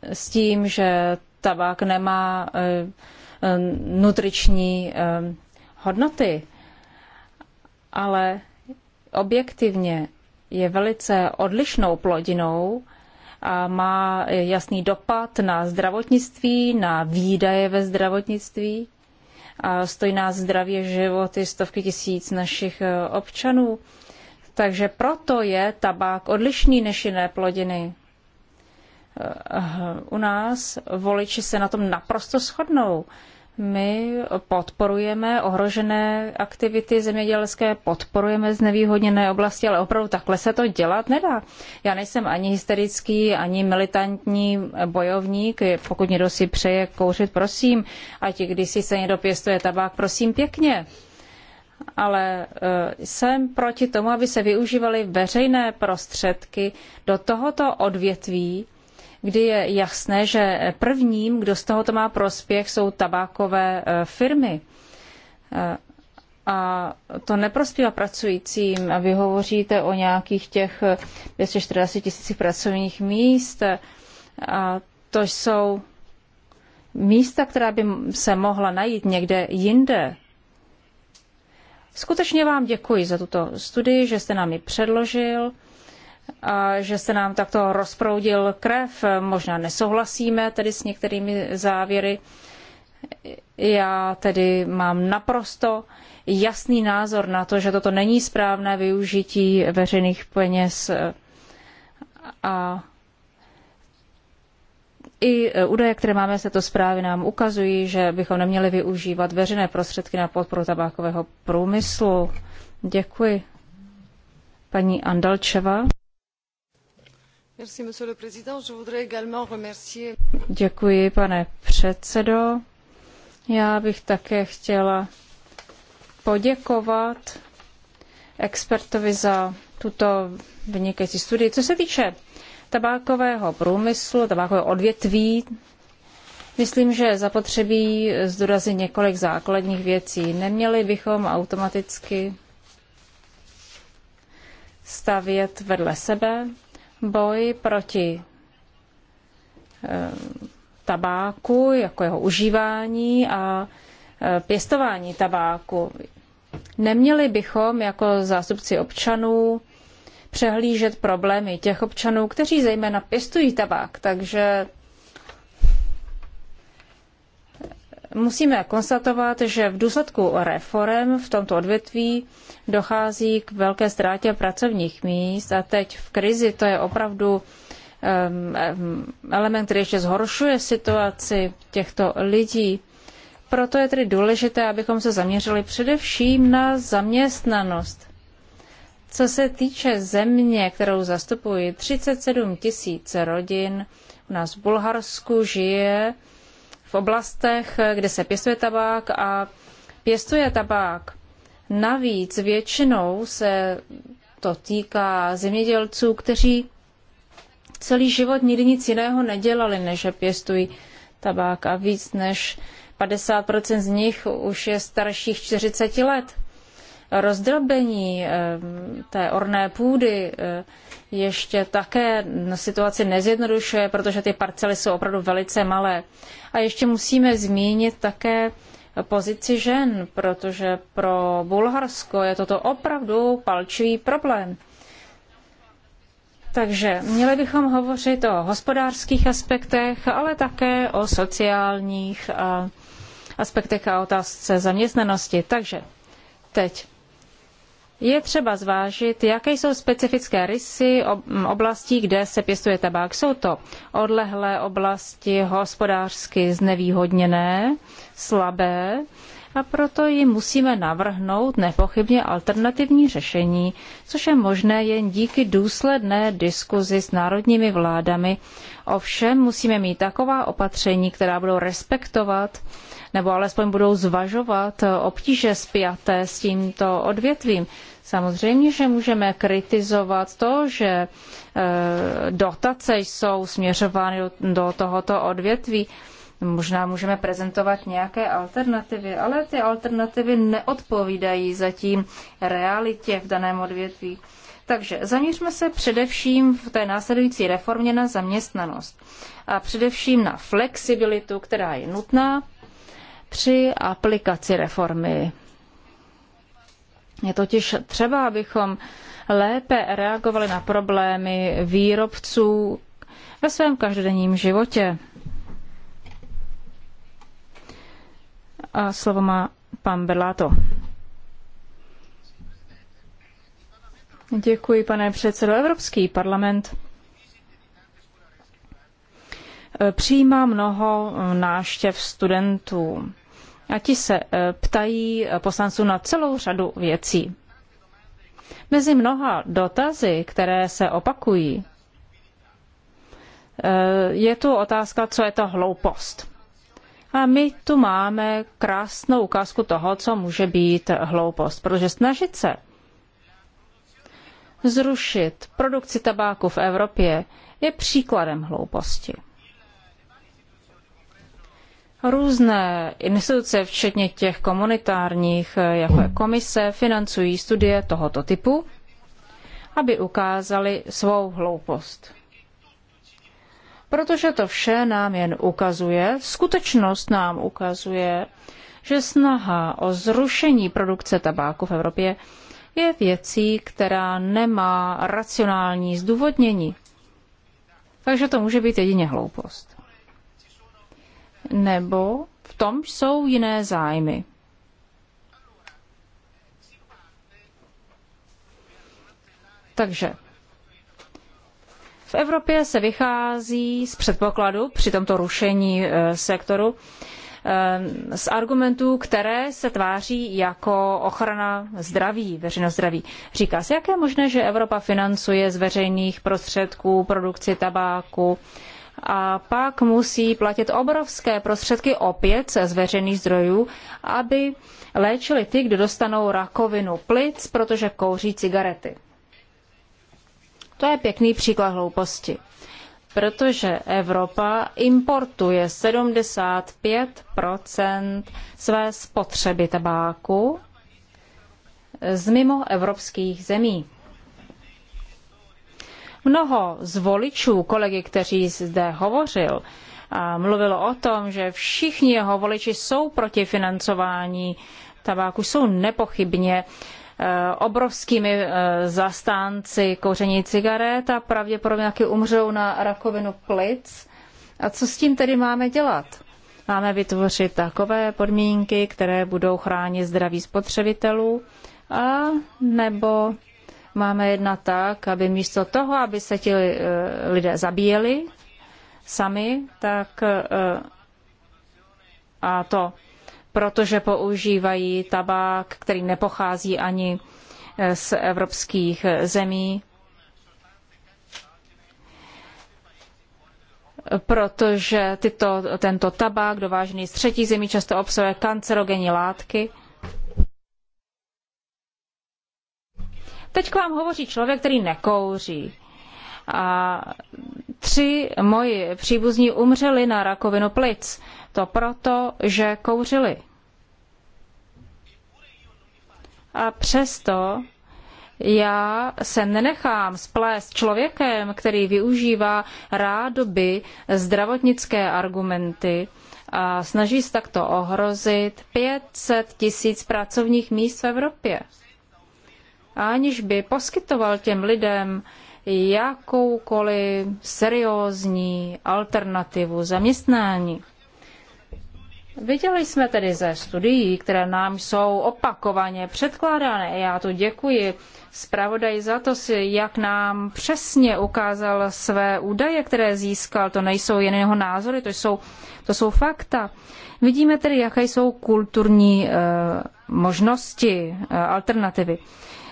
s tím, že tabák nemá eh, eh, nutriční eh, hodnoty, ale objektivně je velice odlišnou plodinou, a má jasný dopad na zdravotnictví, na výdaje ve zdravotnictví. A stojí nás zdravě životy stovky tisíc našich e, občanů. Takže proto je tabák odlišný než jiné plodiny. E, eh, u nás voliči se na tom naprosto shodnou my podporujeme ohrožené aktivity zemědělské, podporujeme znevýhodněné oblasti, ale opravdu takhle se to dělat nedá. Já nejsem ani hysterický, ani militantní bojovník. Pokud někdo si přeje kouřit, prosím. A když si se někdo pěstuje tabák, prosím pěkně. Ale eh, jsem proti tomu, aby se využívaly veřejné prostředky do tohoto odvětví, kdy je jasné, že prvním, kdo z tohoto má prospěch, jsou tabákové e, firmy. E, a to neprospívá pracujícím. A vy hovoříte o nějakých těch 240 tisících pracovních míst. E, a to jsou místa, která by se mohla najít někde jinde. Skutečně vám děkuji za tuto studii, že jste nám ji předložil že se nám takto rozproudil krev. Možná nesouhlasíme tedy s některými závěry. Já tedy mám naprosto jasný názor na to, že toto není správné využití veřejných peněz a i údaje, které máme z této zprávy, nám ukazují, že bychom neměli využívat veřejné prostředky na podporu tabákového průmyslu. Děkuji. Paní Andalčeva. Děkuji, pane předsedo. Já bych také chtěla poděkovat expertovi za tuto vynikající studii. Co se týče tabákového průmyslu, tabákového odvětví, myslím, že zapotřebí zdůraznit několik základních věcí. Neměli bychom automaticky stavět vedle sebe boj proti eh, tabáku, jako jeho užívání a eh, pěstování tabáku. Neměli bychom jako zástupci občanů přehlížet problémy těch občanů, kteří zejména pěstují tabák, takže Musíme konstatovat, že v důsledku reform v tomto odvětví dochází k velké ztrátě pracovních míst a teď v krizi to je opravdu element, který ještě zhoršuje situaci těchto lidí. Proto je tedy důležité, abychom se zaměřili především na zaměstnanost. Co se týče země, kterou zastupuji, 37 tisíc rodin u nás v Bulharsku žije v oblastech, kde se pěstuje tabák a pěstuje tabák. Navíc většinou se to týká zemědělců, kteří celý život nikdy nic jiného nedělali, než že pěstují tabák a víc než 50% z nich už je starších 40 let rozdrobení eh, té orné půdy eh, ještě také situaci nezjednodušuje, protože ty parcely jsou opravdu velice malé. A ještě musíme zmínit také pozici žen, protože pro Bulharsko je toto opravdu palčivý problém. Takže měli bychom hovořit o hospodářských aspektech, ale také o sociálních aspektech a otázce zaměstnanosti. Takže teď je třeba zvážit, jaké jsou specifické rysy oblastí, kde se pěstuje tabák. Jsou to odlehlé oblasti, hospodářsky znevýhodněné, slabé, a proto jim musíme navrhnout nepochybně alternativní řešení, což je možné jen díky důsledné diskuzi s národními vládami. Ovšem musíme mít taková opatření, která budou respektovat nebo alespoň budou zvažovat eh, obtíže spjaté s tímto odvětvím. Samozřejmě, že můžeme kritizovat to, že eh, dotace jsou směřovány do tohoto odvětví. Možná můžeme prezentovat nějaké alternativy, ale ty alternativy neodpovídají zatím realitě v daném odvětví. Takže zaměřme se především v té následující reformě na zaměstnanost a především na flexibilitu, která je nutná při aplikaci reformy. Je totiž třeba, abychom lépe reagovali na problémy výrobců ve svém každodenním životě. A slovo má pan Berlato. Děkuji, pane předsedo. Evropský parlament eh, přijímá mnoho eh, náštěv studentů a ti se eh, ptají eh, poslanců na celou řadu věcí. Mezi mnoha dotazy, které se opakují, eh, je tu otázka, co je to hloupost. A my tu máme krásnou ukázku toho, co může být hloupost, protože snažit se zrušit produkci tabáku v Evropě je příkladem hlouposti. Různé instituce, včetně těch komunitárních, eh, jako je komise, financují studie tohoto typu, aby ukázali svou hloupost. Protože to vše nám jen ukazuje, skutečnost nám ukazuje, že snaha o zrušení produkce tabáku v Evropě je věcí, která nemá racionální zdůvodnění. Takže to může být jedině hloupost nebo v tom jsou jiné zájmy. Takže v Evropě se vychází z předpokladu při tomto rušení eh, sektoru eh, z argumentů, které se tváří jako ochrana zdraví, veřejnost zdraví. Říká se, jak je možné, že Evropa financuje z veřejných prostředků produkci tabáku, a pak musí platit obrovské prostředky opět z veřejných zdrojů, aby léčili ty, kdo dostanou rakovinu plic, protože kouří cigarety. To je pěkný příklad hlouposti, protože Evropa importuje 75 své spotřeby tabáku z mimo evropských zemí. Mnoho z voličů kolegy, kteří zde hovořil, mluvilo o tom, že všichni jeho voliči jsou proti financování tabáku, jsou nepochybně e, obrovskými e, zastánci kouření cigaret a pravděpodobně taky umřou na rakovinu plic. A co s tím tedy máme dělat? Máme vytvořit takové podmínky, které budou chránit zdraví spotřebitelů, a nebo Máme jednat tak, aby místo toho, aby se ti eh, lidé zabíjeli sami, tak eh, a to protože používají tabák, který nepochází ani eh, z evropských zemí, protože tyto, tento tabák dovážený z třetích zemí často obsahuje kancerogenní látky Teď k vám hovoří člověk, který nekouří. A tři moji příbuzní umřeli na rakovinu plic. To proto, že kouřili. A přesto já se nenechám splést člověkem, který využívá rádoby zdravotnické argumenty a snaží se takto ohrozit 500 tisíc pracovních míst v Evropě aniž by poskytoval těm lidem jakoukoliv seriózní alternativu zaměstnání. Viděli jsme tedy ze studií, které nám jsou opakovaně předkládány. Já tu děkuji zpravodaj za to, jak nám přesně ukázal své údaje, které získal. To nejsou jen jeho názory, to jsou, to jsou fakta. Vidíme tedy, jaké jsou kulturní e, možnosti, e, alternativy.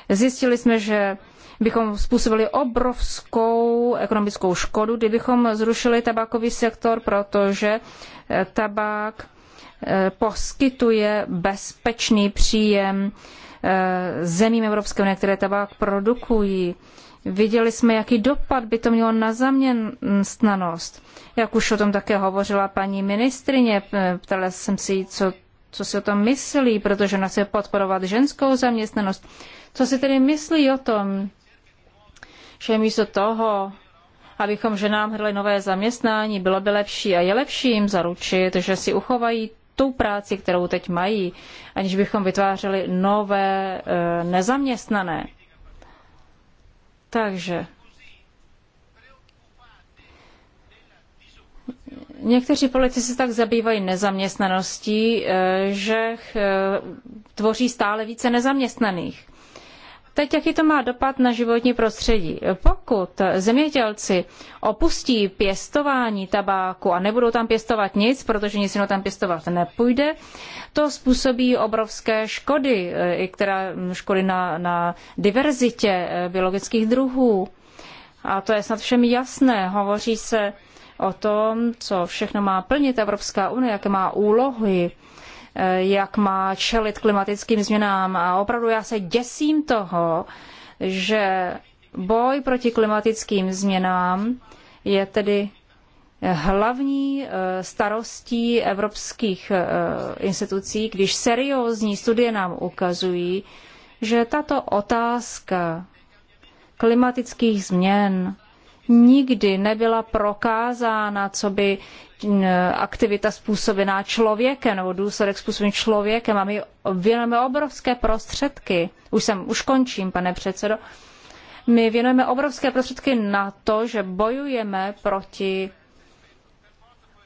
Zjistili jsme, že bychom způsobili obrovskou ekonomickou škodu, kdybychom zrušili tabákový sektor, protože eh, tabák eh, poskytuje bezpečný příjem eh, zemím Evropské unie, které tabák produkují. Viděli jsme, jaký dopad by to mělo na zaměstnanost. Jak už o tom také hovořila paní ministrině, ptala jsem si, co, co si o tom myslí, protože ona chce podporovat ženskou zaměstnanost. Co si tedy myslí o tom, že místo toho, abychom ženám hledali nové zaměstnání, bylo by lepší a je lepší jim zaručit, že si uchovají tu práci, kterou teď mají, aniž bychom vytvářeli nové e, nezaměstnané. Takže Někteří politici se tak zabývají nezaměstnaností, eh, že eh, tvoří stále více nezaměstnaných. Teď jaký to má dopad na životní prostředí? Pokud zemědělci opustí pěstování tabáku a nebudou tam pěstovat nic, protože nic jiného tam pěstovat nepůjde, to způsobí obrovské škody, eh, i která hm, škody na, na diverzitě eh, biologických druhů. A to je snad všem jasné. Hovoří se o tom, co všechno má plnit Evropská unie, jaké má úlohy Eh, jak má čelit klimatickým změnám. A opravdu já se děsím toho, že boj proti klimatickým změnám je tedy hlavní eh, starostí evropských eh, institucí, když seriózní studie nám ukazují, že tato otázka klimatických změn nikdy nebyla prokázána, co by aktivita způsobená člověkem nebo důsledek způsobený člověkem a my věnujeme obrovské prostředky. Už jsem, už končím, pane předsedo. My věnujeme obrovské prostředky na to, že bojujeme proti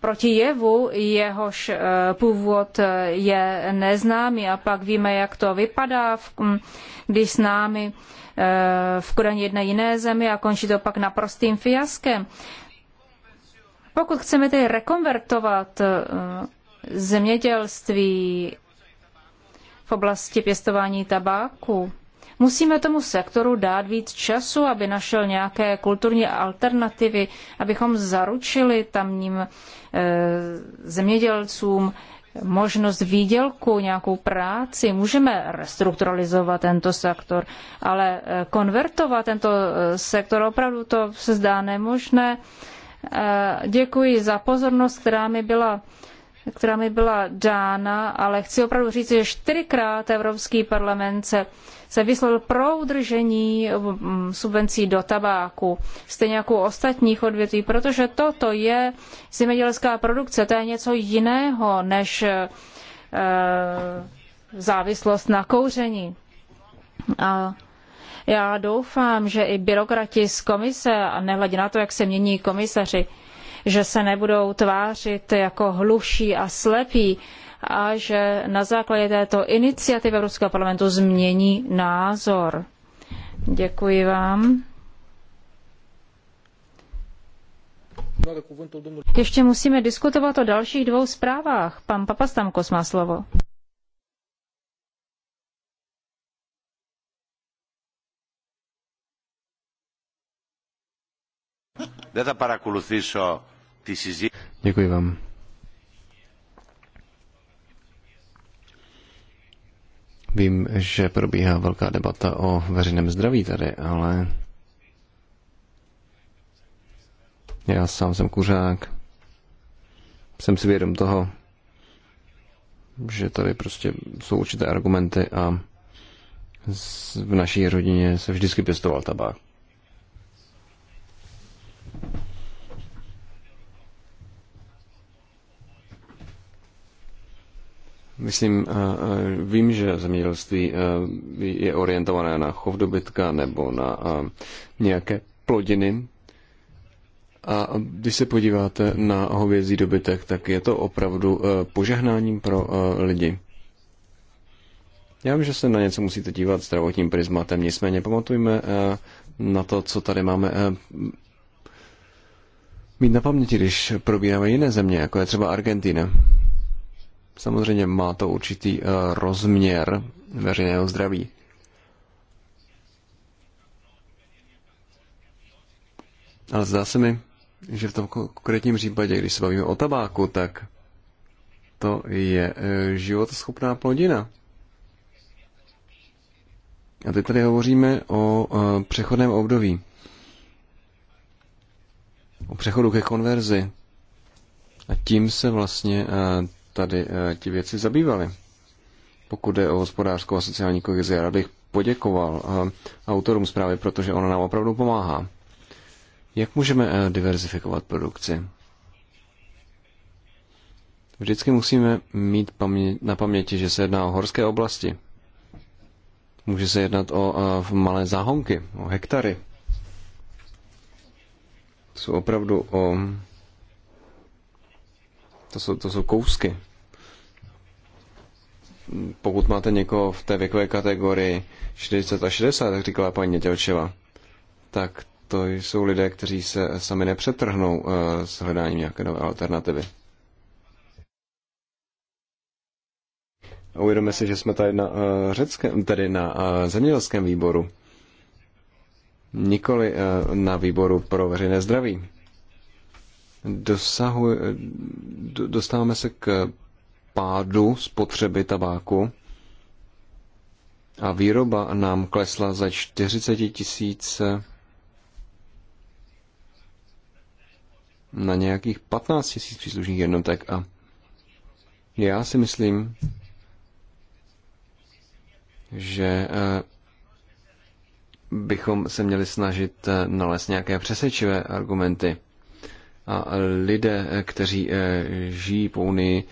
proti jevu, jehož e, původ je neznámý a pak víme, jak to vypadá, když s námi e, v Kodani jedné jiné zemi a končí to pak naprostým fiaskem. Pokud chceme tedy rekonvertovat eh, zemědělství v oblasti pěstování tabáku, musíme tomu sektoru dát víc času, aby našel nějaké kulturní alternativy, abychom zaručili tamním eh, zemědělcům možnost výdělku, nějakou práci. Můžeme restrukturalizovat tento sektor, ale eh, konvertovat tento sektor opravdu to se zdá nemožné. Eh, děkuji za pozornost, která mi byla která mi byla dána, ale chci opravdu říct, že čtyřikrát Evropský parlament se, se vyslovil pro udržení eh, mm, subvencí do tabáku, stejně jako u ostatních odvětví, protože toto je zemědělská produkce, to je něco jiného než e, závislost na kouření. A já doufám, že i byrokrati z komise, a nehledě na to, jak se mění komisaři, že se nebudou tvářit jako hluší a slepí a že na základě této iniciativy Evropského parlamentu změní názor. Děkuji vám. Ještě musíme diskutovat o dalších dvou zprávách. Pan Papastamkos má slovo. Δεν θα παρακολουθήσω τη συζήτηση. Vím, že probíhá velká debata o veřejném zdraví tady, ale já sám jsem kuřák. Jsem si vědom toho, že tady prostě jsou určité argumenty a v naší rodině se vždycky pěstoval tabák. Myslím, eh, eh, vím, že zemědělství eh, je orientované na chov dobytka nebo na nějaké plodiny. A když se podíváte na hovězí dobytek, tak je to opravdu požehnáním pro lidi. Já vím, že se na něco musíte dívat zdravotním prismatem, nicméně pamatujme na to, co tady máme mít na paměti, když probíráme jiné země, jako je třeba Argentina. Samozřejmě má to určitý eh, rozměr veřejného zdraví. Ale zdá se mi, že v tom konkrétním případě, když se bavíme o tabáku, tak to je eh, životoschopná plodina. A teď tady hovoříme o eh, přechodném období. O přechodu ke konverzi. A tím se vlastně tady eh, ti věci zabývali. Pokud jde o hospodářskou a sociální kohezi, já bych poděkoval eh, autorům zprávy, protože ona nám opravdu pomáhá. Jak můžeme eh, diverzifikovat produkci? Vždycky musíme mít na paměti, že se jedná o horské oblasti. Může se jednat o malé záhonky, o hektary. To jsou opravdu o... To jsou, to jsou kousky pokud máte někoho v té věkové kategorii 40 a 60, jak říkala paní Nedělčeva, tak to jsou lidé, kteří se sami nepřetrhnou eh, s hledáním nějaké nové alternativy. Uvědomíme si, že jsme tady na, eh, řeckém, tady na eh, zemědělském výboru, nikoli na výboru pro veřejné zdraví. Dosahu, dostáváme se k pádu spotřeby tabáku a výroba nám klesla za 40 tisíc na nějakých 15 tisíc příslušných jednotek a já si myslím, že eh, bychom se měli snažit eh, nalézt nějaké přesvědčivé argumenty. A lidé, eh, kteří žijí po Unii,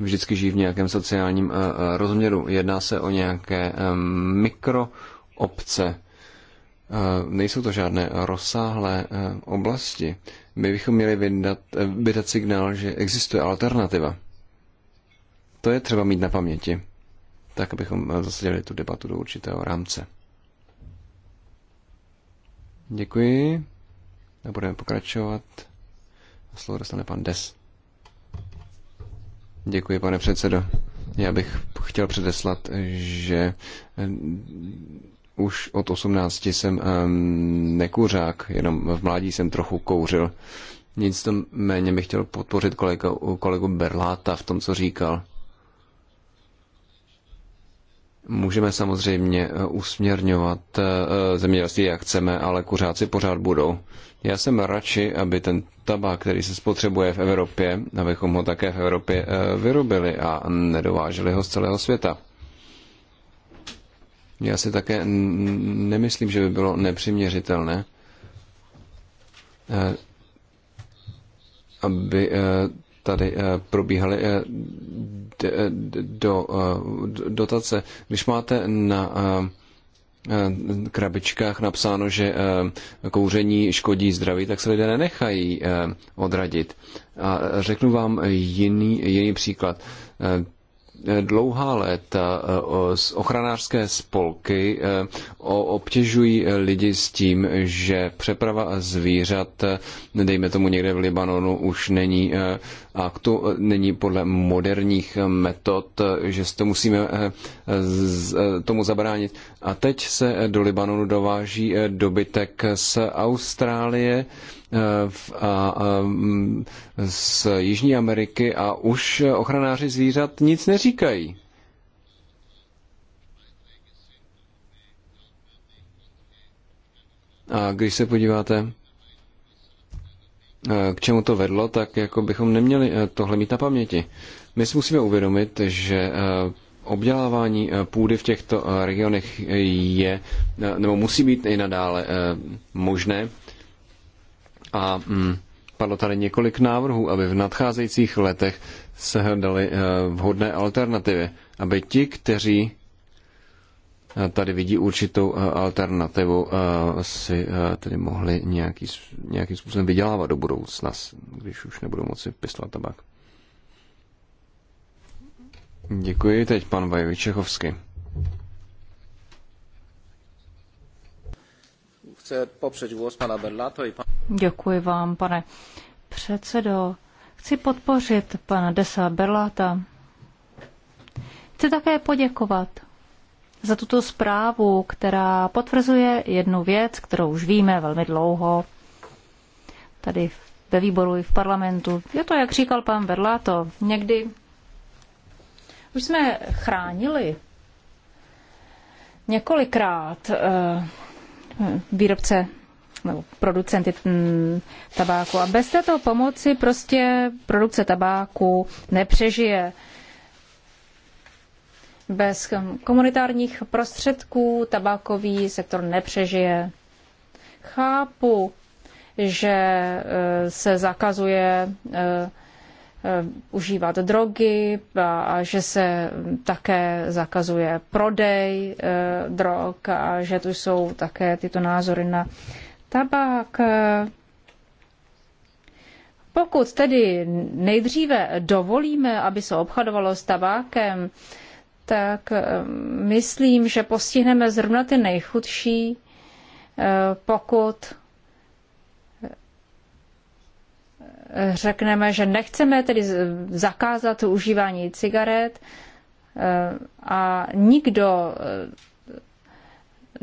vždycky žijí v nějakém sociálním eh, eh, rozměru. Jedná se o nějaké eh, mikroobce. Nejsou to žádné rozsáhlé oblasti. My bychom měli vydat, vydat signál, že existuje alternativa. To je třeba mít na paměti, tak abychom zasadili tu debatu do určitého rámce. Děkuji. A budeme pokračovat. A slovo dostane pan Des. Děkuji, pane předsedo. Já bych chtěl předeslat, že eh, už od 18 jsem eh, nekuřák, jenom v mládí jsem trochu kouřil. Nic to méně bych chtěl podpořit kolegu, kolegu Berláta v tom, co říkal. Můžeme samozřejmě eh, usměrňovat eh, eh, zemědělství, jak chceme, ale kuřáci pořád budou. Já jsem radši, aby ten tabák, který se spotřebuje v Evropě, abychom ho také v Evropě vyrobili a nedováželi ho z celého světa. Já si také nemyslím, že by bylo nepřiměřitelné, aby tady eh, probíhaly eh, eh, do dotace. Když máte na krabičkách napsáno, že kouření škodí zdraví, tak se lidé nenechají odradit. A řeknu vám jiný, jiný příklad dlouhá léta eh, ochranářské spolky eh, obtěžují lidi s tím, že přeprava zvířat, eh, dejme tomu někde v Libanonu, už není aktu, není podle moderních metod, že to musíme tomu zabránit. A teď se do Libanonu dováží dobytek z Austrálie, Eh, a, mm, z Jižní Ameriky a už ochranáři zvířat nic neříkají. A když se podíváte, eh, k čemu to vedlo, tak jako bychom neměli eh, tohle mít na paměti. My si musíme uvědomit, že obdělávání půdy v těchto regionech je, nebo musí být i nadále možné a mm, padlo tady několik návrhů, aby v nadcházejících letech se hledaly eh, vhodné alternativy, aby ti, kteří eh, tady vidí určitou eh, alternativu, si tedy mohli nějaký, nějakým způsobem vydělávat do budoucna, když už nebudou moci pistovat tabak. Děkuji, teď pan Vajvičechovský. Děkuji vám, pane předsedo. Chci podpořit pana Desa Berlata. Chci také poděkovat za tuto zprávu, která potvrzuje jednu věc, kterou už víme velmi dlouho, tady ve výboru i v parlamentu. Je to, jak říkal pan Berlato, někdy už jsme chránili několikrát eh, výrobce nebo producenty mm, tabáku. A bez této pomoci prostě produkce tabáku nepřežije. Bez komunitárních prostředků tabákový sektor nepřežije. Chápu, že e, se zakazuje e, Eh, užívat drogy a, a že se také zakazuje prodej eh, drog a že tu jsou také tyto názory na tabák. Pokud tedy nejdříve dovolíme, aby se obchodovalo s tabákem, tak eh, myslím, že postihneme zrovna ty nejchudší, pokud řekneme, že nechceme tedy zakázat užívání cigaret eh, a nikdo eh,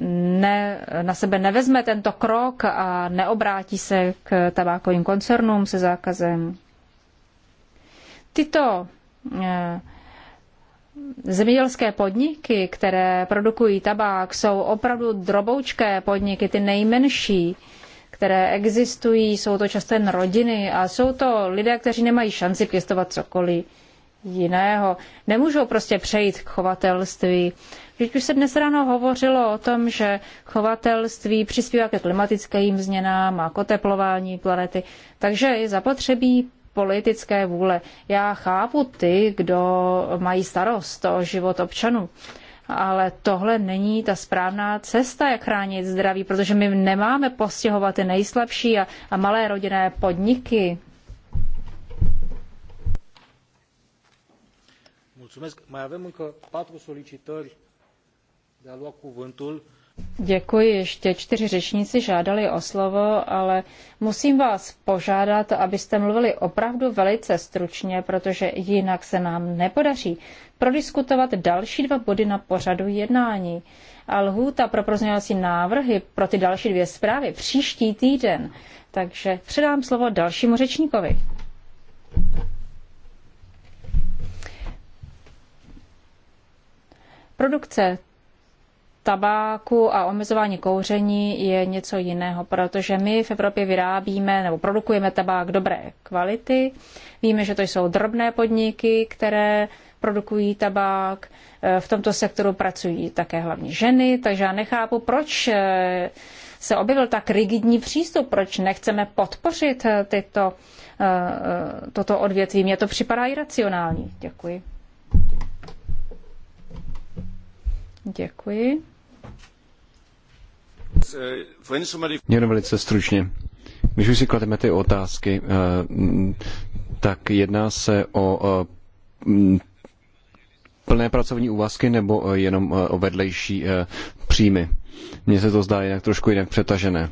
ne, na sebe nevezme tento krok a neobrátí se k tabákovým koncernům se zákazem. Tyto eh, zemědělské podniky, které produkují tabák, jsou opravdu droboučké podniky, ty nejmenší které existují, jsou to často jen rodiny a jsou to lidé, kteří nemají šanci pěstovat cokoliv jiného. Nemůžou prostě přejít k chovatelství. Když už se dnes ráno hovořilo o tom, že chovatelství přispívá ke klimatickým změnám a k oteplování planety. Takže je zapotřebí politické vůle. Já chápu ty, kdo mají starost o život občanů ale tohle není ta správná cesta, jak chránit zdraví, protože my nemáme postihovat ty nejslabší a, a malé rodinné podniky. Mulțumesc. Mai avem încă patru solicitări de a lua cuvântul. Děkuji. Ještě čtyři řečníci žádali o slovo, ale musím vás požádat, abyste mluvili opravdu velice stručně, protože jinak se nám nepodaří prodiskutovat další dva body na pořadu jednání. A lhůta pro prozněvací návrhy pro ty další dvě zprávy příští týden. Takže předám slovo dalšímu řečníkovi. Produkce tabáku a omezování kouření je něco jiného, protože my v Evropě vyrábíme nebo produkujeme tabák dobré kvality. Víme, že to jsou drobné podniky, které produkují tabák. Eh, v tomto sektoru pracují také hlavně ženy, takže já nechápu, proč eh, se objevil tak rigidní přístup, proč nechceme podpořit eh, tyto, toto odvětví. Mně to připadá iracionální. Děkuji. Děkuji. Jenom velice stručně. Když už si klademe ty otázky, eh, tak jedná se o eh, plné pracovní úvazky nebo eh, jenom o vedlejší příjmy. Mně se to zdá jinak trošku jinak přetažené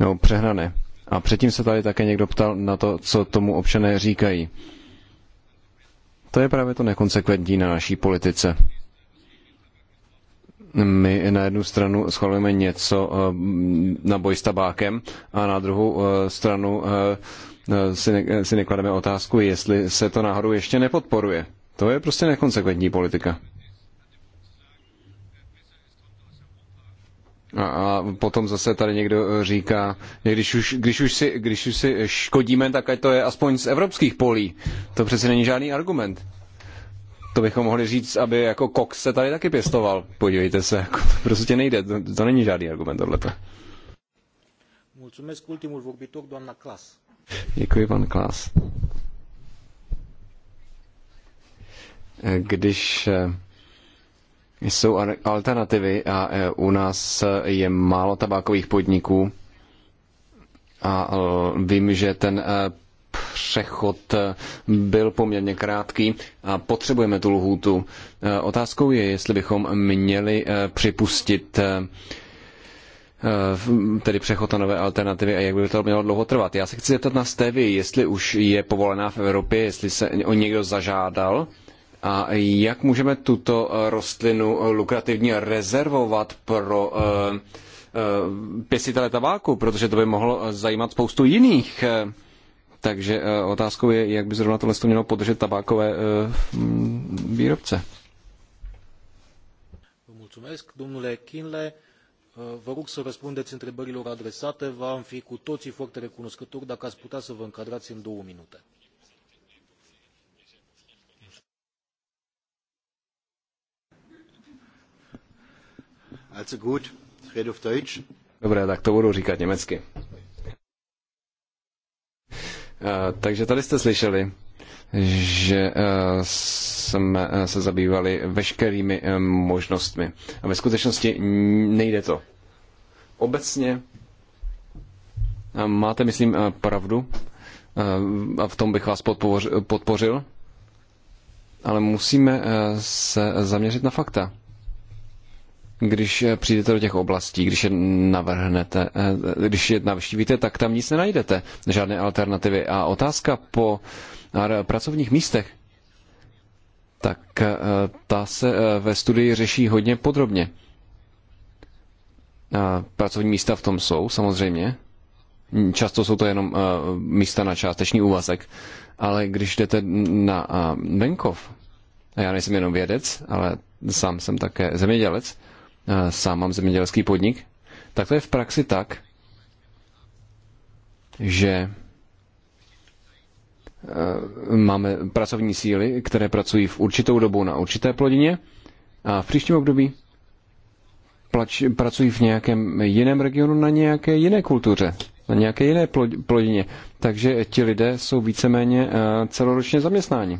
nebo přehrané. A předtím se tady také někdo ptal na to, co tomu občané říkají. To je právě to nekonsekventní na naší politice my na jednu stranu schvalujeme něco eh, na boj s tabákem a na druhou eh, stranu eh, si, ne, si neklademe otázku, jestli se to náhodou ještě nepodporuje. To je prostě nekonsekventní politika. A, a potom zase tady někdo říká, že když už, když, už si, když už si škodíme, tak ať to je aspoň z evropských polí. To přece není žádný argument to bychom mohli říct, aby jako kok se tady taky pěstoval. Podívejte se, jako to prostě nejde, to, to není žádný argument tohleto. Mulțumesc ultimul vorbitor, doamna Klas. Děkuji, pan Klas. Když eh, jsou alternativy a eh, u nás je málo tabákových podniků, a eh, vím, že ten přechod eh, byl poměrně krátký a potřebujeme tu lhůtu. Eh, otázkou je, jestli bychom měli eh, připustit tedy přechod na nové alternativy a jak by to mělo dlouho trvat. Já se chci zeptat na stevy, jestli už je povolená v Evropě, jestli se o někdo zažádal a jak můžeme tuto rostlinu lukrativně rezervovat pro pěstitele tabáku, protože to by mohlo zajímat spoustu jiných takže e, otázkou je, jak by zrovna tohle mělo podržet tabákové e, výrobce. Mulțumesc, domnule Kinle. E, vă rog să răspundeți întrebărilor adresate. V-am fi cu toții foarte recunoscători dacă ați putea să vă încadrați în două minute. Also gut, ich rede auf Deutsch. Dobré, tak to budu říkat německy. Eh, takže tady jste slyšeli, že eh, jsme eh, se zabývali veškerými možnostmi. A ve skutečnosti nejde to. Obecně máte, myslím, pravdu a v tom bych vás podpořil, ale musíme se zaměřit na fakta když eh, přijdete do těch oblastí, když je navrhnete, eh, když je navštívíte, tak tam nic nenajdete, žádné alternativy. A otázka po pracovních místech, tak eh, ta se ve studii řeší hodně podrobně. Pracovní místa v tom jsou, samozřejmě. Často jsou to jenom místa na částečný úvazek. Ale když jdete na venkov, a já nejsem jenom vědec, ale sám jsem také zemědělec, Eh, sám mám zemědělský podnik, tak to je v praxi tak, že eh, máme pracovní síly, které pracují v určitou dobu na určité plodině a v příštím období plač, pracují v nějakém jiném regionu na nějaké jiné kultuře, na nějaké jiné plodině. Takže ti lidé jsou víceméně eh, celoročně zaměstnáni.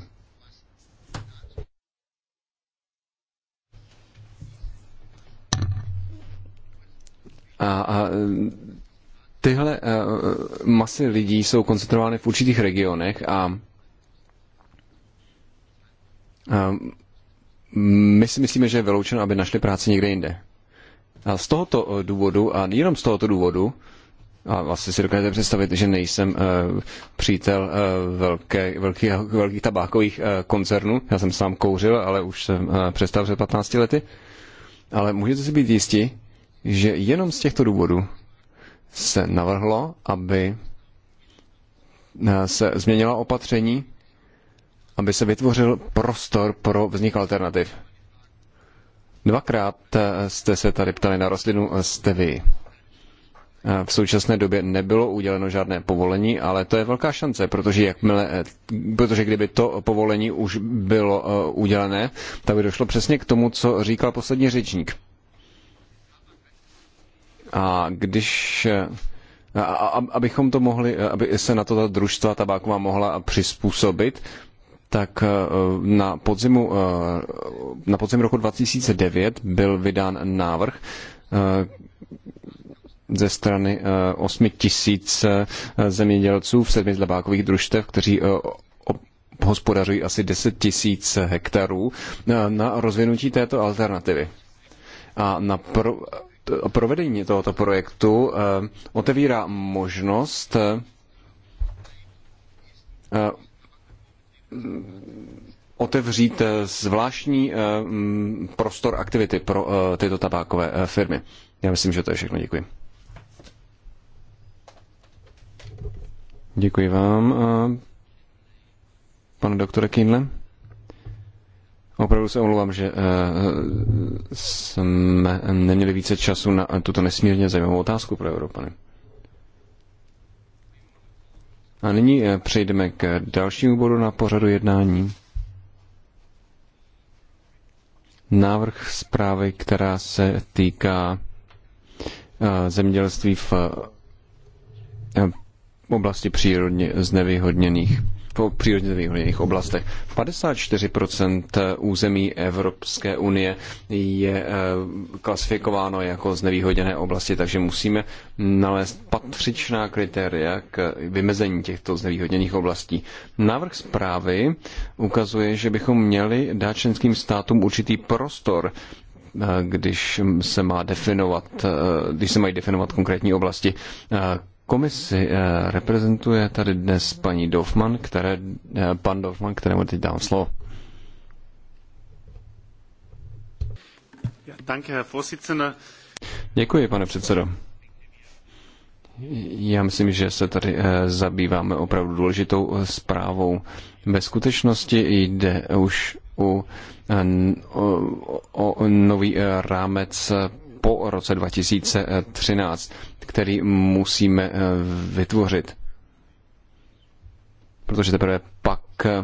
A, a tyhle e, masy lidí jsou koncentrovány v určitých regionech a, a my si myslíme, že je vyloučeno, aby našli práci někde jinde. A z tohoto e, důvodu, a jenom z tohoto důvodu, a vlastně si dokážete představit, že nejsem uh, přítel uh, velké, velkých, velkých tabákových uh, koncernů. Já jsem sám kouřil, ale už jsem uh, přestal před 15 lety. Ale můžete si být jistí, že jenom z těchto důvodů se navrhlo, aby eh, se změnila opatření, aby se vytvořil prostor pro vznik alternativ. Dvakrát eh, jste se tady ptali na rostlinu eh, stevy. V současné době nebylo uděleno žádné povolení, ale to je velká šance, protože, jakmile, protože kdyby to povolení už bylo udělené, tak by došlo přesně k tomu, co říkal poslední řečník. A když a, abychom to mohli, aby se na to ta družstva tabáková mohla přizpůsobit, tak e, na, podzimu, e, na podzim roku 2009 byl vydán návrh e, ze strany 8 tisíc zemědělců v sedmi tabákových družstev, kteří hospodařují asi 10 tisíc hektarů na rozvinutí této alternativy. A na pro, provedení tohoto projektu eh, otevírá možnost eh, eh, otevřít zvláštní prostor aktivity pro tyto tabákové firmy. Já myslím, že to je všechno. Děkuji. Děkuji vám, pane doktore Kindle. Opravdu se omlouvám, že eh, jsme neměli více času na tuto nesmírně zajímavou otázku pro Evropany. A nyní eh, přejdeme k dalšímu bodu na pořadu jednání. Návrh zprávy, která se týká eh, zemědělství v oblasti přírodně znevýhodněných po přírodně znevýhodněných oblastech. 54% území Evropské unie je eh, klasifikováno jako znevýhodněné oblasti, takže musíme nalézt patřičná kritéria k vymezení těchto znevýhodněných oblastí. Návrh zprávy ukazuje, že bychom měli dát členským státům určitý prostor eh, když se má definovat, eh, když se mají definovat konkrétní oblasti, komisi eh, reprezentuje tady dnes paní Dofman, které, eh, pan Dofman, kterému teď dám slovo. Děkuji, pane předsedo. Já myslím, že se tady eh, zabýváme opravdu důležitou zprávou. Ve skutečnosti jde už u, o, o nový rámec po roce 2013, který musíme eh, vytvořit. Protože teprve pak eh,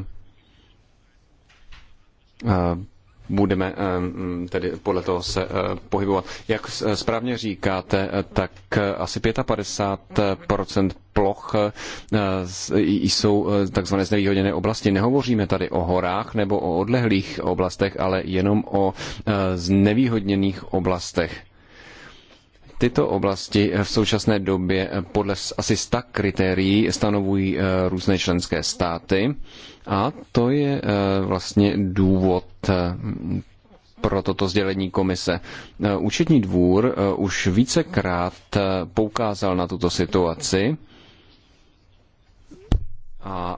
budeme eh, tedy podle toho se pohybovat. Jak správně říkáte, tak asi 55% ploch jsou takzvané znevýhodněné oblasti. Nehovoříme tady o horách nebo o odlehlých oblastech, ale jenom o znevýhodněných oblastech tyto oblasti v současné době podle asi sta kritérií stanovují eh, různé členské státy a to je eh, vlastně důvod eh, pro toto sdělení komise. Účetní dvůr už vícekrát poukázal na tuto situaci a,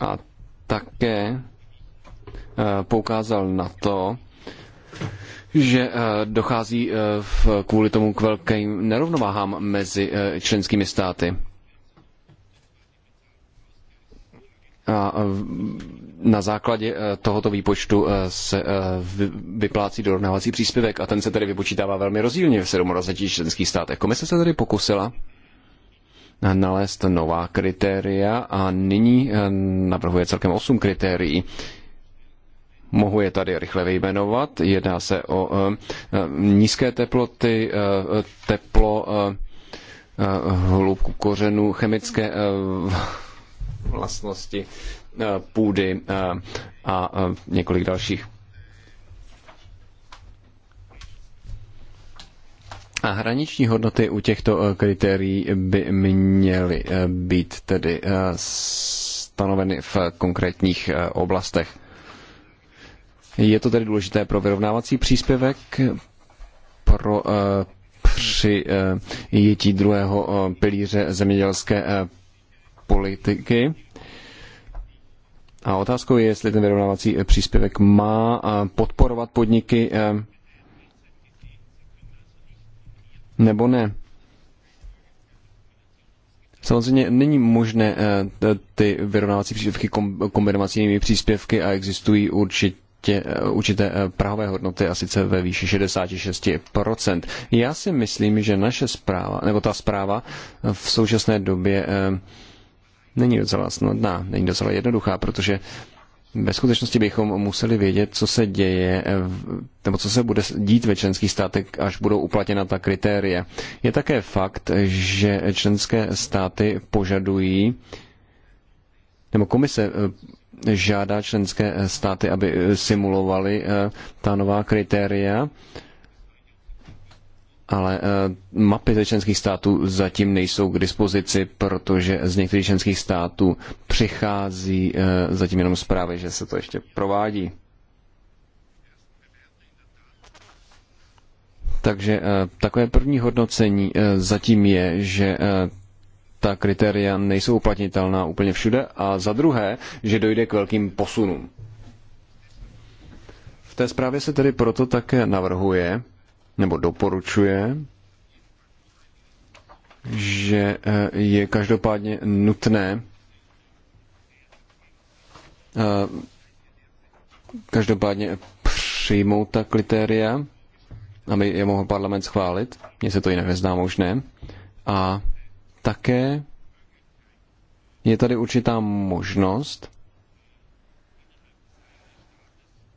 a také poukázal na to, že eh, dochází eh, kvůli tomu k velkým nerovnováhám mezi eh, členskými státy. A na základě tohoto výpočtu se vyplácí dorovnávací příspěvek a ten se tedy vypočítává velmi rozdílně v 27 členských státech. Komise se tedy pokusila nalézt nová kritéria a nyní navrhuje celkem 8 kritérií. Mohu je tady rychle vyjmenovat. Jedná se o eh, eh, nízké teploty, eh, teplo, hloubku kořenů, chemické vlastnosti půdy a několik dalších. A hraniční hodnoty u těchto kritérií by měly být tedy stanoveny v konkrétních oblastech. Je to tedy důležité pro vyrovnávací příspěvek, pro eh, při eh, jetí druhého eh, pilíře zemědělské politiky. A otázkou je, jestli ten vyrovnávací příspěvek má podporovat podniky nebo ne. Samozřejmě není možné ty vyrovnávací příspěvky kombinovat s jinými příspěvky a existují určitě určitě, eh, určité eh, prahové hodnoty a sice ve výši 66%. Já si myslím, že naše zpráva, nebo ta zpráva eh, v současné době není docela snadná, není docela jednoduchá, protože ve skutečnosti bychom museli vědět, co se děje, nebo co se bude dít ve členských státech, až budou uplatněna ta kritéria. Je také fakt, že členské státy požadují, nebo komise žádá členské státy, aby eh, simulovali eh, ta nová kritéria, ale eh, mapy ze členských států zatím nejsou k dispozici, protože z některých členských států přichází zatím jenom zprávy, že se to ještě provádí. Takže takové první hodnocení zatím je, že ta kritéria nejsou uplatnitelná úplně všude a za druhé, že dojde k velkým posunům. V té zprávě se tedy proto také navrhuje nebo doporučuje, že eh, je každopádně nutné eh, každopádně přijmout ta kritéria, aby je mohl parlament schválit, mně se to jinak nezdá možné, a také je tady určitá možnost,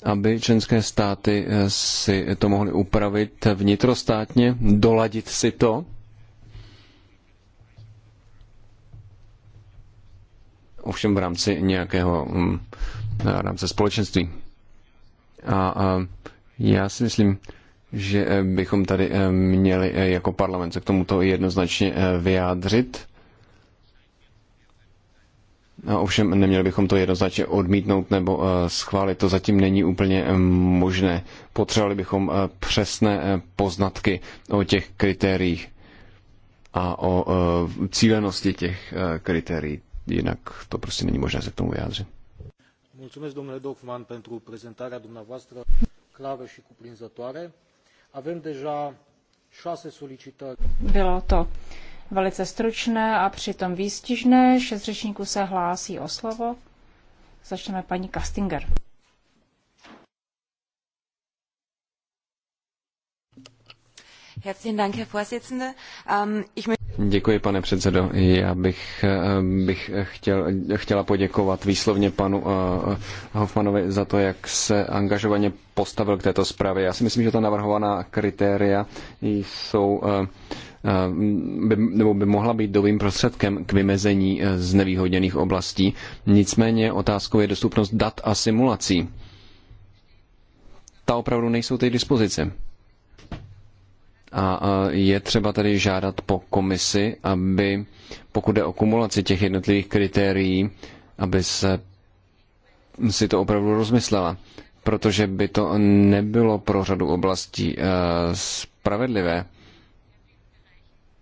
aby členské státy eh, si to mohly upravit vnitrostátně, doladit si to. Ovšem v rámci nějakého hm, v rámce společenství. A, a já si myslím, že eh, bychom tady eh, měli eh, jako parlament se k tomuto jednoznačně vyjádřit. A no, ovšem neměli bychom to jednoznačně odmítnout nebo schválit. To zatím není úplně možné. Potřebovali bychom přesné poznatky o těch kritériích a o cílenosti těch kritérií. Jinak to prostě není možné se k tomu vyjádřit. Mulțumesc, domnule Dofman, pentru prezentarea dumneavoastră clară și cuprinzătoare. Avem deja šase solicitări. Bylo to velice stručné a přitom výstižné. Šest řečníků se hlásí o slovo. Začneme paní Kastinger. Herzlichen Dank, Herr Vorsitzender. Ähm, ich möchte Děkuji, pane předsedo. Já bych, bych chtěl, chtěla poděkovat výslovně panu eh, Hofmanovi za to, jak se angažovaně postavil k této zprávě. Já si myslím, že ta navrhovaná kritéria jsou eh, eh, by, nebo by mohla být dobrým prostředkem k vymezení znevýhodněných oblastí. Nicméně otázkou je dostupnost dat a simulací. Ta opravdu nejsou teď dispozice. A je třeba tady žádat po komisi, aby pokud jde o kumulaci těch jednotlivých kritérií, aby se si to opravdu rozmyslela, protože by to nebylo pro řadu oblastí eh, spravedlivé,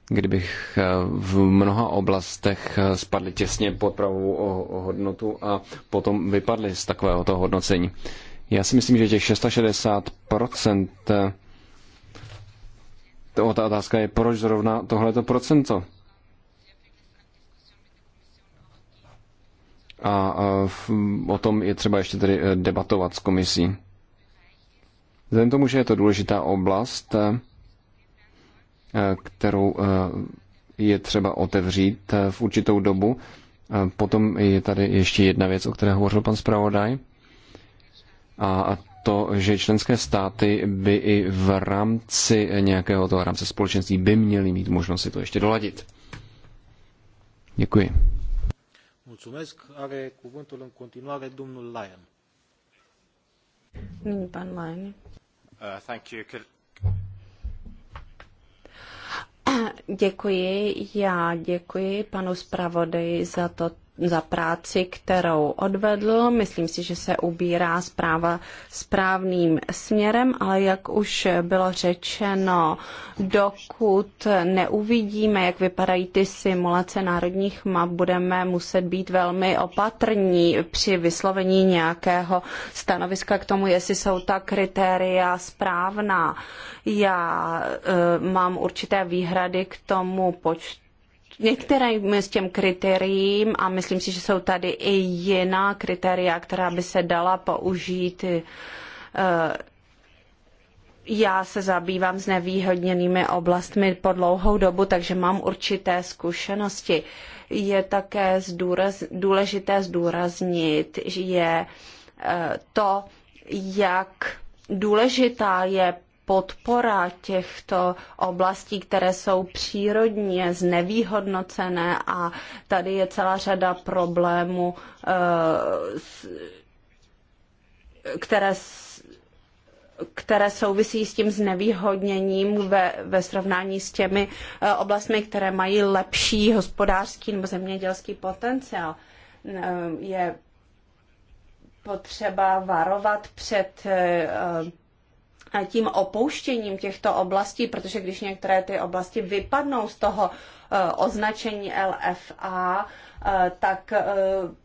kdybych eh, v mnoha oblastech eh, spadli těsně pod pravou hodnotu a potom vypadli z takového toho hodnocení. Já si myslím, že těch 660% to, ta otázka je, proč zrovna tohleto procento? A, a o tom je třeba ještě tedy eh, debatovat s komisí. Vzhledem tomu, že je to důležitá oblast, eh, kterou eh, je třeba otevřít v určitou dobu. Potom je tady ještě jedna věc, o které hovořil pan zpravodaj. A to, že členské státy by i v rámci nějakého toho rámce společenství by měly mít možnost si to ještě doladit. Děkuji. Mulțumesc. Are cuvântul în continuare domnul Lyon. pan Lyon. Uh, thank you. Could... Děkuji, já děkuji panu zpravodaji za to za práci, kterou odvedl. Myslím si, že se ubírá zpráva správným směrem, ale jak už bylo řečeno, dokud neuvidíme, jak vypadají ty simulace národních map, budeme muset být velmi opatrní při vyslovení nějakého stanoviska k tomu, jestli jsou ta kritéria správná. Já e, mám určité výhrady k tomu počtu některým z těm kritériím, a myslím si, že jsou tady i jiná kritéria, která by se dala použít, eh, já se zabývám s nevýhodněnými oblastmi po dlouhou dobu, takže mám určité zkušenosti. Je také zdůraz, důležité zdůraznit, že je eh, to, jak důležitá je podpora těchto oblastí, které jsou přírodně znevýhodnocené a tady je celá řada problémů, eh, které které souvisí s tím znevýhodněním ve, ve srovnání s těmi eh, oblastmi, které mají lepší hospodářský nebo zemědělský potenciál. Eh, je potřeba varovat před tím opouštěním těchto oblastí, protože když některé ty oblasti vypadnou z toho eh, označení LFA, eh, tak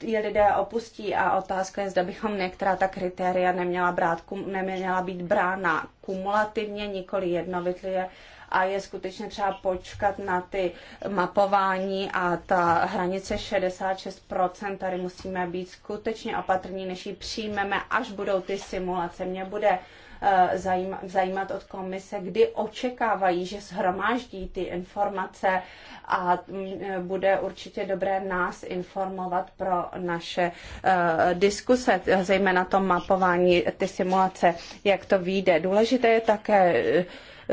je eh, lidé opustí a otázka je, zda bychom některá ta kritéria neměla, brát, neměla být brána kumulativně, nikoli jednovitlivě a je skutečně třeba počkat na ty mapování a ta hranice 66%, tady musíme být skutečně opatrní, než ji přijmeme, až budou ty simulace. Mě bude Eh, zajímat od komise, kdy očekávají, že shromáždí ty informace a mm, eh, bude určitě dobré nás informovat pro naše eh, diskuse, zejména to mapování, ty simulace, jak to vyjde. Důležité je také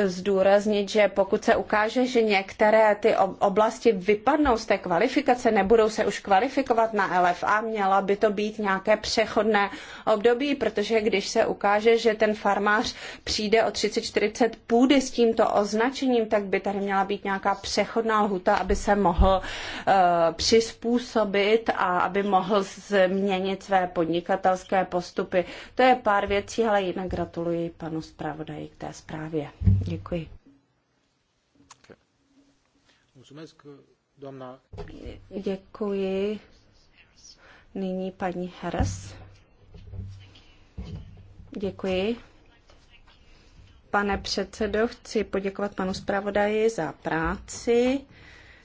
zdůraznit, že pokud se ukáže, že některé ty oblasti vypadnou z té kvalifikace, nebudou se už kvalifikovat na LFA, měla by to být nějaké přechodné období, protože když se ukáže, že ten farmář přijde o 30-40 půdy s tímto označením, tak by tady měla být nějaká přechodná lhuta, aby se mohl uh, přizpůsobit a aby mohl změnit své podnikatelské postupy. To je pár věcí, ale jinak gratuluji panu zpravodaji k té zprávě. Děkuji. Děkuji. Nyní paní Heres. Děkuji. Pane předsedo, chci poděkovat panu zpravodaji za práci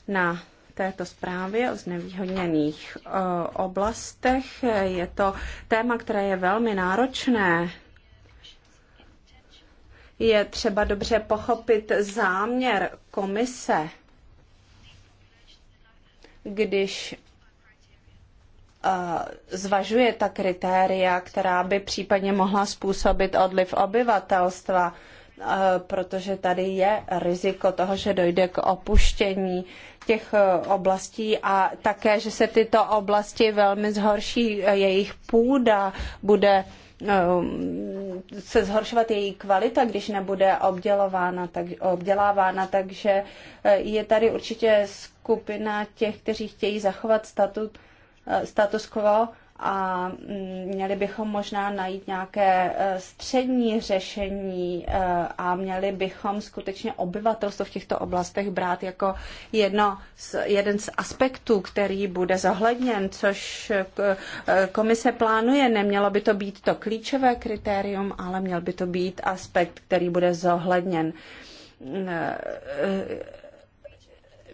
na této zprávě o znevýhodněných eh, oblastech. Je to téma, které je velmi náročné je třeba dobře pochopit záměr komise, když eh, zvažuje ta kritéria, která by případně mohla způsobit odliv obyvatelstva, eh, protože tady je riziko toho, že dojde k opuštění těch eh, oblastí a také, že se tyto oblasti velmi zhorší, jejich půda bude Um, se zhoršovat její kvalita, když nebude obdělována, tak, obdělávána, takže eh, je tady určitě skupina těch, kteří chtějí zachovat statut, eh, status quo a mm, měli bychom možná najít nějaké e, střední řešení e, a měli bychom skutečně obyvatelstvo v těchto oblastech brát jako jedno z, jeden z aspektů, který bude zohledněn, což e, komise plánuje. Nemělo by to být to klíčové kritérium, ale měl by to být aspekt, který bude zohledněn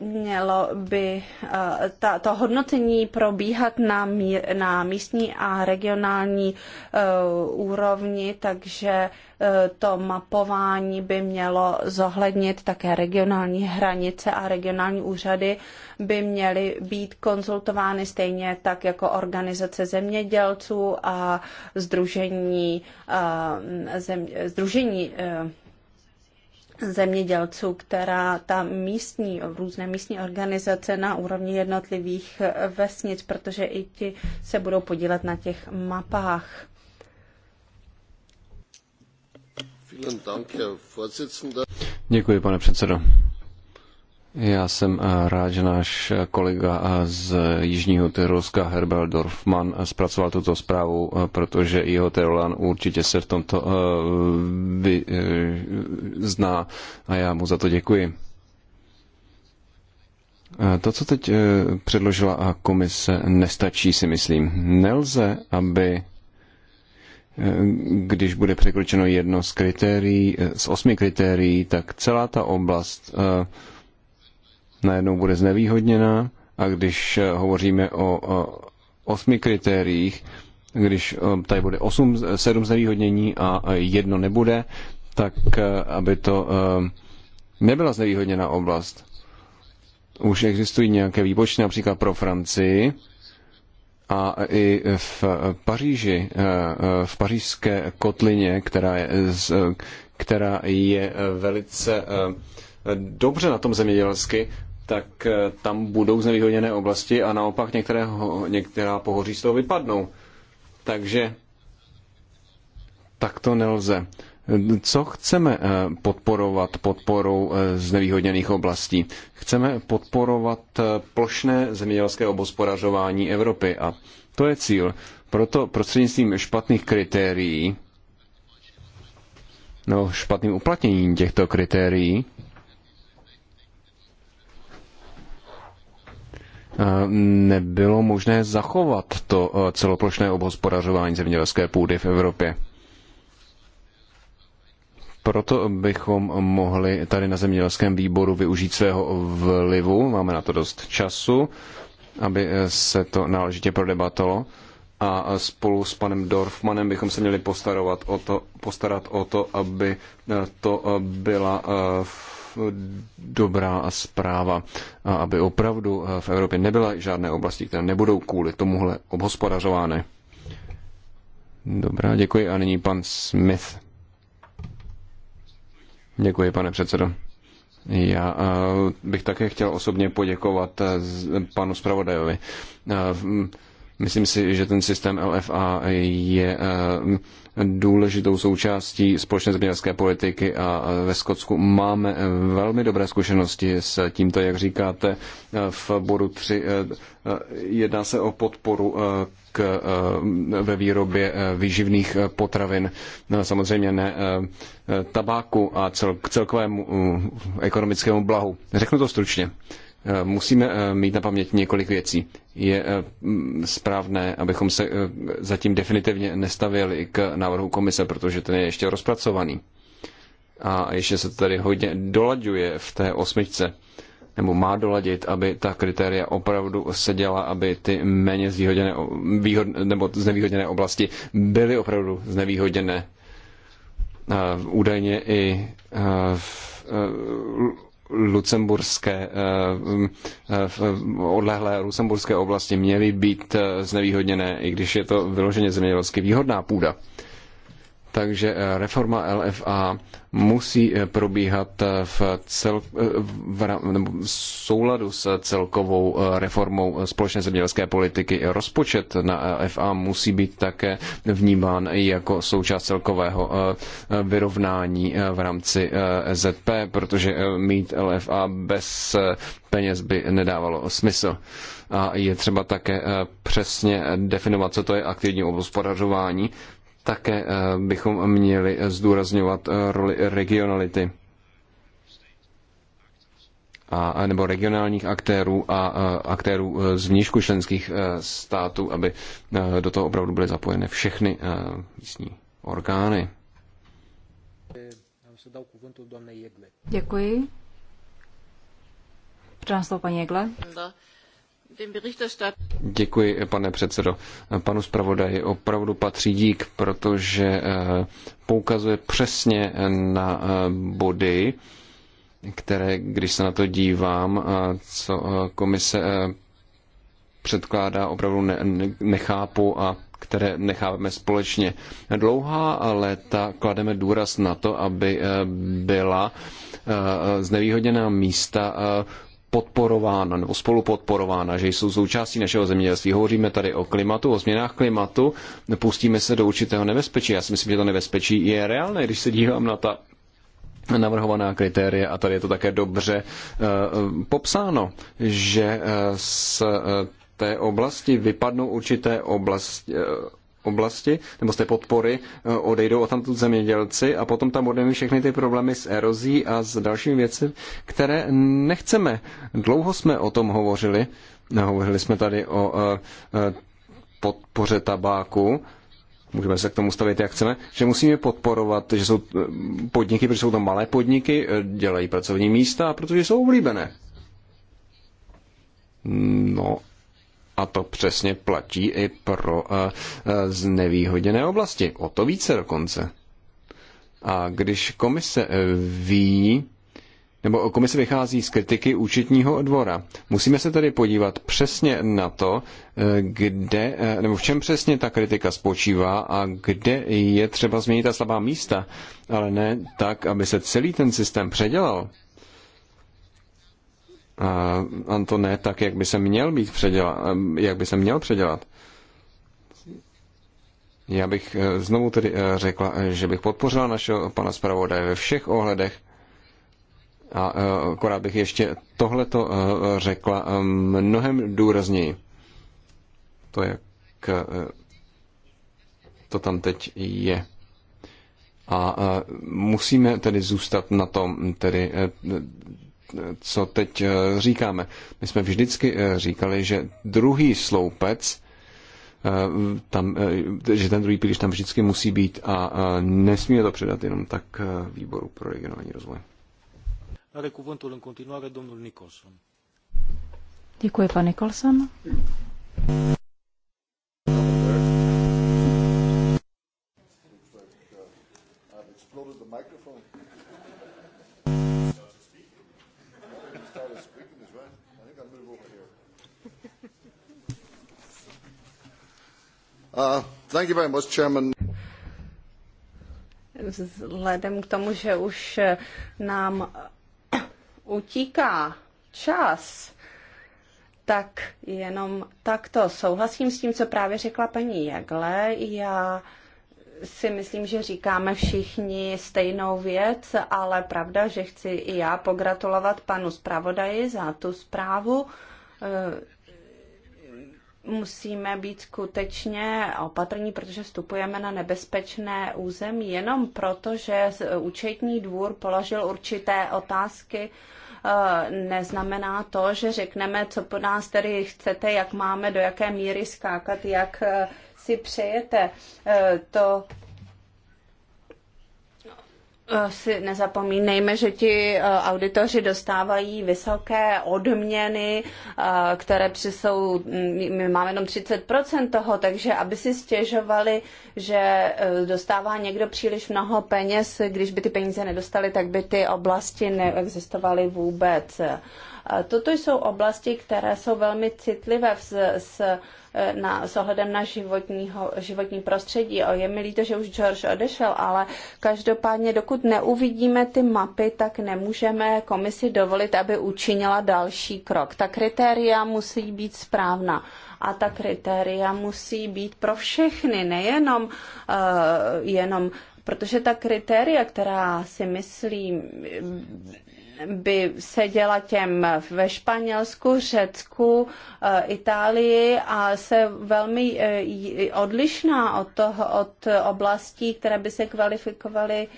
mělo by eh, ta, to hodnocení probíhat na, mí, na místní a regionální uh, úrovni, takže uh, to mapování by mělo zohlednit také regionální hranice a regionální úřady by měly být konzultovány stejně tak jako organizace zemědělců a združení, uh, zem, združení uh, zemědělců, která ta místní, různé místní organizace na úrovni jednotlivých vesnic, protože i ti se budou podílet na těch mapách. Děkuji, pane předsedo. Já jsem eh, rád, že náš kolega eh, z Jižního Tyrolska Herbal Dorfman zpracoval tuto zprávu, eh, protože jeho Tyrolan určitě se v tomto vy, zná a já mu za to děkuji. To, co teď předložila komise, nestačí, si myslím. Nelze, aby když bude překročeno jedno z kritérií, z osmi kritérií, tak celá ta oblast uh, najednou bude znevýhodněna a když eh, hovoříme o, o osmi kritériích, když eh, tady bude osm, sedm znevýhodnění a jedno nebude, tak eh, aby to nebyla znevýhodněná oblast. Už existují nějaké výpočty, například pro Francii a i v Paříži, v pařížské kotlině, která je, která je velice dobře na tom zemědělsky, tak eh, tam budou znevýhodněné oblasti a naopak některé, některá pohoří z toho vypadnou. Takže tak to nelze. Co chceme eh, podporovat podporou eh, znevýhodněných oblastí? Chceme podporovat plošné zemědělské obospodařování Evropy a to je cíl. Proto prostřednictvím špatných kritérií, no špatným uplatněním těchto kritérií, Eh, nebylo možné zachovat to eh, celoplošné obhospodařování zemědělské půdy v Evropě. Proto bychom mohli tady na zemědělském výboru využít svého vlivu, máme na to dost času, aby eh, se to náležitě prodebatalo a spolu s panem Dorfmanem bychom se měli postarovat o to, postarat o to, aby to byla v dobrá zpráva, aby opravdu eh, v Evropě nebyla žádné oblasti, které nebudou kvůli tomuhle obhospodařovány. Dobrá, děkuji. A nyní pan Smith. Děkuji, pane předsedo. Já eh, bych také chtěl osobně poděkovat eh, panu zpravodajovi. Myslím si, že ten systém LFA je důležitou součástí společné zemědělské politiky a ve Skotsku máme velmi dobré zkušenosti s tímto, jak říkáte, v bodu 3. Jedná se o podporu k, ve výrobě výživných potravin, samozřejmě ne tabáku a cel, k celkovému ekonomickému blahu. Řeknu to stručně. Eh, musíme eh, mít na paměti několik věcí. Je eh, správné, abychom se zatím definitivně nestavili k návrhu komise, protože ten je ještě rozpracovaný. A ještě se to tady hodně dolaďuje v té osmičce nebo má doladit, aby ta kritéria opravdu seděla, aby ty méně zvýhodněné, výhod, nebo znevýhodněné oblasti byly opravdu znevýhodněné. Uh, údajně i uh, lucemburské eh, mm, eh, eh, odlehlé lucemburské oblasti měly být znevýhodněné, i když je to vyloženě zemědělsky výhodná půda. Takže eh, reforma LFA musí eh, probíhat eh, v, cel, v, v souladu s celkovou reformou společné zemědělské politiky. Rozpočet na LFA musí být také vnímán jako součást celkového vyrovnání v rámci ZP, protože mít LFA bez peněz by nedávalo smysl. A je třeba také přesně definovat, co to je aktivní obhospodařování, také eh, bychom měli zdůrazňovat eh, roli regionality a, nebo regionálních aktérů a, eh, aktérů z vnížku členských států, aby do toho opravdu byly zapojeny všechny místní orgány. Děkuji. Předám slovo paní Jegle. No, Děkuji, pane předsedo. Panu zpravodaji opravdu patří dík, protože eh, poukazuje přesně na eh, body, které, když se na to dívám, eh, co komise předkládá, opravdu nechápu a které necháváme společně. Dlouhá léta klademe důraz na to, aby byla znevýhodněná místa podporována nebo spolupodporována, že jsou součástí našeho zemědělství. Hovoříme tady o klimatu, o změnách klimatu, pustíme se do určitého nebezpečí. Já si myslím, že to nebezpečí je reálné, když se dívám na ta navrhovaná kritéria a tady je to také dobře eh, popsáno, že s eh, eh, té oblasti vypadnou určité oblasti, oblasti, nebo z té podpory eh, odejdou o tamtud zemědělci a potom tam budeme všechny ty problémy s erozí a s dalšími věci, které nechceme. Dlouho jsme o tom hovořili, hovořili jsme tady o eh, eh, podpoře tabáku, můžeme se k tomu stavit, jak chceme, že musíme podporovat, že jsou podniky, protože jsou to malé podniky, dělají pracovní místa, protože jsou oblíbené. No a to přesně platí i pro eh, eh, znevýhodněné oblasti. O to více dokonce. A když komise eh, ví, nebo komise vychází z kritiky účetního dvora. Musíme se tedy podívat přesně na to, kde, nebo v čem přesně ta kritika spočívá a kde je třeba změnit ta slabá místa, ale ne tak, aby se celý ten systém předělal to ne tak, jak by se měl být předělat, eh, jak by se měl předělat. Já bych eh, znovu tedy eh, řekla, že bych podpořila našeho pana zpravodaje ve všech ohledech. A akorát bych ještě tohleto řekla mnohem důrazněji. To, jak to tam teď je. A musíme tedy zůstat na tom, tedy co teď eh, říkáme. My jsme vždycky eh, říkali, že druhý sloupec, eh, tam, že ten druhý pilíř tam vždycky musí být a nesmí to předat jenom tak výboru pro regionální rozvoj. Nicholson. Děkuji, pan Nicholson. exploded the microphone. Uh, Vzhledem k tomu, že už eh, nám utíká čas, tak jenom takto souhlasím s tím, co právě řekla paní Jagle. Já si myslím, že říkáme všichni stejnou věc, ale pravda, že chci i já pogratulovat panu zpravodaji za tu zprávu. Eh, musíme být skutečně opatrní, protože vstupujeme na nebezpečné území jenom proto, že účetní dvůr položil určité otázky eh, neznamená to, že řekneme, co po nás tedy chcete, jak máme, do jaké míry skákat, jak eh, si přejete. Eh, to si nezapomínejme, že ti eh, auditoři dostávají vysoké odměny, eh, které přisou, mm, my máme jenom 30% toho, takže aby si stěžovali, že eh, dostává někdo příliš mnoho peněz, když by ty peníze nedostali, tak by ty oblasti neexistovaly vůbec. Toto jsou oblasti, které jsou velmi citlivé s, s Eh, na, s ohledem na životního, životní prostředí. O, je mi líto, že už George odešel, ale každopádně, dokud neuvidíme ty mapy, tak nemůžeme komisi dovolit, aby učinila další krok. Ta kritéria musí být správná a ta kritéria musí být pro všechny, nejenom uh, jenom protože ta kritéria, která si myslím, by seděla těm ve Španělsku, Řecku, eh, Itálii a se velmi eh, odlišná od, toho, od oblastí, které by se kvalifikovaly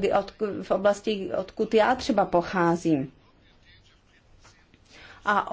eh, od, v oblasti, odkud já třeba pocházím a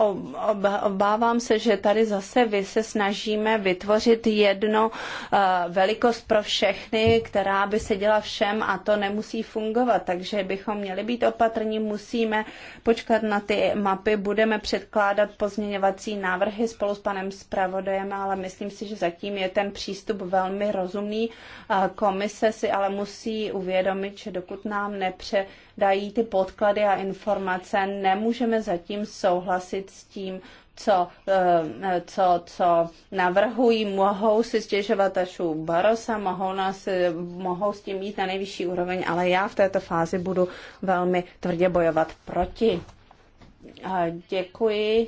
obávám se, že tady zase vy se snažíme vytvořit jedno eh, velikost pro všechny, která by se děla všem a to nemusí fungovat, takže bychom měli být opatrní, musíme počkat na ty mapy, budeme předkládat pozměňovací návrhy spolu s panem zpravodajem, ale myslím si, že zatím je ten přístup velmi rozumný. Eh, komise si ale musí uvědomit, že dokud nám nepředají ty podklady a informace, nemůžeme zatím souhlasit souhlasit s tím, co, eh, co, co navrhují, mohou si stěžovat až u Barosa, mohou, nás, mohou s tím jít na nejvyšší úroveň, ale já v této fázi budu velmi tvrdě bojovat proti. Děkuji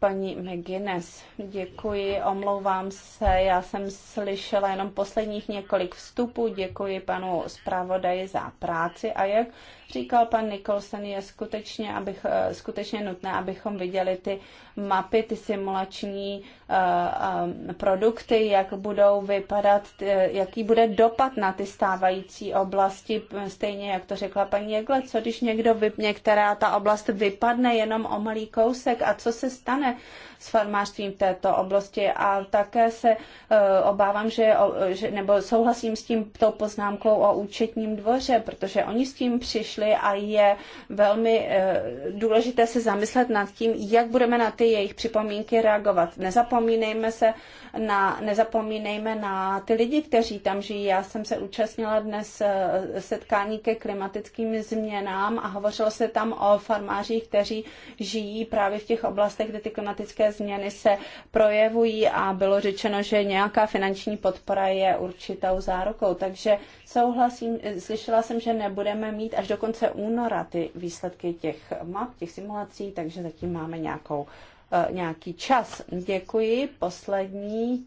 paní McGuinness. Děkuji, omlouvám se, já jsem slyšela jenom posledních několik vstupů. Děkuji panu zpravodaji za práci a jak říkal pan Nicholson, je skutečně, abych, eh, skutečně nutné, abychom viděli ty mapy, ty simulační eh, eh, produkty, jak budou vypadat, jaký bude dopad na ty stávající oblasti, stejně jak to řekla paní Jegle, co když někdo, vy, která ta oblast vypadne jenom o malý kousek a co se stane s farmářstvím v této oblasti a také se eh, obávám, že, že nebo souhlasím s tím tou poznámkou o účetním dvoře, protože oni s tím přišli a je velmi eh, důležité se zamyslet nad tím, jak budeme na ty jejich připomínky reagovat. Nezapomínejme se na, nezapomínejme na ty lidi, kteří tam žijí. Já jsem se účastnila dnes eh, setkání ke klimatickým změnám a hovořilo se tam o farmářích, kteří žijí právě v těch oblastech, kde ty klimatické změny se projevují a bylo řečeno, že nějaká finanční podpora je určitou zárukou. Takže souhlasím, slyšela jsem, že nebudeme mít až do konce února ty výsledky těch map, těch simulací, takže zatím máme nějakou Eh, nějaký čas. Děkuji. Poslední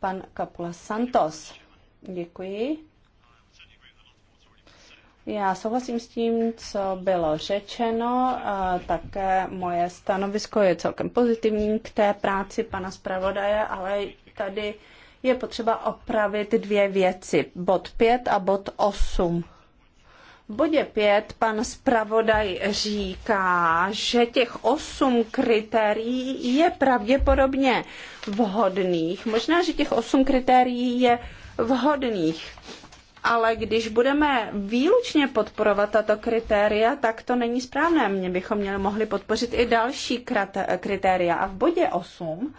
pan Kapula Santos. Děkuji. Já souhlasím s tím, co bylo řečeno. Eh, také moje stanovisko je celkem pozitivní k té práci pana zpravodaje, ale tady je potřeba opravit dvě věci. Bod 5 a bod 8. V bodě 5 pan zpravodaj říká, že těch osm kritérií je pravděpodobně vhodných. Možná, že těch osm kritérií je vhodných. Ale když budeme výlučně podporovat tato kritéria, tak to není správné. Mě bychom měli mohli podpořit i další kritéria. A v bodě 8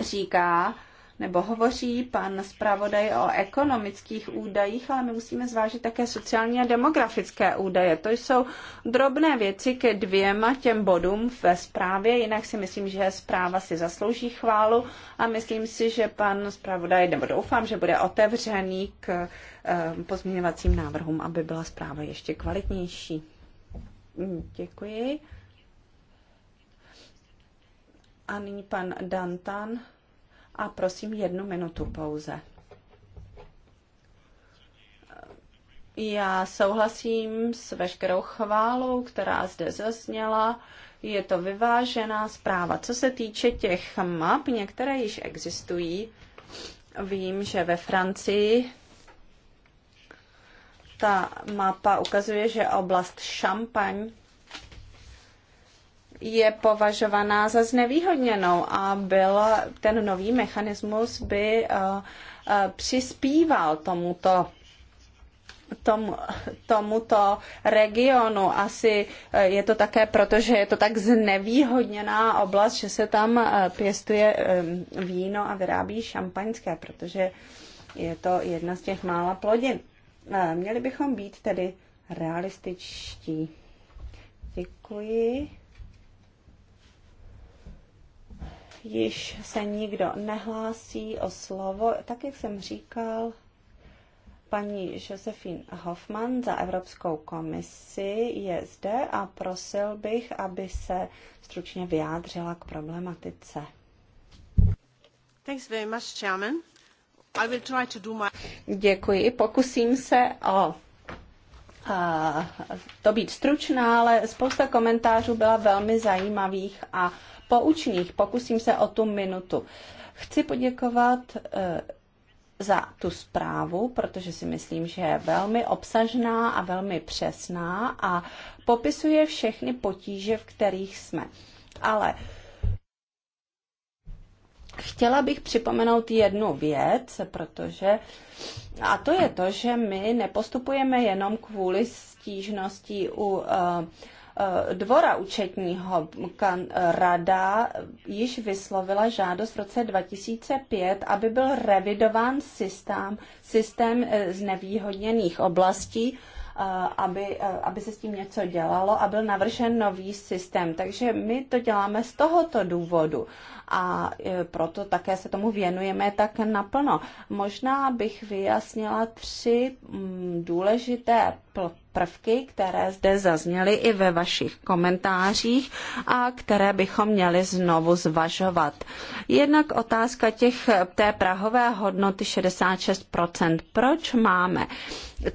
říká, nebo hovoří pan zpravodaj o ekonomických údajích, ale my musíme zvážit také sociální a demografické údaje. To jsou drobné věci ke dvěma těm bodům ve zprávě, jinak si myslím, že zpráva si zaslouží chválu a myslím si, že pan zpravodaj, nebo doufám, že bude otevřený k eh, pozměňovacím návrhům, aby byla zpráva ještě kvalitnější. Mm, děkuji. A nyní pan Dantan. A prosím jednu minutu pouze. Já souhlasím s veškerou chválou, která zde zazněla. Je to vyvážená zpráva. Co se týče těch map, některé již existují. Vím, že ve Francii ta mapa ukazuje, že oblast Champagne je považovaná za znevýhodněnou a byl ten nový mechanismus by eh, eh, přispíval tomuto tomuto regionu. Asi eh, je to také proto, že je to tak znevýhodněná oblast, že se tam pěstuje víno a vyrábí šampaňské, protože je to jedna z těch mála plodin. Měli bychom být tedy realističtí. Děkuji. již se nikdo nehlásí o slovo. Tak, jak jsem říkal, paní Josefín Hoffman za Evropskou komisi je zde a prosil bych, aby se stručně vyjádřila k problematice. Thanks very much, Chairman. I will try to do my... Děkuji. Pokusím se o a, to být stručná, ale spousta komentářů byla velmi zajímavých a poučných. Pokusím se o tu minutu. Chci poděkovat eh, za tu zprávu, protože si myslím, že je velmi obsažná a velmi přesná a popisuje všechny potíže, v kterých jsme. Ale Chtěla bych připomenout jednu věc, protože a to je to, že my nepostupujeme jenom kvůli stížností u uh, Eh, dvora účetního eh, rada již vyslovila žádost v roce 2005, aby byl revidován systém, systém eh, znevýhodněných oblastí, aby, aby se s tím něco dělalo a byl navržen nový systém. Takže my to děláme z tohoto důvodu a proto také se tomu věnujeme tak naplno. Možná bych vyjasnila tři mm, důležité prvky, které zde zazněly i ve vašich komentářích a které bychom měli znovu zvažovat. Jednak otázka těch, té prahové hodnoty 66%. Proč máme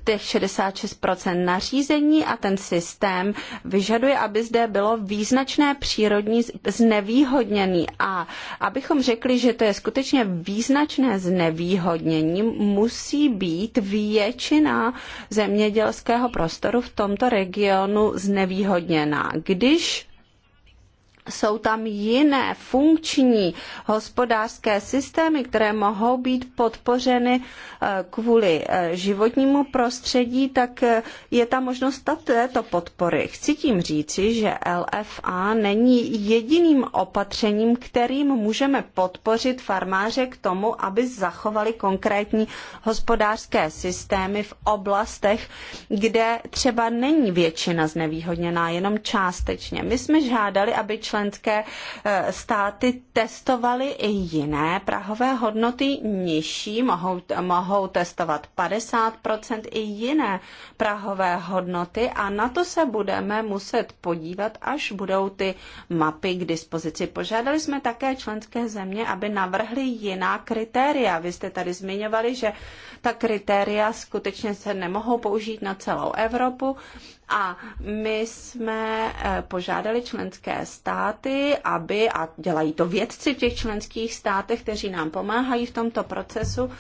těch 66% nařízení a ten systém vyžaduje, aby zde bylo význačné přírodní znevýhodnění. A abychom řekli, že to je skutečně význačné znevýhodnění, musí být většina zemědělského prostoru v tomto regionu znevýhodněná. Když jsou tam jiné funkční hospodářské systémy, které mohou být podpořeny eh, kvůli eh, životnímu prostředí, tak eh, je tam možnost této podpory. Chci tím říci, že LFA není jediným opatřením, kterým můžeme podpořit farmáře k tomu, aby zachovali konkrétní hospodářské systémy v oblastech, kde třeba není většina znevýhodněná, jenom částečně. My jsme žádali, aby členské eh, státy testovaly i jiné prahové hodnoty nižší, mohou, mohou testovat 50% i jiné prahové hodnoty a na to se budeme muset podívat, až budou ty mapy k dispozici. Požádali jsme také členské země, aby navrhly jiná kritéria. Vy jste tady zmiňovali, že ta kritéria skutečně se nemohou použít na celou Evropu, a my jsme eh, požádali členské státy, aby, a dělají to vědci v těch členských státech, kteří nám pomáhají v tomto procesu,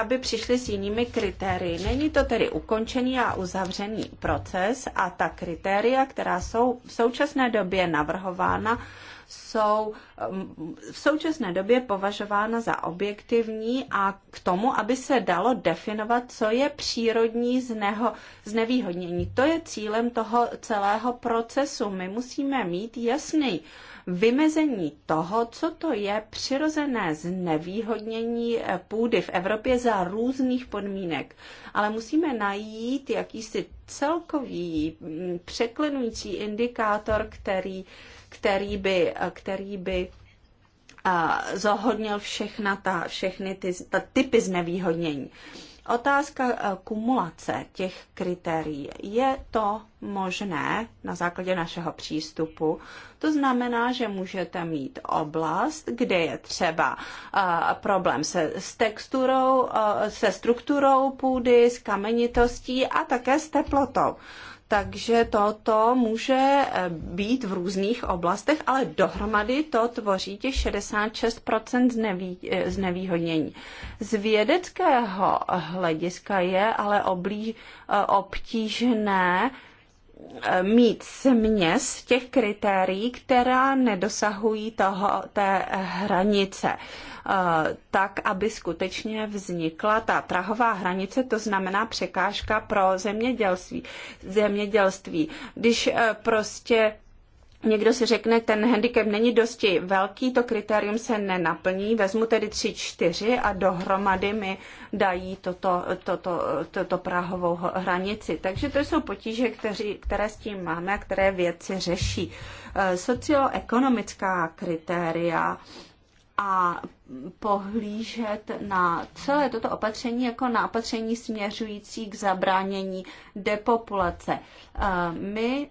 aby přišli s jinými kritérii. Není to tedy ukončený a uzavřený proces a ta kritéria, která jsou v současné době navrhována, jsou um, v současné době považována za objektivní a k tomu, aby se dalo definovat, co je přírodní zneho, znevýhodnění. To je cílem toho celého procesu. My musíme mít jasný vymezení toho, co to je přirozené znevýhodnění eh, půdy v Evropě za různých podmínek. Ale musíme najít jakýsi celkový mm, překlenující indikátor, který který by, který by zohodnil všechna ta, všechny ty ta typy znevýhodnění. Otázka e, kumulace těch kritérií. Je to možné na základě našeho přístupu? To znamená, že můžete mít oblast, kde je třeba e, problém se, s texturou, e, se strukturou půdy, s kamenitostí a také s teplotou. Takže toto může eh, být v různých oblastech, ale dohromady to tvoří těch 66 eh, znevýhodnění. Z vědeckého hlediska je ale oblí, eh, obtížné mít směs těch kritérií, která nedosahují toho, té hranice, eh, tak, aby skutečně vznikla ta trahová hranice, to znamená překážka pro zemědělství. zemědělství. Když eh, prostě Někdo si řekne, ten handicap není dosti velký, to kritérium se nenaplní, vezmu tedy tři, čtyři a dohromady mi dají toto, toto, toto práhovou hranici. Takže to jsou potíže, kteří, které s tím máme a které věci řeší. E, socioekonomická kritéria a pohlížet na celé toto opatření jako na opatření směřující k zabránění depopulace. E, my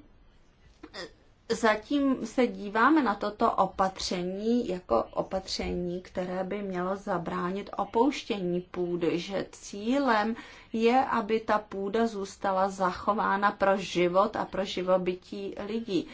zatím se díváme na toto opatření jako opatření, které by mělo zabránit opouštění půdy, že cílem je, aby ta půda zůstala zachována pro život a pro živobytí lidí.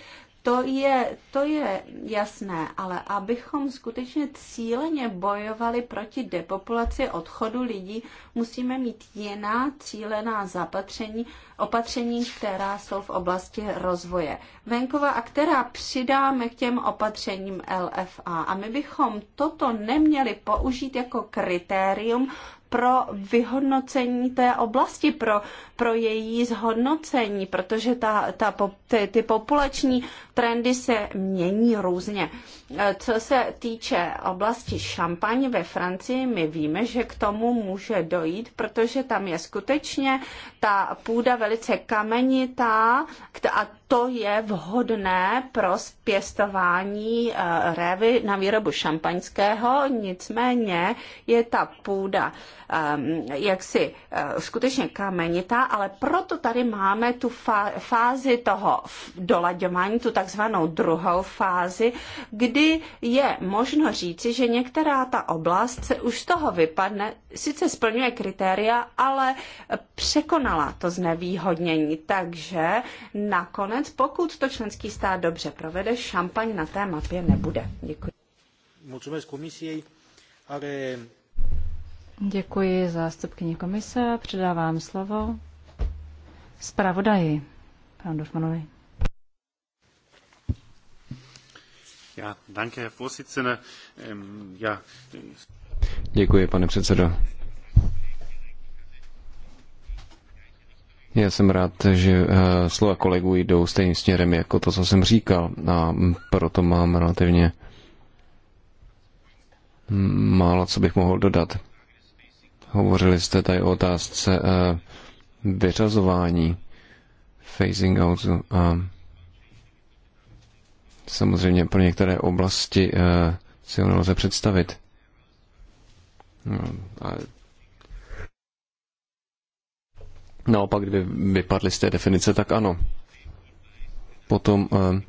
To je, to je jasné, ale abychom skutečně cíleně bojovali proti depopulaci odchodu lidí, musíme mít jiná cílená zapatření, opatření, která jsou v oblasti rozvoje venkova a která přidáme k těm opatřením LFA. A my bychom toto neměli použít jako kritérium pro vyhodnocení té oblasti, pro, pro její zhodnocení, protože ta, ta, ty, ty populační trendy se mění různě. E, co se týče oblasti šampaň ve Francii, my víme, že k tomu může dojít, protože tam je skutečně ta půda velice kamenitá a to je vhodné pro zpěstování e, révy na výrobu šampaňského, nicméně je ta půda Ehm, jaksi eh, skutečně kamenitá, ale proto tady máme tu fázi toho dolaďování, tu takzvanou druhou fázi, kdy je možno říci, že některá ta oblast se už z toho vypadne, sice splňuje kritéria, ale překonala to znevýhodnění. Takže nakonec, pokud to členský stát dobře provede, šampaň na té mapě nebude. Děkuji. Mulțumesc Comisiei. Are Děkuji zástupkyni komise předávám slovo zpravodaji, panu Dorfmanovi. Ja, danke, Herr Vorsitzender. Ähm, ja. Děkuji, pane předsedo. Já jsem rád, že eh, slova kolegů jdou stejným směrem jako to, co jsem říkal a proto mám relativně málo, co bych mohl dodat. Hovořili jste tady o otázce eh, vyřazování, phasing outu. A samozřejmě pro některé oblasti eh, si ho nelze představit. No, ale... Naopak, kdyby vypadly z té definice, tak ano. Potom eh,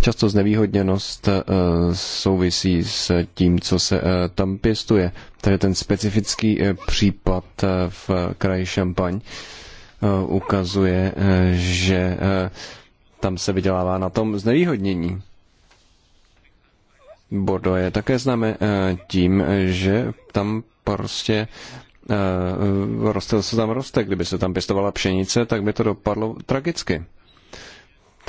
Často znevýhodněnost eh, souvisí s tím, co se eh, tam pěstuje. Tady ten specifický eh, případ v kraji Šampaň ukazuje, že tam se vydělává na tom znevýhodnění. Bordo je také známe tím, že tam prostě roste, se tam roste. Kdyby se tam pěstovala pšenice, tak by to dopadlo tragicky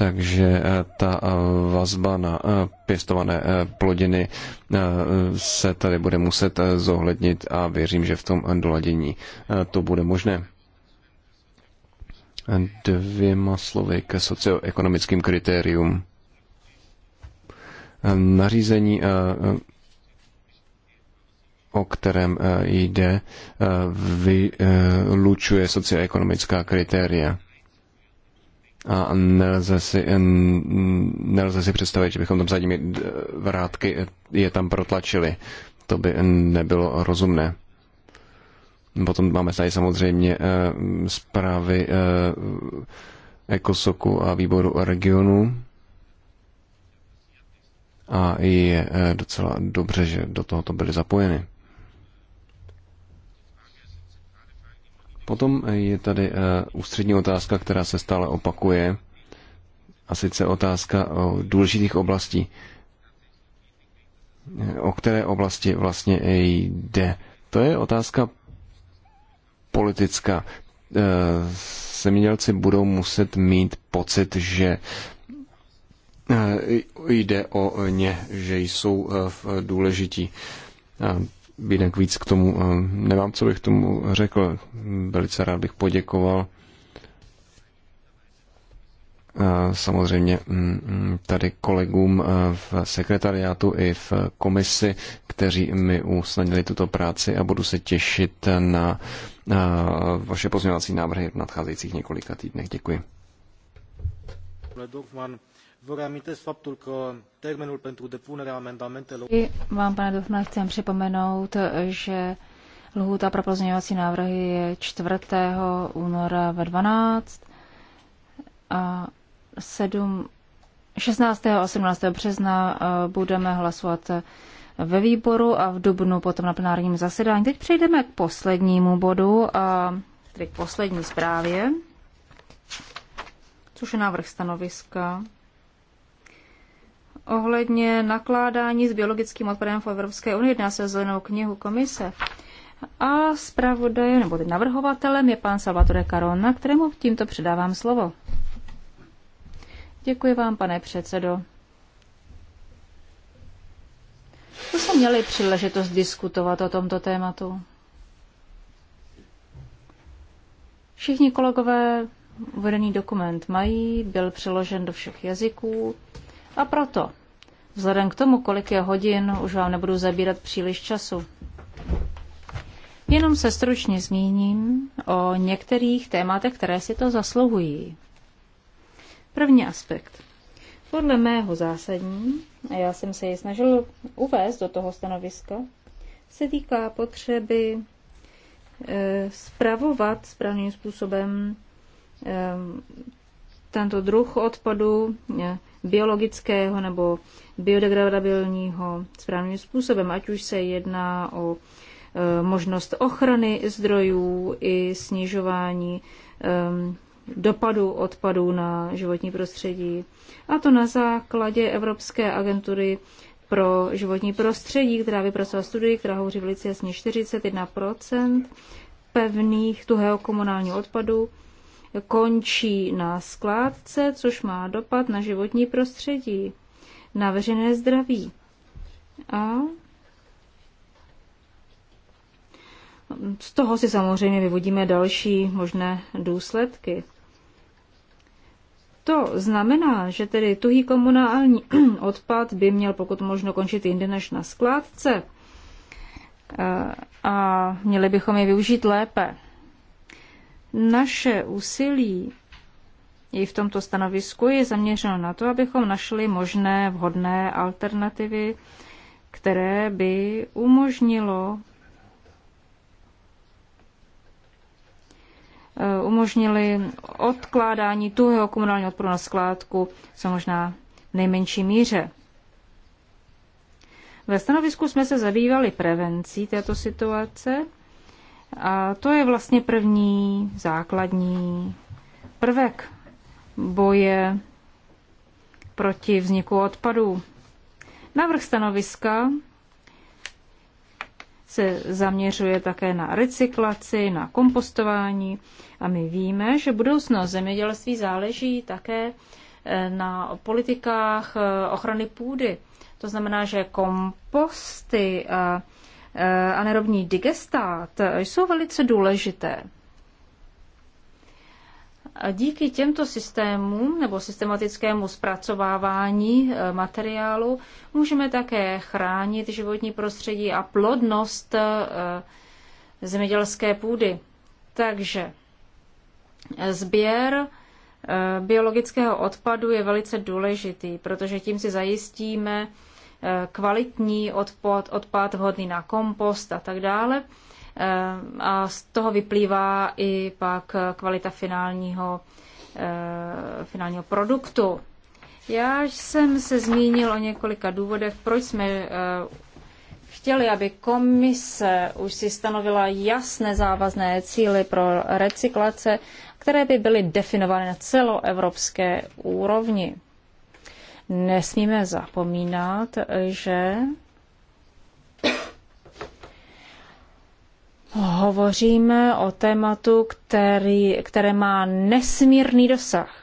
takže eh, ta eh, vazba na eh, pěstované plodiny se tady bude muset zohlednit a věřím, že v tom doladění to bude možné. Dvěma slovy k socioekonomickým kritériům. Nařízení o kterém jde, vylučuje socioekonomická kritéria a nelze si, nelze si představit, že bychom tam zadními vrátky eh, je tam protlačili. To by nebylo rozumné. Potom máme tady samozřejmě eh, zprávy eh, Ekosoku a výboru regionu. A je docela dobře, že do tohoto byly zapojeny. Potom eh, je tady eh, ústřední otázka, která se stále opakuje, a sice otázka o důležitých oblastí. O které oblasti vlastně jde? To je otázka politická. Eh, zemědělci budou muset mít pocit, že jde o ně, že jsou důležití jinak víc k tomu eh, nemám, co bych tomu řekl. Velice rád bych poděkoval. Eh, samozřejmě mm, mm, tady kolegům eh, v sekretariátu i v komisi, kteří mi usnadnili tuto práci a budu se těšit na vaše pozměňovací návrhy v nadcházejících několika týdnech. Děkuji. Vă reamintesc faptul că termenul pentru depunerea amendamentelor... Vám, pane Dufne, chcem připomenout, že lhůta pro pozměňovací návrhy je 4. února ve 12 a 7, 16. a 18. března eh, budeme hlasovat ve výboru a v dubnu potom na plenárním zasedání. Teď přejdeme k poslednímu bodu, a, tedy k poslední zprávě, což je návrh stanoviska ohledně nakládání s biologickým odpadem v Evropské unii. Jedná se zelenou knihu komise. A zpravodajem nebo navrhovatelem je pan Salvatore Carona, kterému tímto předávám slovo. Děkuji vám, pane předsedo. Co jsme měli příležitost diskutovat o tomto tématu. Všichni kolegové uvedený dokument mají, byl přeložen do všech jazyků a proto, vzhledem k tomu, kolik je hodin, už vám nebudu zabírat příliš času. Jenom se stručně zmíním o některých tématech, které si to zasluhují. První aspekt. Podle mého zásadní, a já jsem se ji snažil uvést do toho stanoviska, se týká potřeby e, spravovat správným způsobem e, tento druh odpadu, e, biologického nebo biodegradabilního správným způsobem, ať už se jedná o e, možnost ochrany zdrojů i snižování e, dopadu odpadů na životní prostředí. A to na základě Evropské agentury pro životní prostředí, která vypracovala studii, která hovoří velice jasně 41% pevných tuhého komunálního odpadu končí na skládce, což má dopad na životní prostředí, na veřejné zdraví. A z toho si samozřejmě vyvodíme další možné důsledky. To znamená, že tedy tuhý komunální odpad by měl pokud možno končit jinde než na skládce eh, a měli bychom je využít lépe. Naše úsilí i v tomto stanovisku je zaměřeno na to, abychom našli možné vhodné alternativy, které by umožnilo eh, umožnili odkládání tuhého komunálního odpadu na skládku co možná v nejmenší míře. Ve stanovisku jsme se zabývali prevencí této situace a to je vlastně první základní prvek boje proti vzniku odpadů. Návrh stanoviska se zaměřuje také na recyklaci, na kompostování a my víme, že budoucnost zemědělství záleží také eh, na politikách eh, ochrany půdy. To znamená, že komposty a Eh, a nerovní digestát eh, jsou velice důležité. A díky těmto systémům nebo systematickému zpracovávání eh, materiálu můžeme také chránit životní prostředí a plodnost zemědělské půdy. Takže sběr biologického odpadu je velice důležitý, protože tím si zajistíme kvalitní odpad, odpad vhodný na kompost a tak dále. Eh, a z toho vyplývá i pak kvalita finálního, eh, finálního produktu. Já jsem se zmínil o několika důvodech, proč jsme eh, chtěli, aby komise už si stanovila jasné závazné cíly pro recyklace, které by byly definovány na celoevropské úrovni. Nesmíme zapomínat, že hovoříme o tématu, který, které má nesmírný dosah.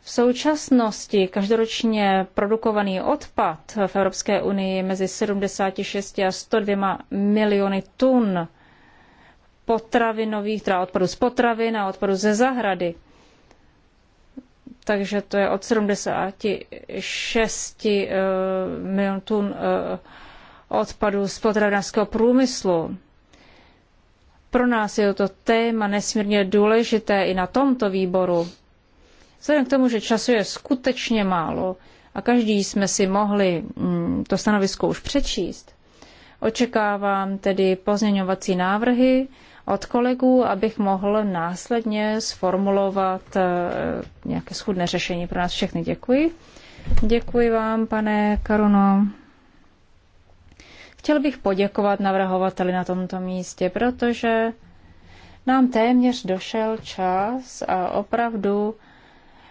V současnosti každoročně produkovaný odpad v Evropské unii mezi 76 a 102 miliony tun potravinových, teda odpadu z potravin a odpadu ze zahrady takže to je od 76 eh, milionů tun eh, odpadu z potravinářského průmyslu. Pro nás je to téma nesmírně důležité i na tomto výboru. Vzhledem k tomu, že času je skutečně málo a každý jsme si mohli mm, to stanovisko už přečíst, očekávám tedy pozměňovací návrhy od kolegů, abych mohl následně sformulovat eh, nějaké schudné řešení pro nás všechny. Děkuji. Děkuji vám, pane Karuno. Chtěl bych poděkovat navrhovateli na tomto místě, protože nám téměř došel čas a opravdu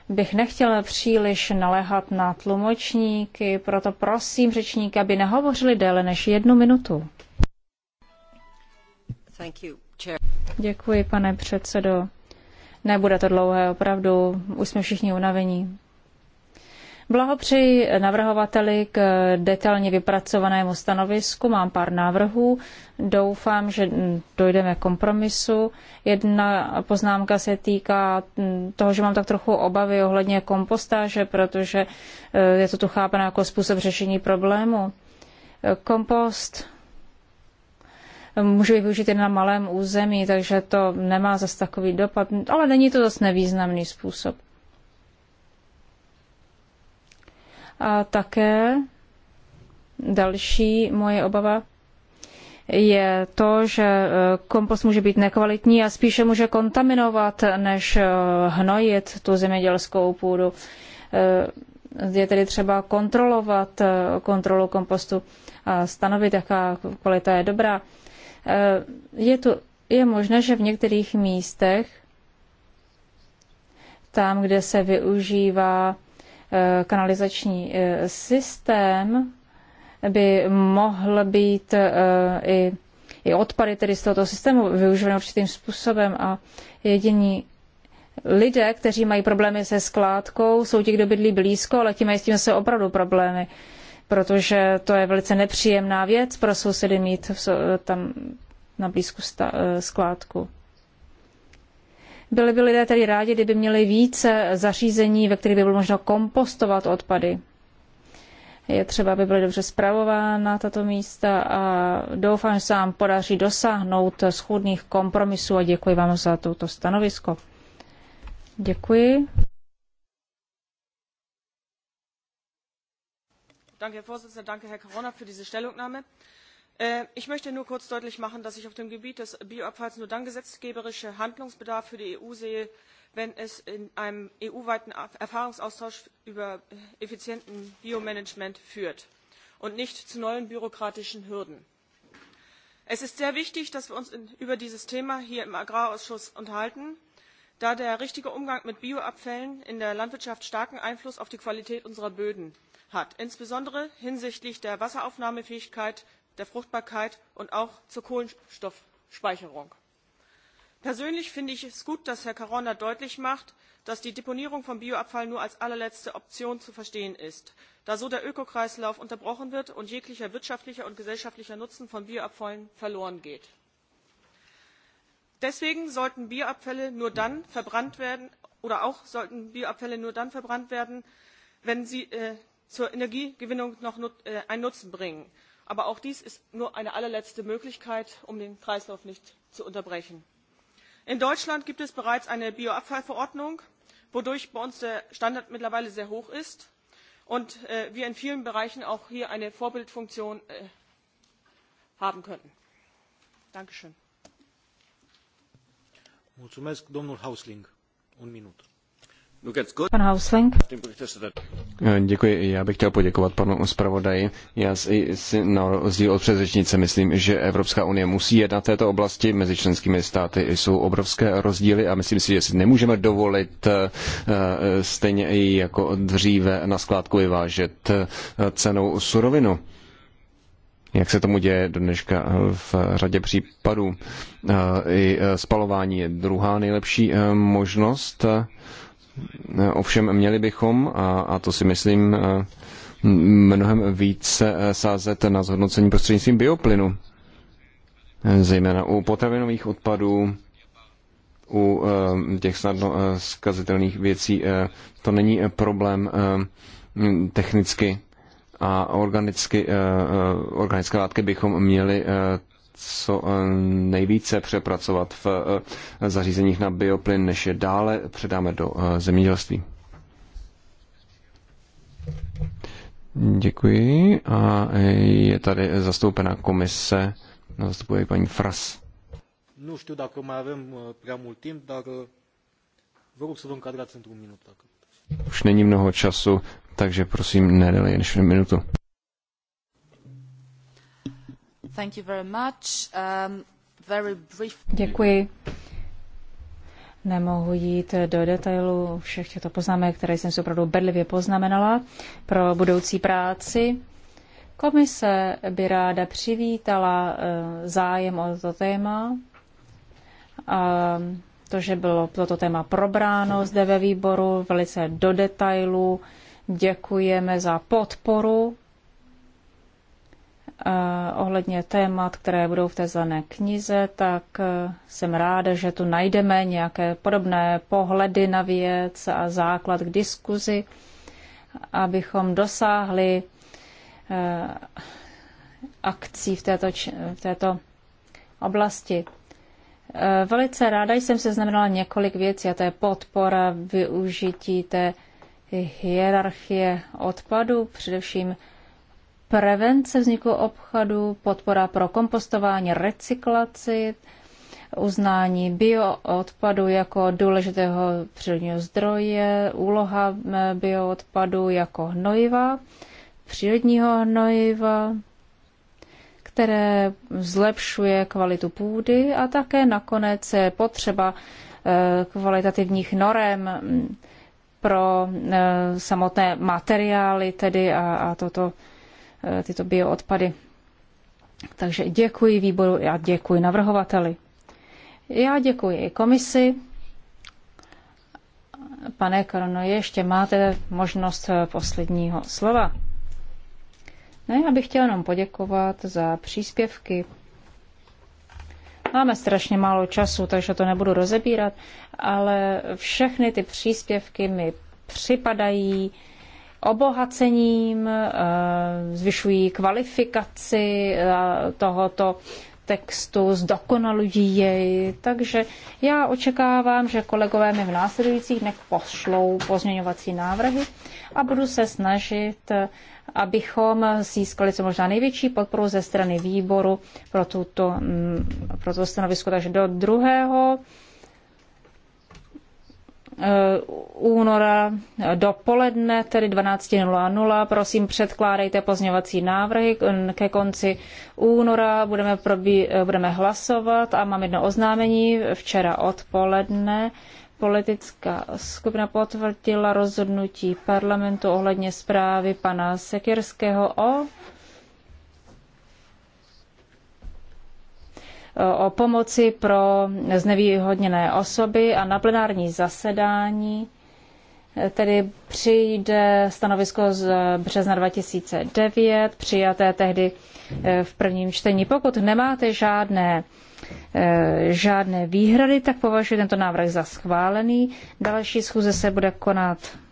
bych nechtěla příliš naléhat na tlumočníky, proto prosím řečníky, aby nehovořili déle než jednu minutu. Thank you. Děkuji, pane předsedo. Nebude to dlouhé, opravdu, už jsme všichni unavení. Blahopřeji navrhovateli k detailně vypracovanému stanovisku. Mám pár návrhů. Doufám, že dojdeme kompromisu. Jedna poznámka se týká toho, že mám tak trochu obavy ohledně kompostáže, protože eh, je to tu chápeno jako způsob řešení problému. Kompost může využít jen na malém území, takže to nemá zase takový dopad, ale není to zase nevýznamný způsob. A také další moje obava je to, že eh, kompost může být nekvalitní a spíše může kontaminovat, než eh, hnojit tu zemědělskou půdu. Eh, je tedy třeba kontrolovat kontrolu kompostu a stanovit, jaká kvalita je dobrá. Eh, je, to, je možné, že v některých místech, tam, kde se využívá eh, kanalizační eh, systém, by mohl být i, i odpady tedy z tohoto systému využívané určitým způsobem a jediní lidé, kteří mají problémy se skládkou, jsou ti, kdo bydlí blízko, ale ti mají s tím zase opravdu problémy protože to je velice nepříjemná věc pro sousedy mít tam na blízku eh, skládku. Byli by lidé tedy rádi, kdyby měli více zařízení, ve kterých by bylo možno kompostovat odpady. Je třeba, aby byly dobře zpravována tato místa a doufám, že se vám podaří dosáhnout schůdných kompromisů a děkuji vám za toto stanovisko. Děkuji. Danke, Herr Vorsitzender. Danke, Herr Corona, für diese Stellungnahme. Äh, ich möchte nur kurz deutlich machen, dass ich auf dem Gebiet des Bioabfalls nur dann gesetzgeberische Handlungsbedarf für die EU sehe, wenn es in einem EU-weiten Erfahrungsaustausch über effizienten Biomanagement führt und nicht zu neuen bürokratischen Hürden. Es ist sehr wichtig, dass wir uns in, über dieses Thema hier im Agrarausschuss unterhalten, da der richtige Umgang mit Bioabfällen in der Landwirtschaft starken Einfluss auf die Qualität unserer Böden hat insbesondere hinsichtlich der wasseraufnahmefähigkeit der fruchtbarkeit und auch zur kohlenstoffspeicherung. persönlich finde ich es gut dass herr caronna deutlich macht dass die deponierung von bioabfall nur als allerletzte option zu verstehen ist da so der ökokreislauf unterbrochen wird und jeglicher wirtschaftlicher und gesellschaftlicher nutzen von bioabfällen verloren geht. deswegen sollten bioabfälle nur dann verbrannt werden oder auch sollten bioabfälle nur dann verbrannt werden wenn sie äh, zur energiegewinnung noch äh, einen nutzen bringen. aber auch dies ist nur eine allerletzte möglichkeit um den kreislauf nicht zu unterbrechen. in deutschland gibt es bereits eine bioabfallverordnung wodurch bei uns der standard mittlerweile sehr hoch ist und äh, wir in vielen bereichen auch hier eine vorbildfunktion äh, haben könnten. danke schön. Pan Hausling. Děkuji. Já bych chtěl poděkovat panu zpravodaji. Já si, si na rozdíl od předřečnice myslím, že Evropská unie musí jednat v této oblasti. Mezi členskými státy jsou obrovské rozdíly a myslím si, že si nemůžeme dovolit eh, eh, stejně i jako dříve na skládku vyvážet eh, cenou surovinu jak se tomu děje do dneška v řadě případů. I spalování je druhá nejlepší možnost Ovšem měli bychom, a, a to si myslím, e, mnohem více e, sázet na zhodnocení prostřednictvím bioplynu, e, zejména u potravinových odpadů, u těch snadno zkazitelných věcí. To není problém technicky a organicky, organické látky bychom měli co eh, nejvíce přepracovat v eh, zařízeních na bioplyn, než je dále předáme do eh, zemědělství. Děkuji. A je tady zastoupena komise, no, zastupuje paní Fras. Nu știu dacă mai avem prea mult timp, dar vă rog să vă încadrați într-un minut. Dacă... Už není mnoho času, takže prosím, nedelej než minutu. Um, Děkuji. Nemohu jít do detailu všech těchto poznámek, které jsem si opravdu bedlivě poznamenala pro budoucí práci. Komise by ráda přivítala eh, zájem o toto téma. A to, že bylo toto téma probráno zde ve výboru velice do detailu. Děkujeme za podporu Eh, ohledně témat, které budou v té zelené knize, tak eh, jsem ráda, že tu najdeme nějaké podobné pohledy na věc a základ k diskuzi, abychom dosáhli eh, akcí v této, v této oblasti. Velice ráda jsem se znamenala několik věcí, a to je podpora využití té hierarchie odpadu, především prevence vzniku obchodu, podpora pro kompostování, recyklaci, uznání bioodpadu jako důležitého přírodního zdroje, úloha eh, bioodpadu jako hnojiva, přírodního hnojiva, které zlepšuje kvalitu půdy a také nakonec je potřeba eh, kvalitativních norem mm, pro eh, samotné materiály tedy a, a toto E, tyto bioodpady. Takže děkuji výboru a děkuji navrhovateli. Já děkuji i komisi. Pane Korono, ještě máte možnost posledního slova. Ne, já bych chtěla jenom poděkovat za příspěvky. Máme strašně málo času, takže to nebudu rozebírat, ale všechny ty příspěvky mi připadají obohacením, eh, zvyšují kvalifikaci eh, tohoto textu, zdokonalují jej. Takže já očekávám, že kolegové mi v následujících dnech pošlou pozměňovací návrhy a budu se snažit, eh, abychom získali co možná největší podporu ze strany výboru pro, tuto, mm, pro to stanovisko. Takže do druhého. Eh, února eh, dopoledne, tedy 12.00. Prosím, předkládejte pozměňovací návrhy ke konci února. Budeme, probí, eh, budeme hlasovat a mám jedno oznámení. Včera odpoledne politická skupina potvrdila rozhodnutí parlamentu ohledně zprávy pana Sekirského o o pomoci pro znevýhodněné osoby a na plenární zasedání eh, tedy přijde stanovisko z března 2009, přijaté tehdy eh, v prvním čtení. Pokud nemáte žádné eh, žádné výhrady, tak považuji tento návrh za schválený. Další schůze se bude konat